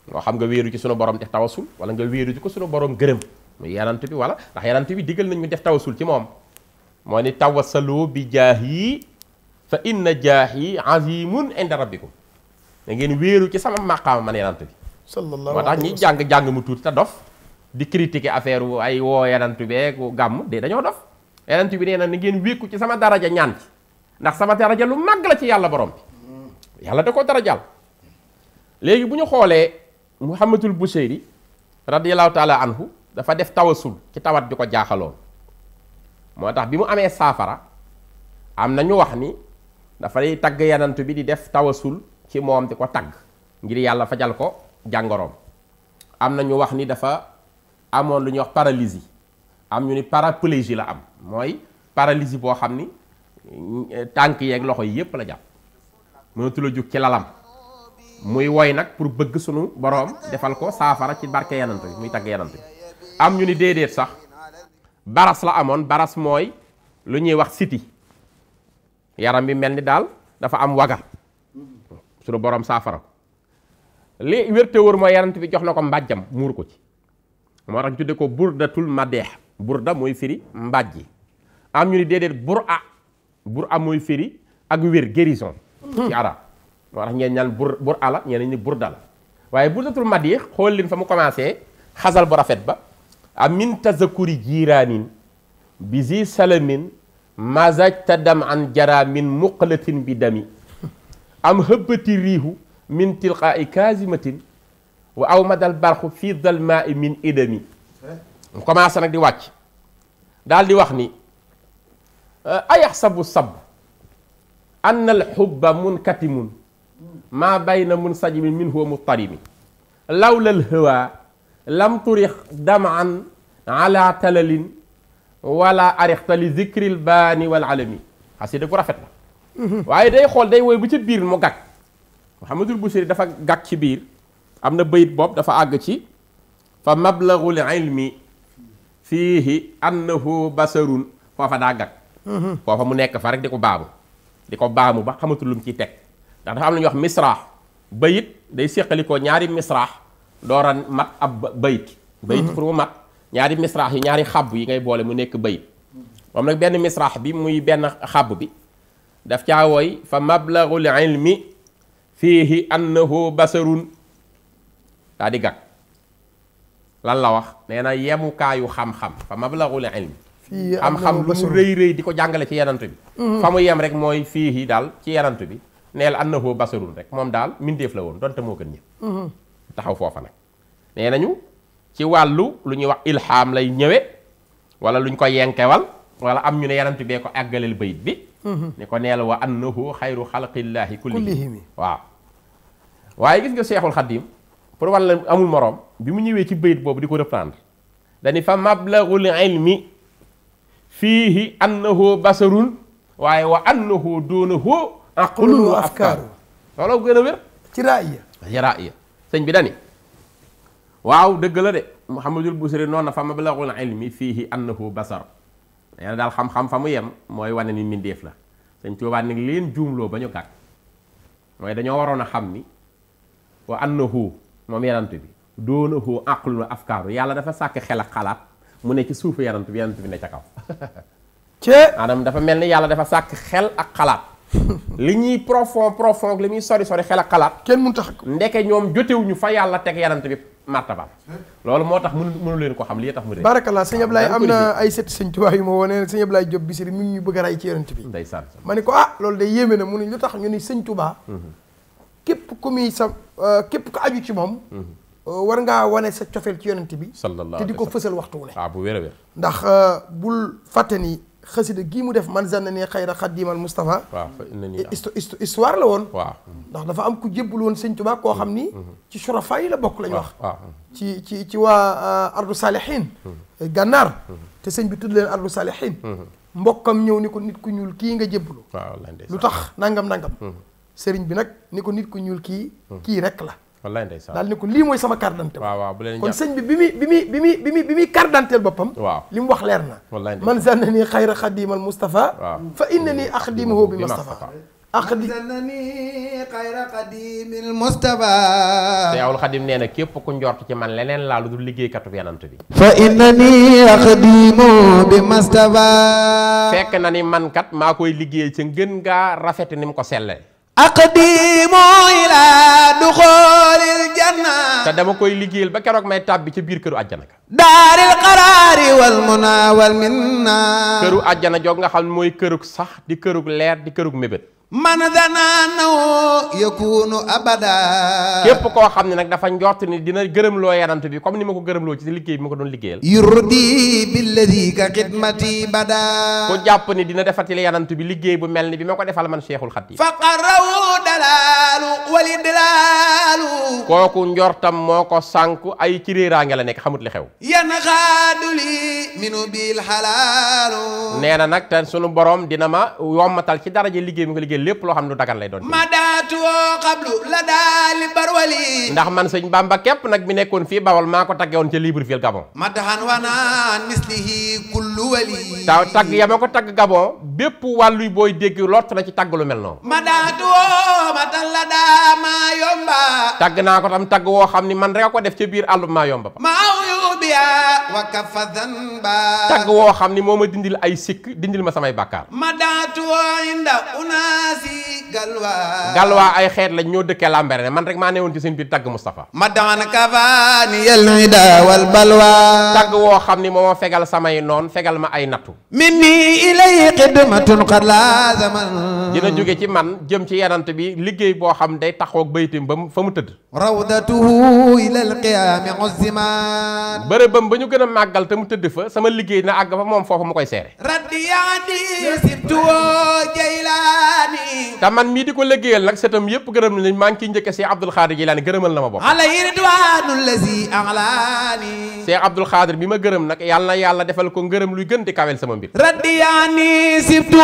A: moo xam nga ci suñu borom def tawasul wala nga wéeru ci ko suñu borom gërem muy yanant bi wala ndax bi digal nañu def tawasul ci mom mo ni tawasalu bi jahi fa inna jahi azimun inda rabbikum da ngeen wéeru ci sama maqam man yanant bi
B: sallallahu wasallam tax ñi
A: jang jang mu tuti ta dof di critiquer affaire ay woo yanant ko gam de dañu dof yanant bi neena ngeen ci sama daraja ñaan ndax sama rajal lu mag la ci yalla borom
C: bi
A: yalla da ko darajal legi buñu xolé muhammadul buseyri radiyallahu taala anhu dafa def tawasul ci tawat di jaxalo motax bimu amé safara mu am ñu wax ni lay tag yanantu bi di def tawasul ci mom diko tag. ngir yalla fajal ko jangorom am na ñu wax ni dafa amon lu ñu wax paralysie am ñu ni paraplégie la am moy paralysie bo xamni tangki yang loxo yep yépp la jàpp mënatu la juk ci lalam muy woy nak pour bëgg sunu borom defal ko safara ci barke yanant bi muy tag yanant am ñu ni dedet sax baras la amoon baras moy lu ñuy wax city yaram bi melni dal dafa am waga sunu borom safara li wérte wor mooy yanant bi jox nako mbajjam mur ko ci mo tax ko burdatul burda moy firi mbajji am ñu ni dedet bur bur amoy feri ak wér guérison ci ara wax ngeen ñaan bur bur'a la ñeneen ñi burda la waaye burdatul madix xool leen fa mu commencé khazal bu rafet ba amin tazakuri jiranin bi zi salamin mazaj tadam an jara min muqlatin bi dami am habati rihu min tilqaai kazimatin wa aw madal barxu fi dalmaai min idami commencé nak di wàcc dal di wax ni أيحسب الصب أن الحب منكتم ما بين منسجم منه ومضطرب لولا الهوى لم ترخ دمعا على تلل ولا أرخت لذكر الباني والعلمي xasida gu rafet la waaye day xool day woy bu ca biir mu gàgg Muhammadul Busiri dafa gàgg ci biir am na bayit boobu dafa àgg ci fa mablagul ilmi fiihi annahu basarun foofa daa gàgg foofa mu nekk fa rek di ko baamu di ko baamu ba xamatul lu ciy teg ndax dafa am lu ñuy wax misraax bayit day séqalikoo ñaari misraax door a mat ab bayit bayit mhm. pour mu mat ñaari misraax yi ñaari xàbb yi ngay boole mu nekk bayit moom nag benn misraax bi muy benn xàbb bi daf caa wooy fa mablagul ilmi fiihi annahu basarun daa di gàg lan la wax nee yemukaayu xam-xam fa mablagul ilmi
G: xam-xam lu mu rëy
A: rëy di ko jàngale ci yenant bi mhm. fa mu yem rek mooy fii yi daal ci yenant bi neel annahu basarun rek moom daal mindeef la woon donte moo gën ñëpp mhm. taxaw foofa nag nee nañu ci wàllu lu ñuy wax ilham lay ñëwe wala luñ ko yenkewal wala am ñu ne yenant bee ko àggaleel bayit bi mhm. ni ko neel wa annahu xayru xalqillaahi kullihim waaw waaye gis nga seexul xaddim pour la amul moroom bi mu ñëwee ci bayit boobu di ko reprendre dañi fa fihi annahu basarun waaye wa annahu dunuhu aqlun wa afkaaru looloo gën a wér ci raayya ci raayya señ bi dani waaw deug la de muhammadul busri nona na fa ma ilmi fihi annahu basar nee dal xam-xam fa mu yem moy wane ni mindeef la señ tuubaa nag leen juumloo bañu ñu moy dañu warona xam ni wa annahu mom yarantu bi dunuhu aqlun wa afkar yalla dafa sàkk xel mu ne ci suufu yanant bi yanant bi ne ca kaw (laughs) cee maanaam dafa mel ni yàlla dafa sàkk xel ak xalaat (laughs) li ñuy profond profond li muy sori sori xel ak xalaat kenn mun tax ndeke ñoom jotewuñu fa yàlla teg yanant bi martaba loolu moo tax mënu mënu leen ko xam li tax
C: mu de barakallah
B: sëñ Ablaye am na set sëñ Tuubaa yu ma woo nee na sëñ Ablaye Diop Bichri mi ngi ñu bëgg a ci yanant bi ndeysaan ne ko ah loolu day yéeme na mu ne lu tax ñu ni sëñ Tuubaa mhm. képp ku muy sa euh, képp ku aju ci moom mhm. Euh, war ngaa wane sa cofeel ci yonent bi te di ko fësal waxtu wu ah, bu wér a wér ndax euh, bul fàtte ni xasida gii mu def man zanna ne xayra xadimal Moustapha waaw histoire la woon waaw ndax dafa am ku jébbul woon sëñ Tuubaa koo xam ni mm-hmm. Mm-hmm. ci surafa la bokk lañ wax mm-hmm. ci ci ci waa euh, ardu salihin gànnaar te sëñ bi tudd leen ardu salihin mbokkam ñëw ni ko nit ku ñuul kii nga jébblu lu tax nangam nangam sëriñ bi nag ni ko nit ku ñuul kii kii rek la wallaay ndeysaan daal ni ko lii mooy sama carte d'identité bu leen kon sëñ bi bi muy bi muy bi bi muy bi muy carte d'identité boppam waaw li mu wax leer na wallaay man zannani xayra xadimal Mustafa waaw fa innani
E: axdimuhu
C: bi
B: Mustafa
E: axdi zannani xayra xadimil Mustafa Seexul
A: Xadim nee na képp ku njort ci man leneen laa lu dul liggéeykatub bi
E: fa innani axdimu bi Mustafa
A: fekk na ni man kat maa koy liggéey ci ngën ngaa rafet ni mu ko selle
E: aqdimu ila duxoolil janna
A: te dama koy liggéeyal ba keroog may bi ca biir këru àjjana ka
E: daaril qaraari wal muna wal minna
A: këru àjjana joog nga xam ne mooy kërug sax di kërug leer di kërug mébét
E: man dana naw yakunu abada
A: képp koo xam ne nag dafa njort ni dina gërëmloo yanant bi comme ni ma ko gërëmloo ci liggéey bi ma ko doon liggéeyal yurdi jàpp ni dina defati la yanant bi liggéey bu mel ni bi ko defal man Cheikhul Khadim
E: faqaraw dalaalu
A: kooku njortam moo ko sank ay ci réeraange la nekk xamut li xew
E: yan xaaduli minu bil xalaalu nee
A: na nag te sunu borom dina ma yommatal ci daraje liggéey bi ma ko liggéey lepp lo xam lu dagan lay doon.
E: madaatu qablu la daali barwali. ndax
A: man seigne Bamba kep nak mi nekkon fi Bawol maa ko taggewoon ca Libreville Gabon.
E: matahan wana mislihi kullu wali.
A: taw tag ya ma ko Gabon bepp walu boy deg lott na ci tag lu mel noonu.
E: madaatu matal la daa maa yomba.
A: tag na ko tam tag wo xamni man rek ko def ci bir allu ma yomba.
E: tagg woo
A: tag wo xamni moma dindil ay sik dindil ma samay bàkkaar.
E: madaatu inda una Galwa
A: ay xet la ñoo dëkkee Lambaréné man rek ma neewon ci seen bi tag mustafa ma
E: daan kafaani yalida wal balwa tag wo
A: xamni ni fegal samay non, fegal ma ay natu
E: minni ilay qidmatun xad zaman dina
A: joge ci man jëm ci yarante bi liggey bo xam day taxoog baytim ba fa mu teud
E: rawdatuhu ila
A: al qiyam bërëbam ba bam bañu gëna magal te mu fa sama liggey na ag fa mom fofu mu koy séré
E: radiyani sibtuwoo jaylaani
A: te man mii di ko liggéeyal nag setam yëpp gërëm na maa ngi ciy njëkke Cheikh Abdoul Khadir Jilani gërëmal na ma bopp
E: ala ridwanul lazi a'lani
A: Cheikh Abdoul Khadir bi ma gërëm nag yàlla na yàlla defal ko gërëm luy gën di kawel sama mbir
E: radiyani siftu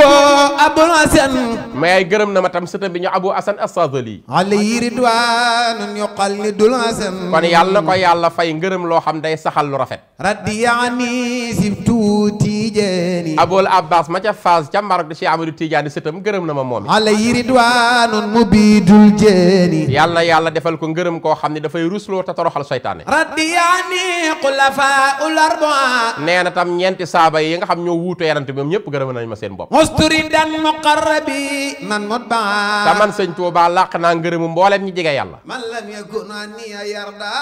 A: abul hasan may gërëm na ma tam setam bi ñu abou hasan as-sadali ala ridwanun
E: yuqallidul hasan kon yàlla na ko
A: yàlla fay ngërëm loo xam day saxal lu rafet radiyani siftu tijani abul abbas ma ca Faas ca Marok di Cheikh Amadou Tidiane setam gërëm na ma moom xam ala
E: yiridwanun mubidul jeni
A: yalla yalla defal ko ngeureum ko xamni da fay ruslo ta toroxal shaytané
E: radiyani khulafa'ul arba
A: neena tam ñenti saaba yi nga xam ñoo wuto yarante bi ñepp geureum nañ ma seen bopp
E: musturidan muqarrabi man mutba
A: ta man señ touba laq na ngeureum mbolem ñi jige yalla man lam yakuna ni yarda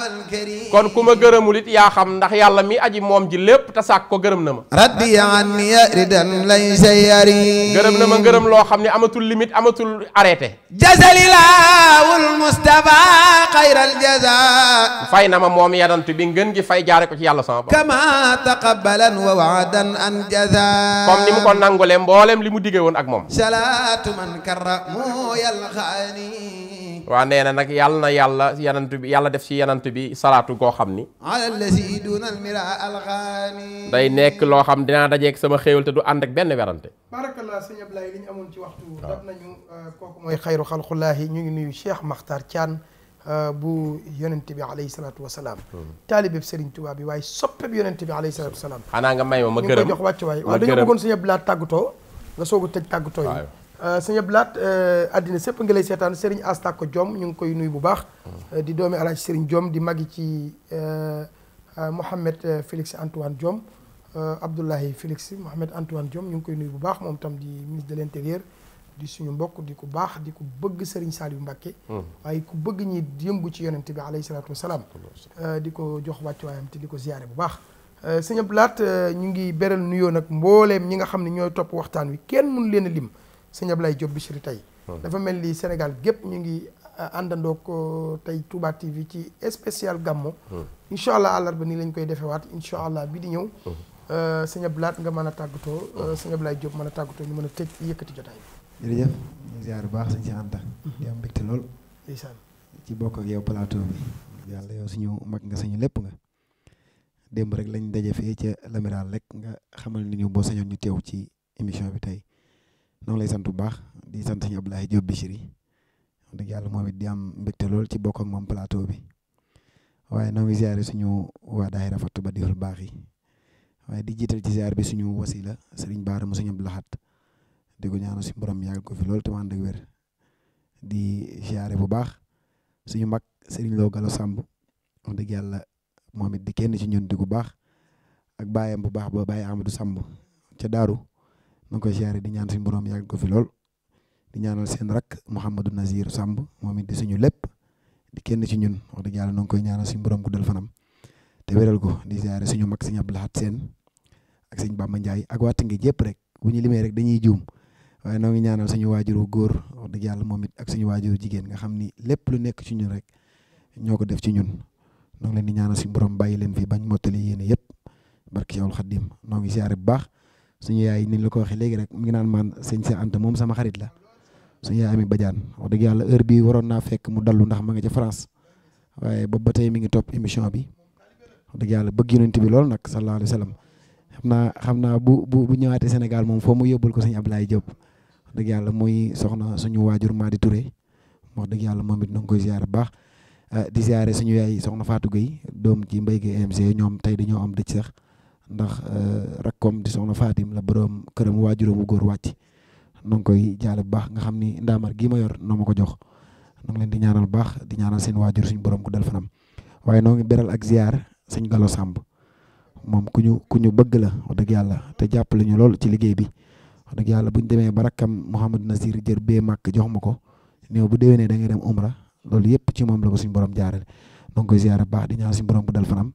A: fal karim kon kuma geureumul it ya xam ndax yalla mi aji mom ji lepp ta sak ko geureum na ma
E: radiyani ridan laysa yari
A: geureum na ma lo xam xam ne amatul limite amatul arrêté. jasalilawul Mustafa xayral jaza. fay na ma moom yadantu bi ngeen gi fay jaare ko ci yàlla sama bopp.
E: kama taqabbalan wa waadan an jaza. comme ni mu ko nangulee mboolem li mu diggee woon ak moom. salaatu man karra mu yàlla xaani.
A: waa nee na nag yàlla na yàlla yanantu bi yàlla def ci yenant bi salaatu koo xam ni a day nekk loo xam dinaa dajeeg sama xéewal te du ànd ak benn werante
E: barakallah sëñ
B: Ablaye li ñu amoon ci waxtu dab nañu euh, kooku mooy xayru xalqullaahi ñu ngi nuyu Cheikh Makhtar caan euh, bu yonente bi alayhi salaatu wa salaam. Hmm. taalibe Serigne Touba bi waaye soppe bi yonente bi alayhi salaatu wa salaam.
A: xanaa nga may ma ma gërëm ñu jox wàcc waay waaw dañoo bëggoon
B: sëñ Ablaye a tëj tàggatoo Euh, sëñ Ablaat euh, àddina sépp ngi lay seetaan Serigne Astako jom ñu ngi koy nuyu bu baax. Euh, di doomi Alaaji Serigne Diom di magi ci Mohamed Félix Antoine Diom Abdoulaye Félix Mohamed Antoine Diom ñu ngi koy nuyu bu baax moom tam di ministre de l'intérieur di suñu mbokk di ku baax di ku bëgg Serigne Saliou Mbacké. Hmm. waaye ku bëgg ñi yëngu ci yonent bi alayhi salaatu wa di ko jox wàccuwaayam te di ko ziyaare bu baax. sëñ Ablaat ñu ngi beral nuyoo nag mbooleem ñi nga xam ne ñooy topp waxtaan wi kenn mënu leen lim. sëñ lay Diop Bichri tey mhm. dafa mel ni Sénégal gépp ñu ngi àndandoo ko tey Touba TV ci spécial Gammu. Mhm. incha allah àllarba nii lañ koy waat incha allah bi di ñëw. Mhm. Euh, sëñ laat nga mën a tàggatoo. Euh, sëñ Ablaye Diop mën a tàggatoo ñu mën a tëj yëkkati jotaay
D: bi. jërëjëf ñu ziar bu baax sëñ si Anta. lool. ndeysaan ci bokk ak yow bi. yàlla yow suñu mag nga suñu lépp nga. démb rek lañ daje fee ca Lamiral rek nga xamal ni ñu boo sañoon ñu teew ci émission bi tey. ñoo lay sant bu baax di sant suñu Abdoulaye Diop Bichri wax dëgg yàlla moom it di am mbégte lool ci bokk ak moom plateau bi waaye ñoo wi ziare suñu waa daayira Fatou ba diful baax yi waaye di jiital ci ziar bi suñu wasila Serigne Baara mu suñu Abdou Lahad di ko ñaanal suñu borom yàggal ko fi lool te ànd ak wér di ziare bu baax suñu mag Serigne Lo Gallo Samb wax dëgg yàlla moom it di kenn si ñun di bu baax ak baayam bu baax ba Baye Amadou Samb ca nu ngi koy di ñaan suñu borom yag ko fi lol di ñaanal seen rak Mouhamadou Nazir Samb momi di suñu lepp di kenn ci ñun wax dëgg yalla nu koy ñaanal suñu borom guddal fanam te wéral ko di ziaré suñu mag seigne Abdou Lahad sen ak seigne Bamba ndjay ak wat Tëngéej jep rek bu ñu limé rek dañuy joom way noo ngi ñaanal suñu wajuru goor wax dëgg yalla moom ak suñu wajuru jigen nga xamni ni lu nekk ci ñun rek ñoko def ci ñun noo ngi leen di ñaanal suñu borom bayi leen fi bañ motali yene yep barki yawul khadim noo ngi bu baax suñu yaay ni la ko waxe legi rek mu ngi nan man sëñ Cheikh ante mom sama xarit la suñu yaay Ami Badiane wax deug yalla heure bi waron na fekk mu dalu ndax ma nga ci France waye bo batay mi ngi top émission bi wax deug yalla bëgg yonent bi lool nak sallallahu alayhi wasallam xamna xamna bu bu bu ñëwaaté Sénégal mom fo mu yobul ko sëñ abdoulaye Diop wax deug yalla moy soxna suñu wajur Madi Touré wax deug yalla momit nang koy ziaré baax di ziaré suñu yaay soxna Fatou Gueye dom ci mbéy gi MC ñom tay dañu am dëj sax ndax euh, rakkom di soxna Fatim la borom këram waajuram wu góor wàcc na nga koy jaale bu baax nga xam ni ndaamaar gii ma yor noo ma ko jox na nga leen di ñaanal bu baax di ñaanal seen waajur suñu borom ku dal fanam waaye noo ngi beral ak ziar sëñ galo Samb moom ku ñu ku ñu bëgg la wax dëgg yàlla te jàpp ñu lool ci liggéey bi wax dëgg yàlla bu ñu demee ba rakkam Mouhamadou Nasir jër bee màkk jox ma ko néew bu déwénee da ngay dem umra loolu yëpp ci moom la ko suñu borom jaarale na nga koy ziar bu baax di ñaanal suñu borom dal fanam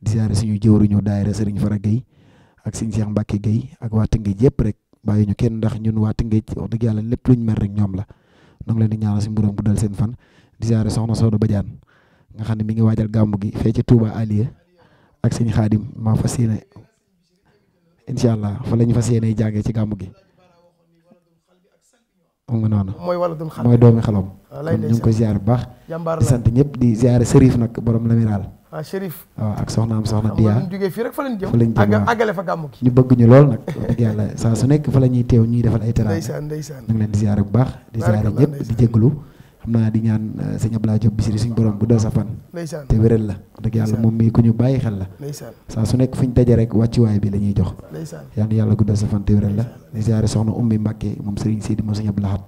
D: di siyaare suñu jëwriñu daayira Serigne Fara Gueye ak Serigne Cheikh Mbacke Gueye ak waa Tëngéej yëpp rek yi ñu kenn ndax ñun waa Tëngéej wax dëgg yàlla lépp luñ mer rek ñoom la ñoo leen di ñaanal suñu borom bu dal seen fan di siyaare soxna Soda Badiane nga xam ne mi ngi waajal gàmmu gi fee ci Touba Aliya ak Serigne Khadim maa fas yéene incha allah fa la ñu fas yéene jàngee ci gàmmu gi moom nga noonu mooy wala dul xalam mooy doomi xalam ah, ñu ngi koy ziar bu baax di sant ñëpp di ziar Serif nag borom lamiral waaw ah, Serif waaw ak soxnaam soxna ah, Dia jógee fii rek fa lañ jëm fa lañ jëm àggale fa ñu bëgg ñu lool nag dëgg yàlla saa su nekk fa la ñuy teew ñuy defal ay teraanga ndeysaan ndeysaan ñu ngi leen di ziar bu baax di ziar ñëpp di jégalu xam naa di ñaan euh, sëñ Abdoulaye Diop Bichri suñ borom bu dal sa fan te wéral la dëgg yàlla moom mii ku ñu bàyyi xel la saa su nekk fu ñu daje rek wàccuwaay bi la jox yàlla guddal sa fan te wéral la di ziare soxna ummi Mbàkke moom sëriñ Sidi moom sëñ Abdou Lahad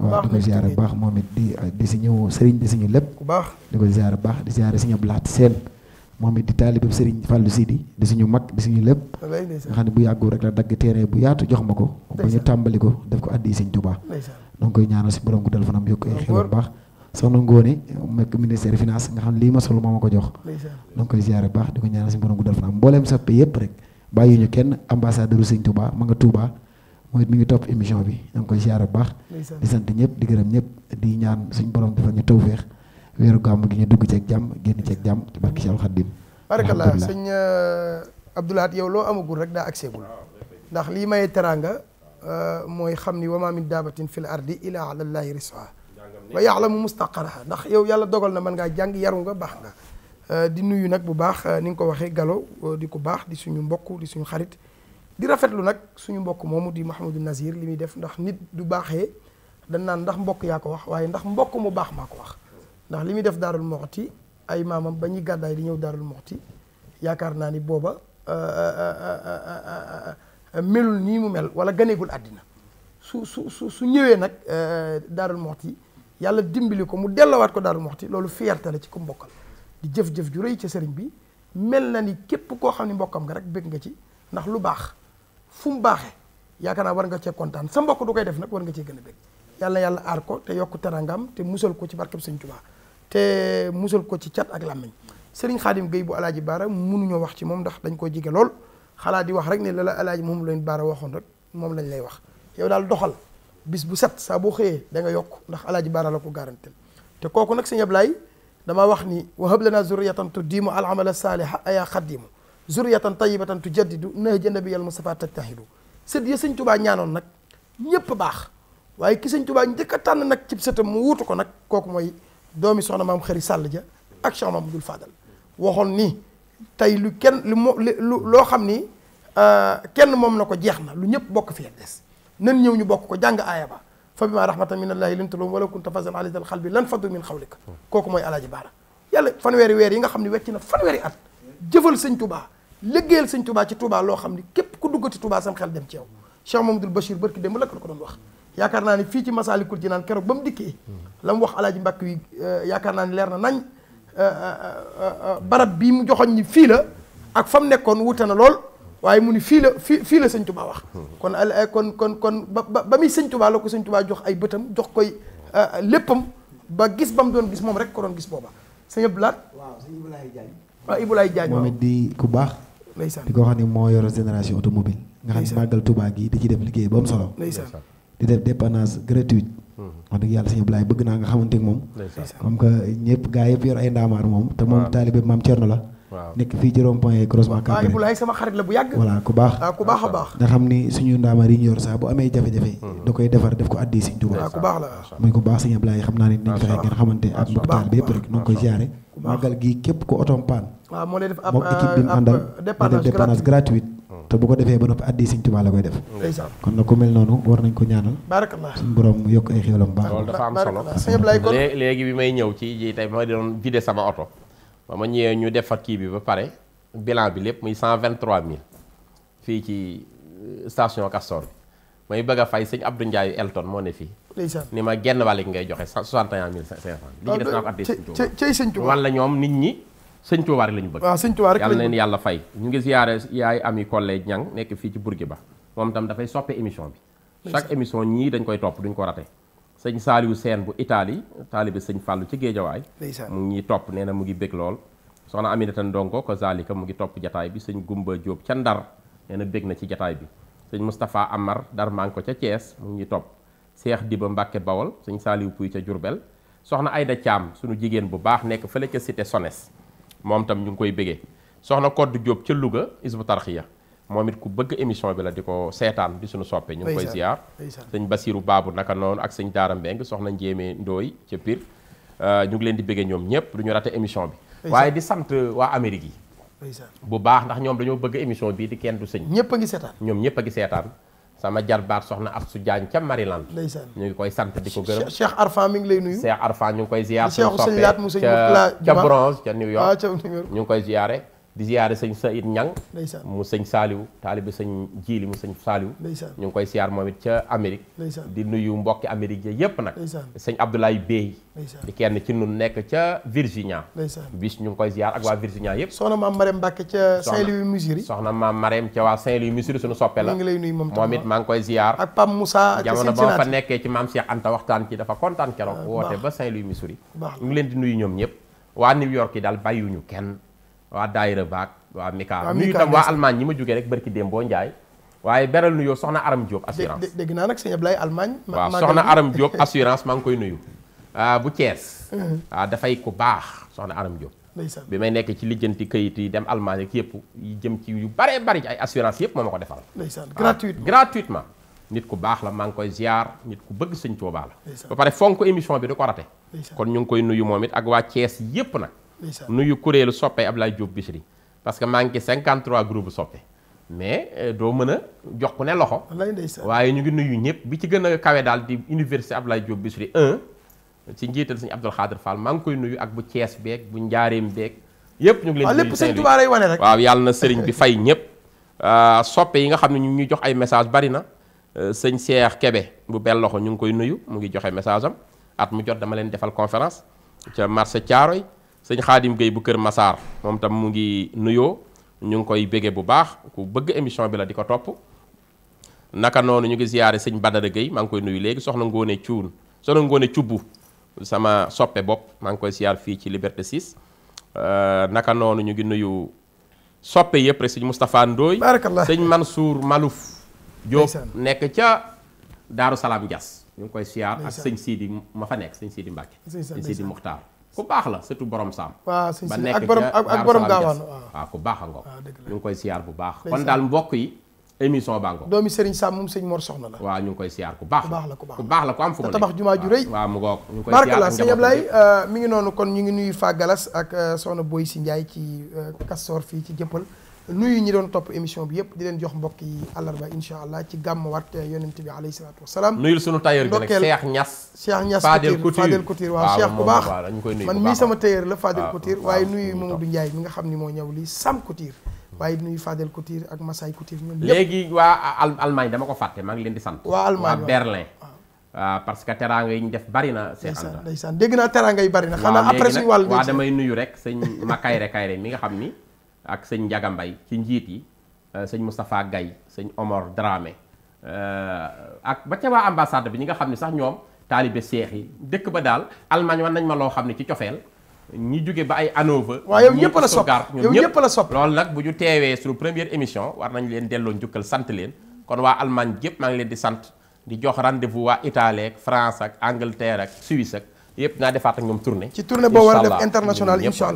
D: waaw di ko ziare bu baax moom it di di si ñëw sëriñ di si ñu lépp di ko ziare bu baax di ziare sëñ Abdou Lahad seen moom it di taalibe Serigne Fallou Sidi di suñu mag di suñu lépp nga xam ne bu yàggul rek la dagg terrain bu yaatu jox ma ko ba ñu tàmbali ko def ko addi Serigne Touba koy ñaanal si borom guddal fanam yokk ay xéwal baax soxna nga xam ne lii ma moo ma ko jox donc koy ziare ko ñaanal si borom guddal fanam mbooleem soppe yëpp rek ñu kenn ambassadeur Serigne Touba ma nga Touba mooy mi ngi topp émission bi da nga koy ziare baax di sant ñëpp di gërëm ñëpp di ñaan suñu borom defal ñu tawféex weeru gàmm gi ñu dugg ceeg jàmm génn ceeg jàmm ci barki Cheikh Khadim barakallah sëñ
B: euh, Abdoulahat yow loo amagul rek daa agseegul ndax lii may teraanga euh, mooy xam ni wama min daabatin fil ardi ila ala llahi risqa wa yaalamu mustaqaraha ndax yow yàlla dogal na mën ngaa jàng yaru nga baax nga euh, di nuyu nag bu baax ni nga ko waxee galo di ko baax di suñu mbokk di suñu xarit di rafetlu nag suñu mbokk moomu di Mouhamadou Nazir li muy def ndax nit du baaxee dañ naan ndax mbokk yaa ko wax waaye ndax mbokk mu baax maa ko wax ndax li muy def daarul moxti ay maamam ba ñuy gàddaay di ñëw daarul moxti yaakaar naa ni booba euh, euh, euh, melul nii mu mel wala ganeegul àddina su su su su ñëwee nag daarul moxti yàlla dimbali ko mu dellowaat ko daarul moxti loolu fierté ci ko mbokkal di jëf-jëf ju rëy ci sëriñ bi mel na ni képp koo xam ni mbokkam nga rek bëgg nga ci ndax lu baax fu mu baaxee yaakaar naa war nga cee kontaan sa mbokk du koy def nag war nga cee gën a bëgg yàlla yàlla aar ko te yokk terangam te musal ko ci barkeb sëñ Tuubaa te musal ko ci cat ak làmmiñ sëriñ xaadim Guèye bu alaaji baara mënuñoo wax ci moom ndax dañ ko jige lool xalaat di wax rek ne la la alaaji moom lañ baara waxoon rek moom lañ lay wax yow daal doxal bis bu set saa boo xëyee danga yokk ndax alaaji baara la ko garantel te kooku nag sëñ Ablaay damaa wax ni wahab lana zurriyatan tuddimu al amala saaliha ayaa xaddimu zurriyatan tayibatan tujaddidu nahja nabiyal mustafa tajtahidu sët ya sëñ tubaa ñaanoon nag ñépp baax waaye ki sëñ tubaa njëkk a tànn nag cib sëtam mu wuutu ko nag kooku mooy doomi soxna maam xëri sàll ja ak Cheikh Mamadou Fadal waxoon ni tey lu kenn lu mo lu loo xam ni kenn moom na ko jeex na lu ñëpp bokk fi des nan ñëw ñu bokk ko jàng aaya ba fa bi ma rahmatan min allahi linta lahum walaw kunta fazzan alisal xal bi lan faddu min xawlika kooku mooy alaaji baara yàlla fanweeri weer yi nga xam ne wecc na fanweeri at jëfal sëñ tubaa liggéeyal sëñ tubaa ci tubaa loo xam ni képp ku duggati tubaa sam xel dem ci yow Cheikh Mamadou Bachir barki démb lakk la ko doon wax yaakaar naa ni fii ci Masaalikul Jinaan keroog ba mu dikkee la mu wax alaaji mbàkk wi euh, yaakaar naa ni leer na nañ euh, euh, barab bii mu joxoñ ni fii la ak fa mu nekkoon wute na lool waaye mu ni fii la fii fii la sëñ Tuubaa wax kon kon kon kon ba ba muy sëñ Tuubaa la ko sëñ Tuubaa jox ay bëtam jox koy léppam ba gis ba mu doon gis moom rek ko doon gis booba sa Abdou Lahat waaw sëñ Ibulaay ah, Jaañ moom
D: it di ku baax ndeysaan di ko xam ne moo yor génération automobile nga xam ne màggal Tuubaa gi di ci def liggéey ba mu solo ndeysaan di def dépannage gratuit. Mm-hmm. wax dëgg yàlla sëñ Ablaye bëgg naa nga xamante ak moom. comme que gaa yëpp yor ay ndaamaar moom. te moom taalibe maam Thierno la. nekk fii ci point croisement Cambérène. waaw Ibulaay ah,
B: ku baax
D: a nga xam ni suñu ndaamaar yi ñu yor saa bu amee jafe-jafe. Mm-hmm. da koy defar def ko addi sëñ Tuubaa. waaw ku baax la muy xam naa ne dinañ ngeen xamante ak mbokk taalibe yëpp rek noo koy ziare. màggal gi képp ku otoom paan.
C: Ah, moo lay def ab
D: te bu ko defee ba noppi addi Sëriñ Tuubaa la koy def kon nag ku mel noonu war nañ ko ñaanal barakallah suñu borom yokk ay xéwalam baax loolu dafa am
A: solo léegi bi may ñëw ci ji tey ma doon vidé sama oto ba ma ñëwee ñu def fa kii bi ba pare bilan bi lépp muy cent vingt-trois mille fii ci euh, station Castor bi may bëgg a fay sëñ Abdou Ndiaye Elton moo ne fii ni ma genn wàll gi ngay joxe soixante et un mille cinq cent li ñu def naa ko addi Sëriñ Tuubaa wala ñoom nit ñi sëñ Touba rek la bëgg. sëñ Touba rek yàlla leen yàlla fay. ñu ngi ziare yaay Ami Collé Niang nekk fii ci ba moom itam dafay soppe émission bi. chaque émission ñii dañ koy topp duñ ko rate. sëñ Saliou Sène bu Italie taalibe sëñ Fallou ci Géejawaay. mu ngi topp nee na mu ngi bëgg lool. soxna Aminata Ndongo ko Zalika mu ngi topp jataay bi sëñ Gumba jóob ca Ndar nee na bëgg na ci jataay bi. sëñ Moustapha Amar Dar maa ko ca Thiès mu ngi topp. Seex Diba Mbacke Bawol sëñ Saliou Pouy ca Diourbel soxna Ayda Thiam suñu jigéen bu baax nekk fële ca cité moom tam ñu ngi koy bëggee soxna Codé Diop ca Louga Isbu ya moom it ku bëgg émission bi la di ko seetaan di suñu soppee ñu ngi koy ziar sëñ Basiru Baabu naka noonu ak sëñ Daara Mbeng soxna Njéeme Ndooy ca piir euh, ñu ngi leen di bëggee ñoom ñëpp du ñu rate émission bi waaye di sant waa Amérique yi bu baax ndax ñoom dañoo bëgg émission bii di kenn du sëñ ñëpp ngi seetaan ñoom ñëpp a ngi seetaan sama jarbaat soxna Afsu Jaañ ca Maryland ñu ngi koy sant di ko gërëm Cheikh Arfan mi ngi lay nuyu Cheikh Arfan ñu ngi koy ziar suñu soppee ca bronze ah, ca New York ñu ngi koy ziare di ziyaare sëñ Saïd Ñang mu sëñ Saaliw taalibi sëñ Jiili mu sëñ Saaliw ñu ngi koy siyaar moom it ca Amérique di nuyu mbokki Amérique ya yépp nag sëñ Abdoulaye Bey di kenn ci nun nekk ca Virginia bis ñu ngi koy ziyaar ak waa Virginia yépp soxna maam Marème Mbàkke ca Saint-Louis Missouri soxna maam Marème ca waa Saint-Louis Missouri suñu soppe la
B: moom it
A: maa ngi koy ziyaar ak Pam Moussa jamono ba fa nekkee ci maam Cheikh Anta waxtaan ci dafa kontaan keroog ah, woote ba Saint-Louis Missouri ñu ngi leen di nuyu ñoom ñëpp waa New York yi waa daayira vaak waa Mika nuyu tam waa Allemagne ñi ma jógee rek barki démb boo Njaay waaye beral nuyoo soxna Aram Diop assurance
B: dégg naa nag sëñ Ablaye Allemagne waaw Aram Diop
A: assurance maa ngi koy nuyu ah, bu cees waaw mm-hmm. ah, dafay ku baax soxna Aram Diop bi may nekk ci lijjanti këyit yi dem Allemagne ak yëpp yi jëm ci yu baree bari ay assurance yëpp moo ma ko defal ah, gratuitement gratuitement nit ku baax la maa ngi koy ziar nit ku bëgg sëñ Tuubaa la ba pare fonk émission bi du ko rate kon ñu ngi koy nuyu moom it ak waa Thiès yëpp nag nuyu kuréelu soppe Ablaye Diop Bichri parce que maa ngi ci 53 groupe soppe mais euh, doo mën a jox ku ne loxo waaye ñu ngi nuyu ñëpp bi ci gën a kawe daal di université Ablaye Diop Bichri 1 ci njiital suñu Abdoul Khadir Fall maa ngi koy nuyu ak bu Thiès beeg bu Njaareem beeg yëpp ñu ngi leen ah, lépp sëñ wane rek waaw yàlla na sëriñ bi fay ñëpp (laughs) ah, soppe yi nga xam ne ñu ngi jox ay message bari na euh, sëñ Cheikh Kebe bu bel loxo ñu ngi koy nuyu mu ngi joxe message am at mu jot dama leen defal conférence ca marché Thiaroy sëñ Xaadim Gueye bu Kër Massar moom tam mu ngi nuyoo ñu ngi koy bége bu baax ku bëgg émission bi la di ko topp naka noonu ñu ngi ziyaare sëñ Badara géey maa ngi koy nuyu léegi soxna Ngone Cuun soxna Ngone Cubbu sama soppe bopp maa ngi koy ziyaar fii ci Liberté 6 euh, naka noonu ñu ngi nuyu soppe yëpp rek sëñ Moustapha Ndooy barakallah sëñ Mansour Malouf Diop nekk ca Daaru Salaam Dias ñu ngi koy ziyaar ak sëñ Sidi ma fa nekk sëñ Sidi Mbàkke sëñ Sidi Muxtaar ku baax la surtout borom sam, waaw si si ak borom ak borom gaawaan waaw ku baax a ngoog. ñu ngi koy siyaar bu baax. kon daal mbokk yi émission baa ngoog. doomi Serigne Sam moom sëñ Mor Soxna la. waaw ñu ngi koy siyaar ku baax la ku baax la ku baax la ku am fu mu tabax jumaa ju rëy. waaw mu ngoog ñu ngi koy siyaar barkala sëñ Ablaye
B: euh, mi ngi noonu kon ñu ngi nuyu Fa ak euh, soxna Boy si Ndiaye ci euh, Castor fii ci Jëppal nuyu ñi doon topp émission bi yëpp di leen jox mbokk yi àllarba incha allah ci gàmm warte yonent bi alayhi salaatu wasalaam
A: nuyul sunu tailleur bi nag Cheikh
B: Niass Cheikh Niass Couture Fadel Couture waaw Cheikh ku baax man mii sama tailleur la Fadel Couture waaye nuyu Mamadou Ndiaye mi nga xam ni moo ñëw lii Sam Couture waaye nuyu Fadel Couture ak Masay Couture ñoom ñëpp léegi
A: waa Allemagne dama ko fàtte maa ngi leen di sant waa Allemagne waa Berlin waaw ah, parce que teraanga yi ñu def bari na Cheikh Anta
B: ndeysaan dégg naa teraanga yi bari na xanaa après suñu wàll waa damay
A: nuyu rek sëñ Makayre Kayre mi nga xam ni ak sëñ Ndiaga Mbaye ci njiit yi euh, sëñ Moustapha Gaye sëñ Omar Dramé euh, ak ba ca waa ambassade bi ñi nga xam ne sax ñoom taalibe seex yi dëkk ba daal Allemagne war nañ ma loo xam ne ci cofeel ñi jóge ba ay Hanovre waaw yow ñëpp la sopp yow ñëpp la sopp loolu nag bu ñu teewee suñu première émission war nañ leen delloo njukkal sant leen kon waa Allemagne yëpp maa ngi leen di sant di jox rendez-vous waa Italie ak France ak Angleterre ak Suisse ak yëpp naa defaat ak ñoom tournée ci tournée boo war a def international incha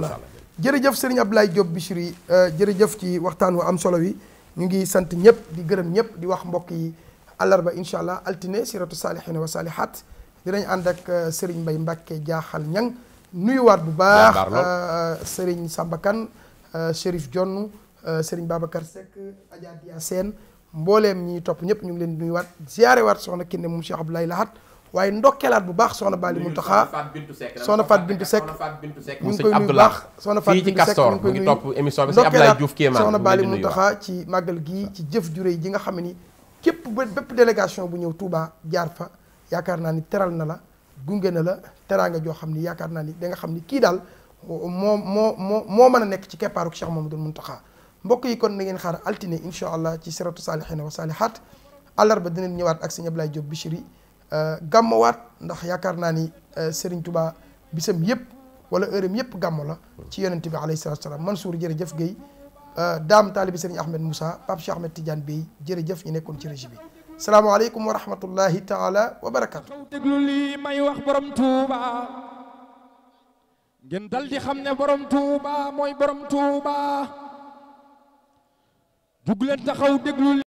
B: jërëjëf sëriñ Abdoulaye Diop Bichri euh, jërëjëf ci waxtaan wu am solo wi ñu ngi sant ñëpp di gërëm ñëpp di wax mbokk yi àllarba incha allah altine si siratu saalihiina wa saalihaat dinañ ànd ak euh, sëriñ Mbay Mbàkke jaaxal ñang nuyuwaat bu baax euh, sëriñ Samba Kane Chérif Jonn sëriñ Babacar Seck Adja Dia Seen mbooleem ñi topp ñëpp ñu ngi leen nuyuwaat ziyaare waat soxna Kine moom Cheikh Abdoulaye Lahat waye ndokelat bu bax sohna Bali Muntaxa sohna Fat Bintu sek,
A: mu ngi koy nuyu bu baax sohna Fat bintou sek mu ngi koy nuyu ndokkeelaat soxna Bali Muntaxa
B: ci màggal gii ci jëf jure ji nga xam ni képp bépp délégation bu ñëw Touba jaar fa yaakaar naa ni teral na la gunge na la teraanga joo xam ni yaakaar naa ni da nga xam ni kii daal moo moo moo moo mën a nekk ci keppaaru Cheikh Mamadou Muntaxa mbokk yi kon na ngeen xaar altiné inshallah allah ci siratu salihin wa salihat alarba dinañ ñëwaat ak sëñ Ablaye Diop Bichri Euh, gàmmawaat ndax yaakaar naa ni euh, Serigne Touba bisam yëpp wala heurem yëpp gàmmo la ci yonente bi alayhi salatu wasalaam Mansour jërëjëf Guèye euh, daam taalibi Serigne Ahmed Moussa Pape Cheikh Ahmed Tidiane Bey jërëjëf ñu nekkoon ci régie bi salaamaaleykum wa rahmatullahi taala wa barakaatu
H: déglu lii may wax borom Touba
C: ngeen dal di xam ne borom Touba mooy borom Touba jug leen taxaw déglu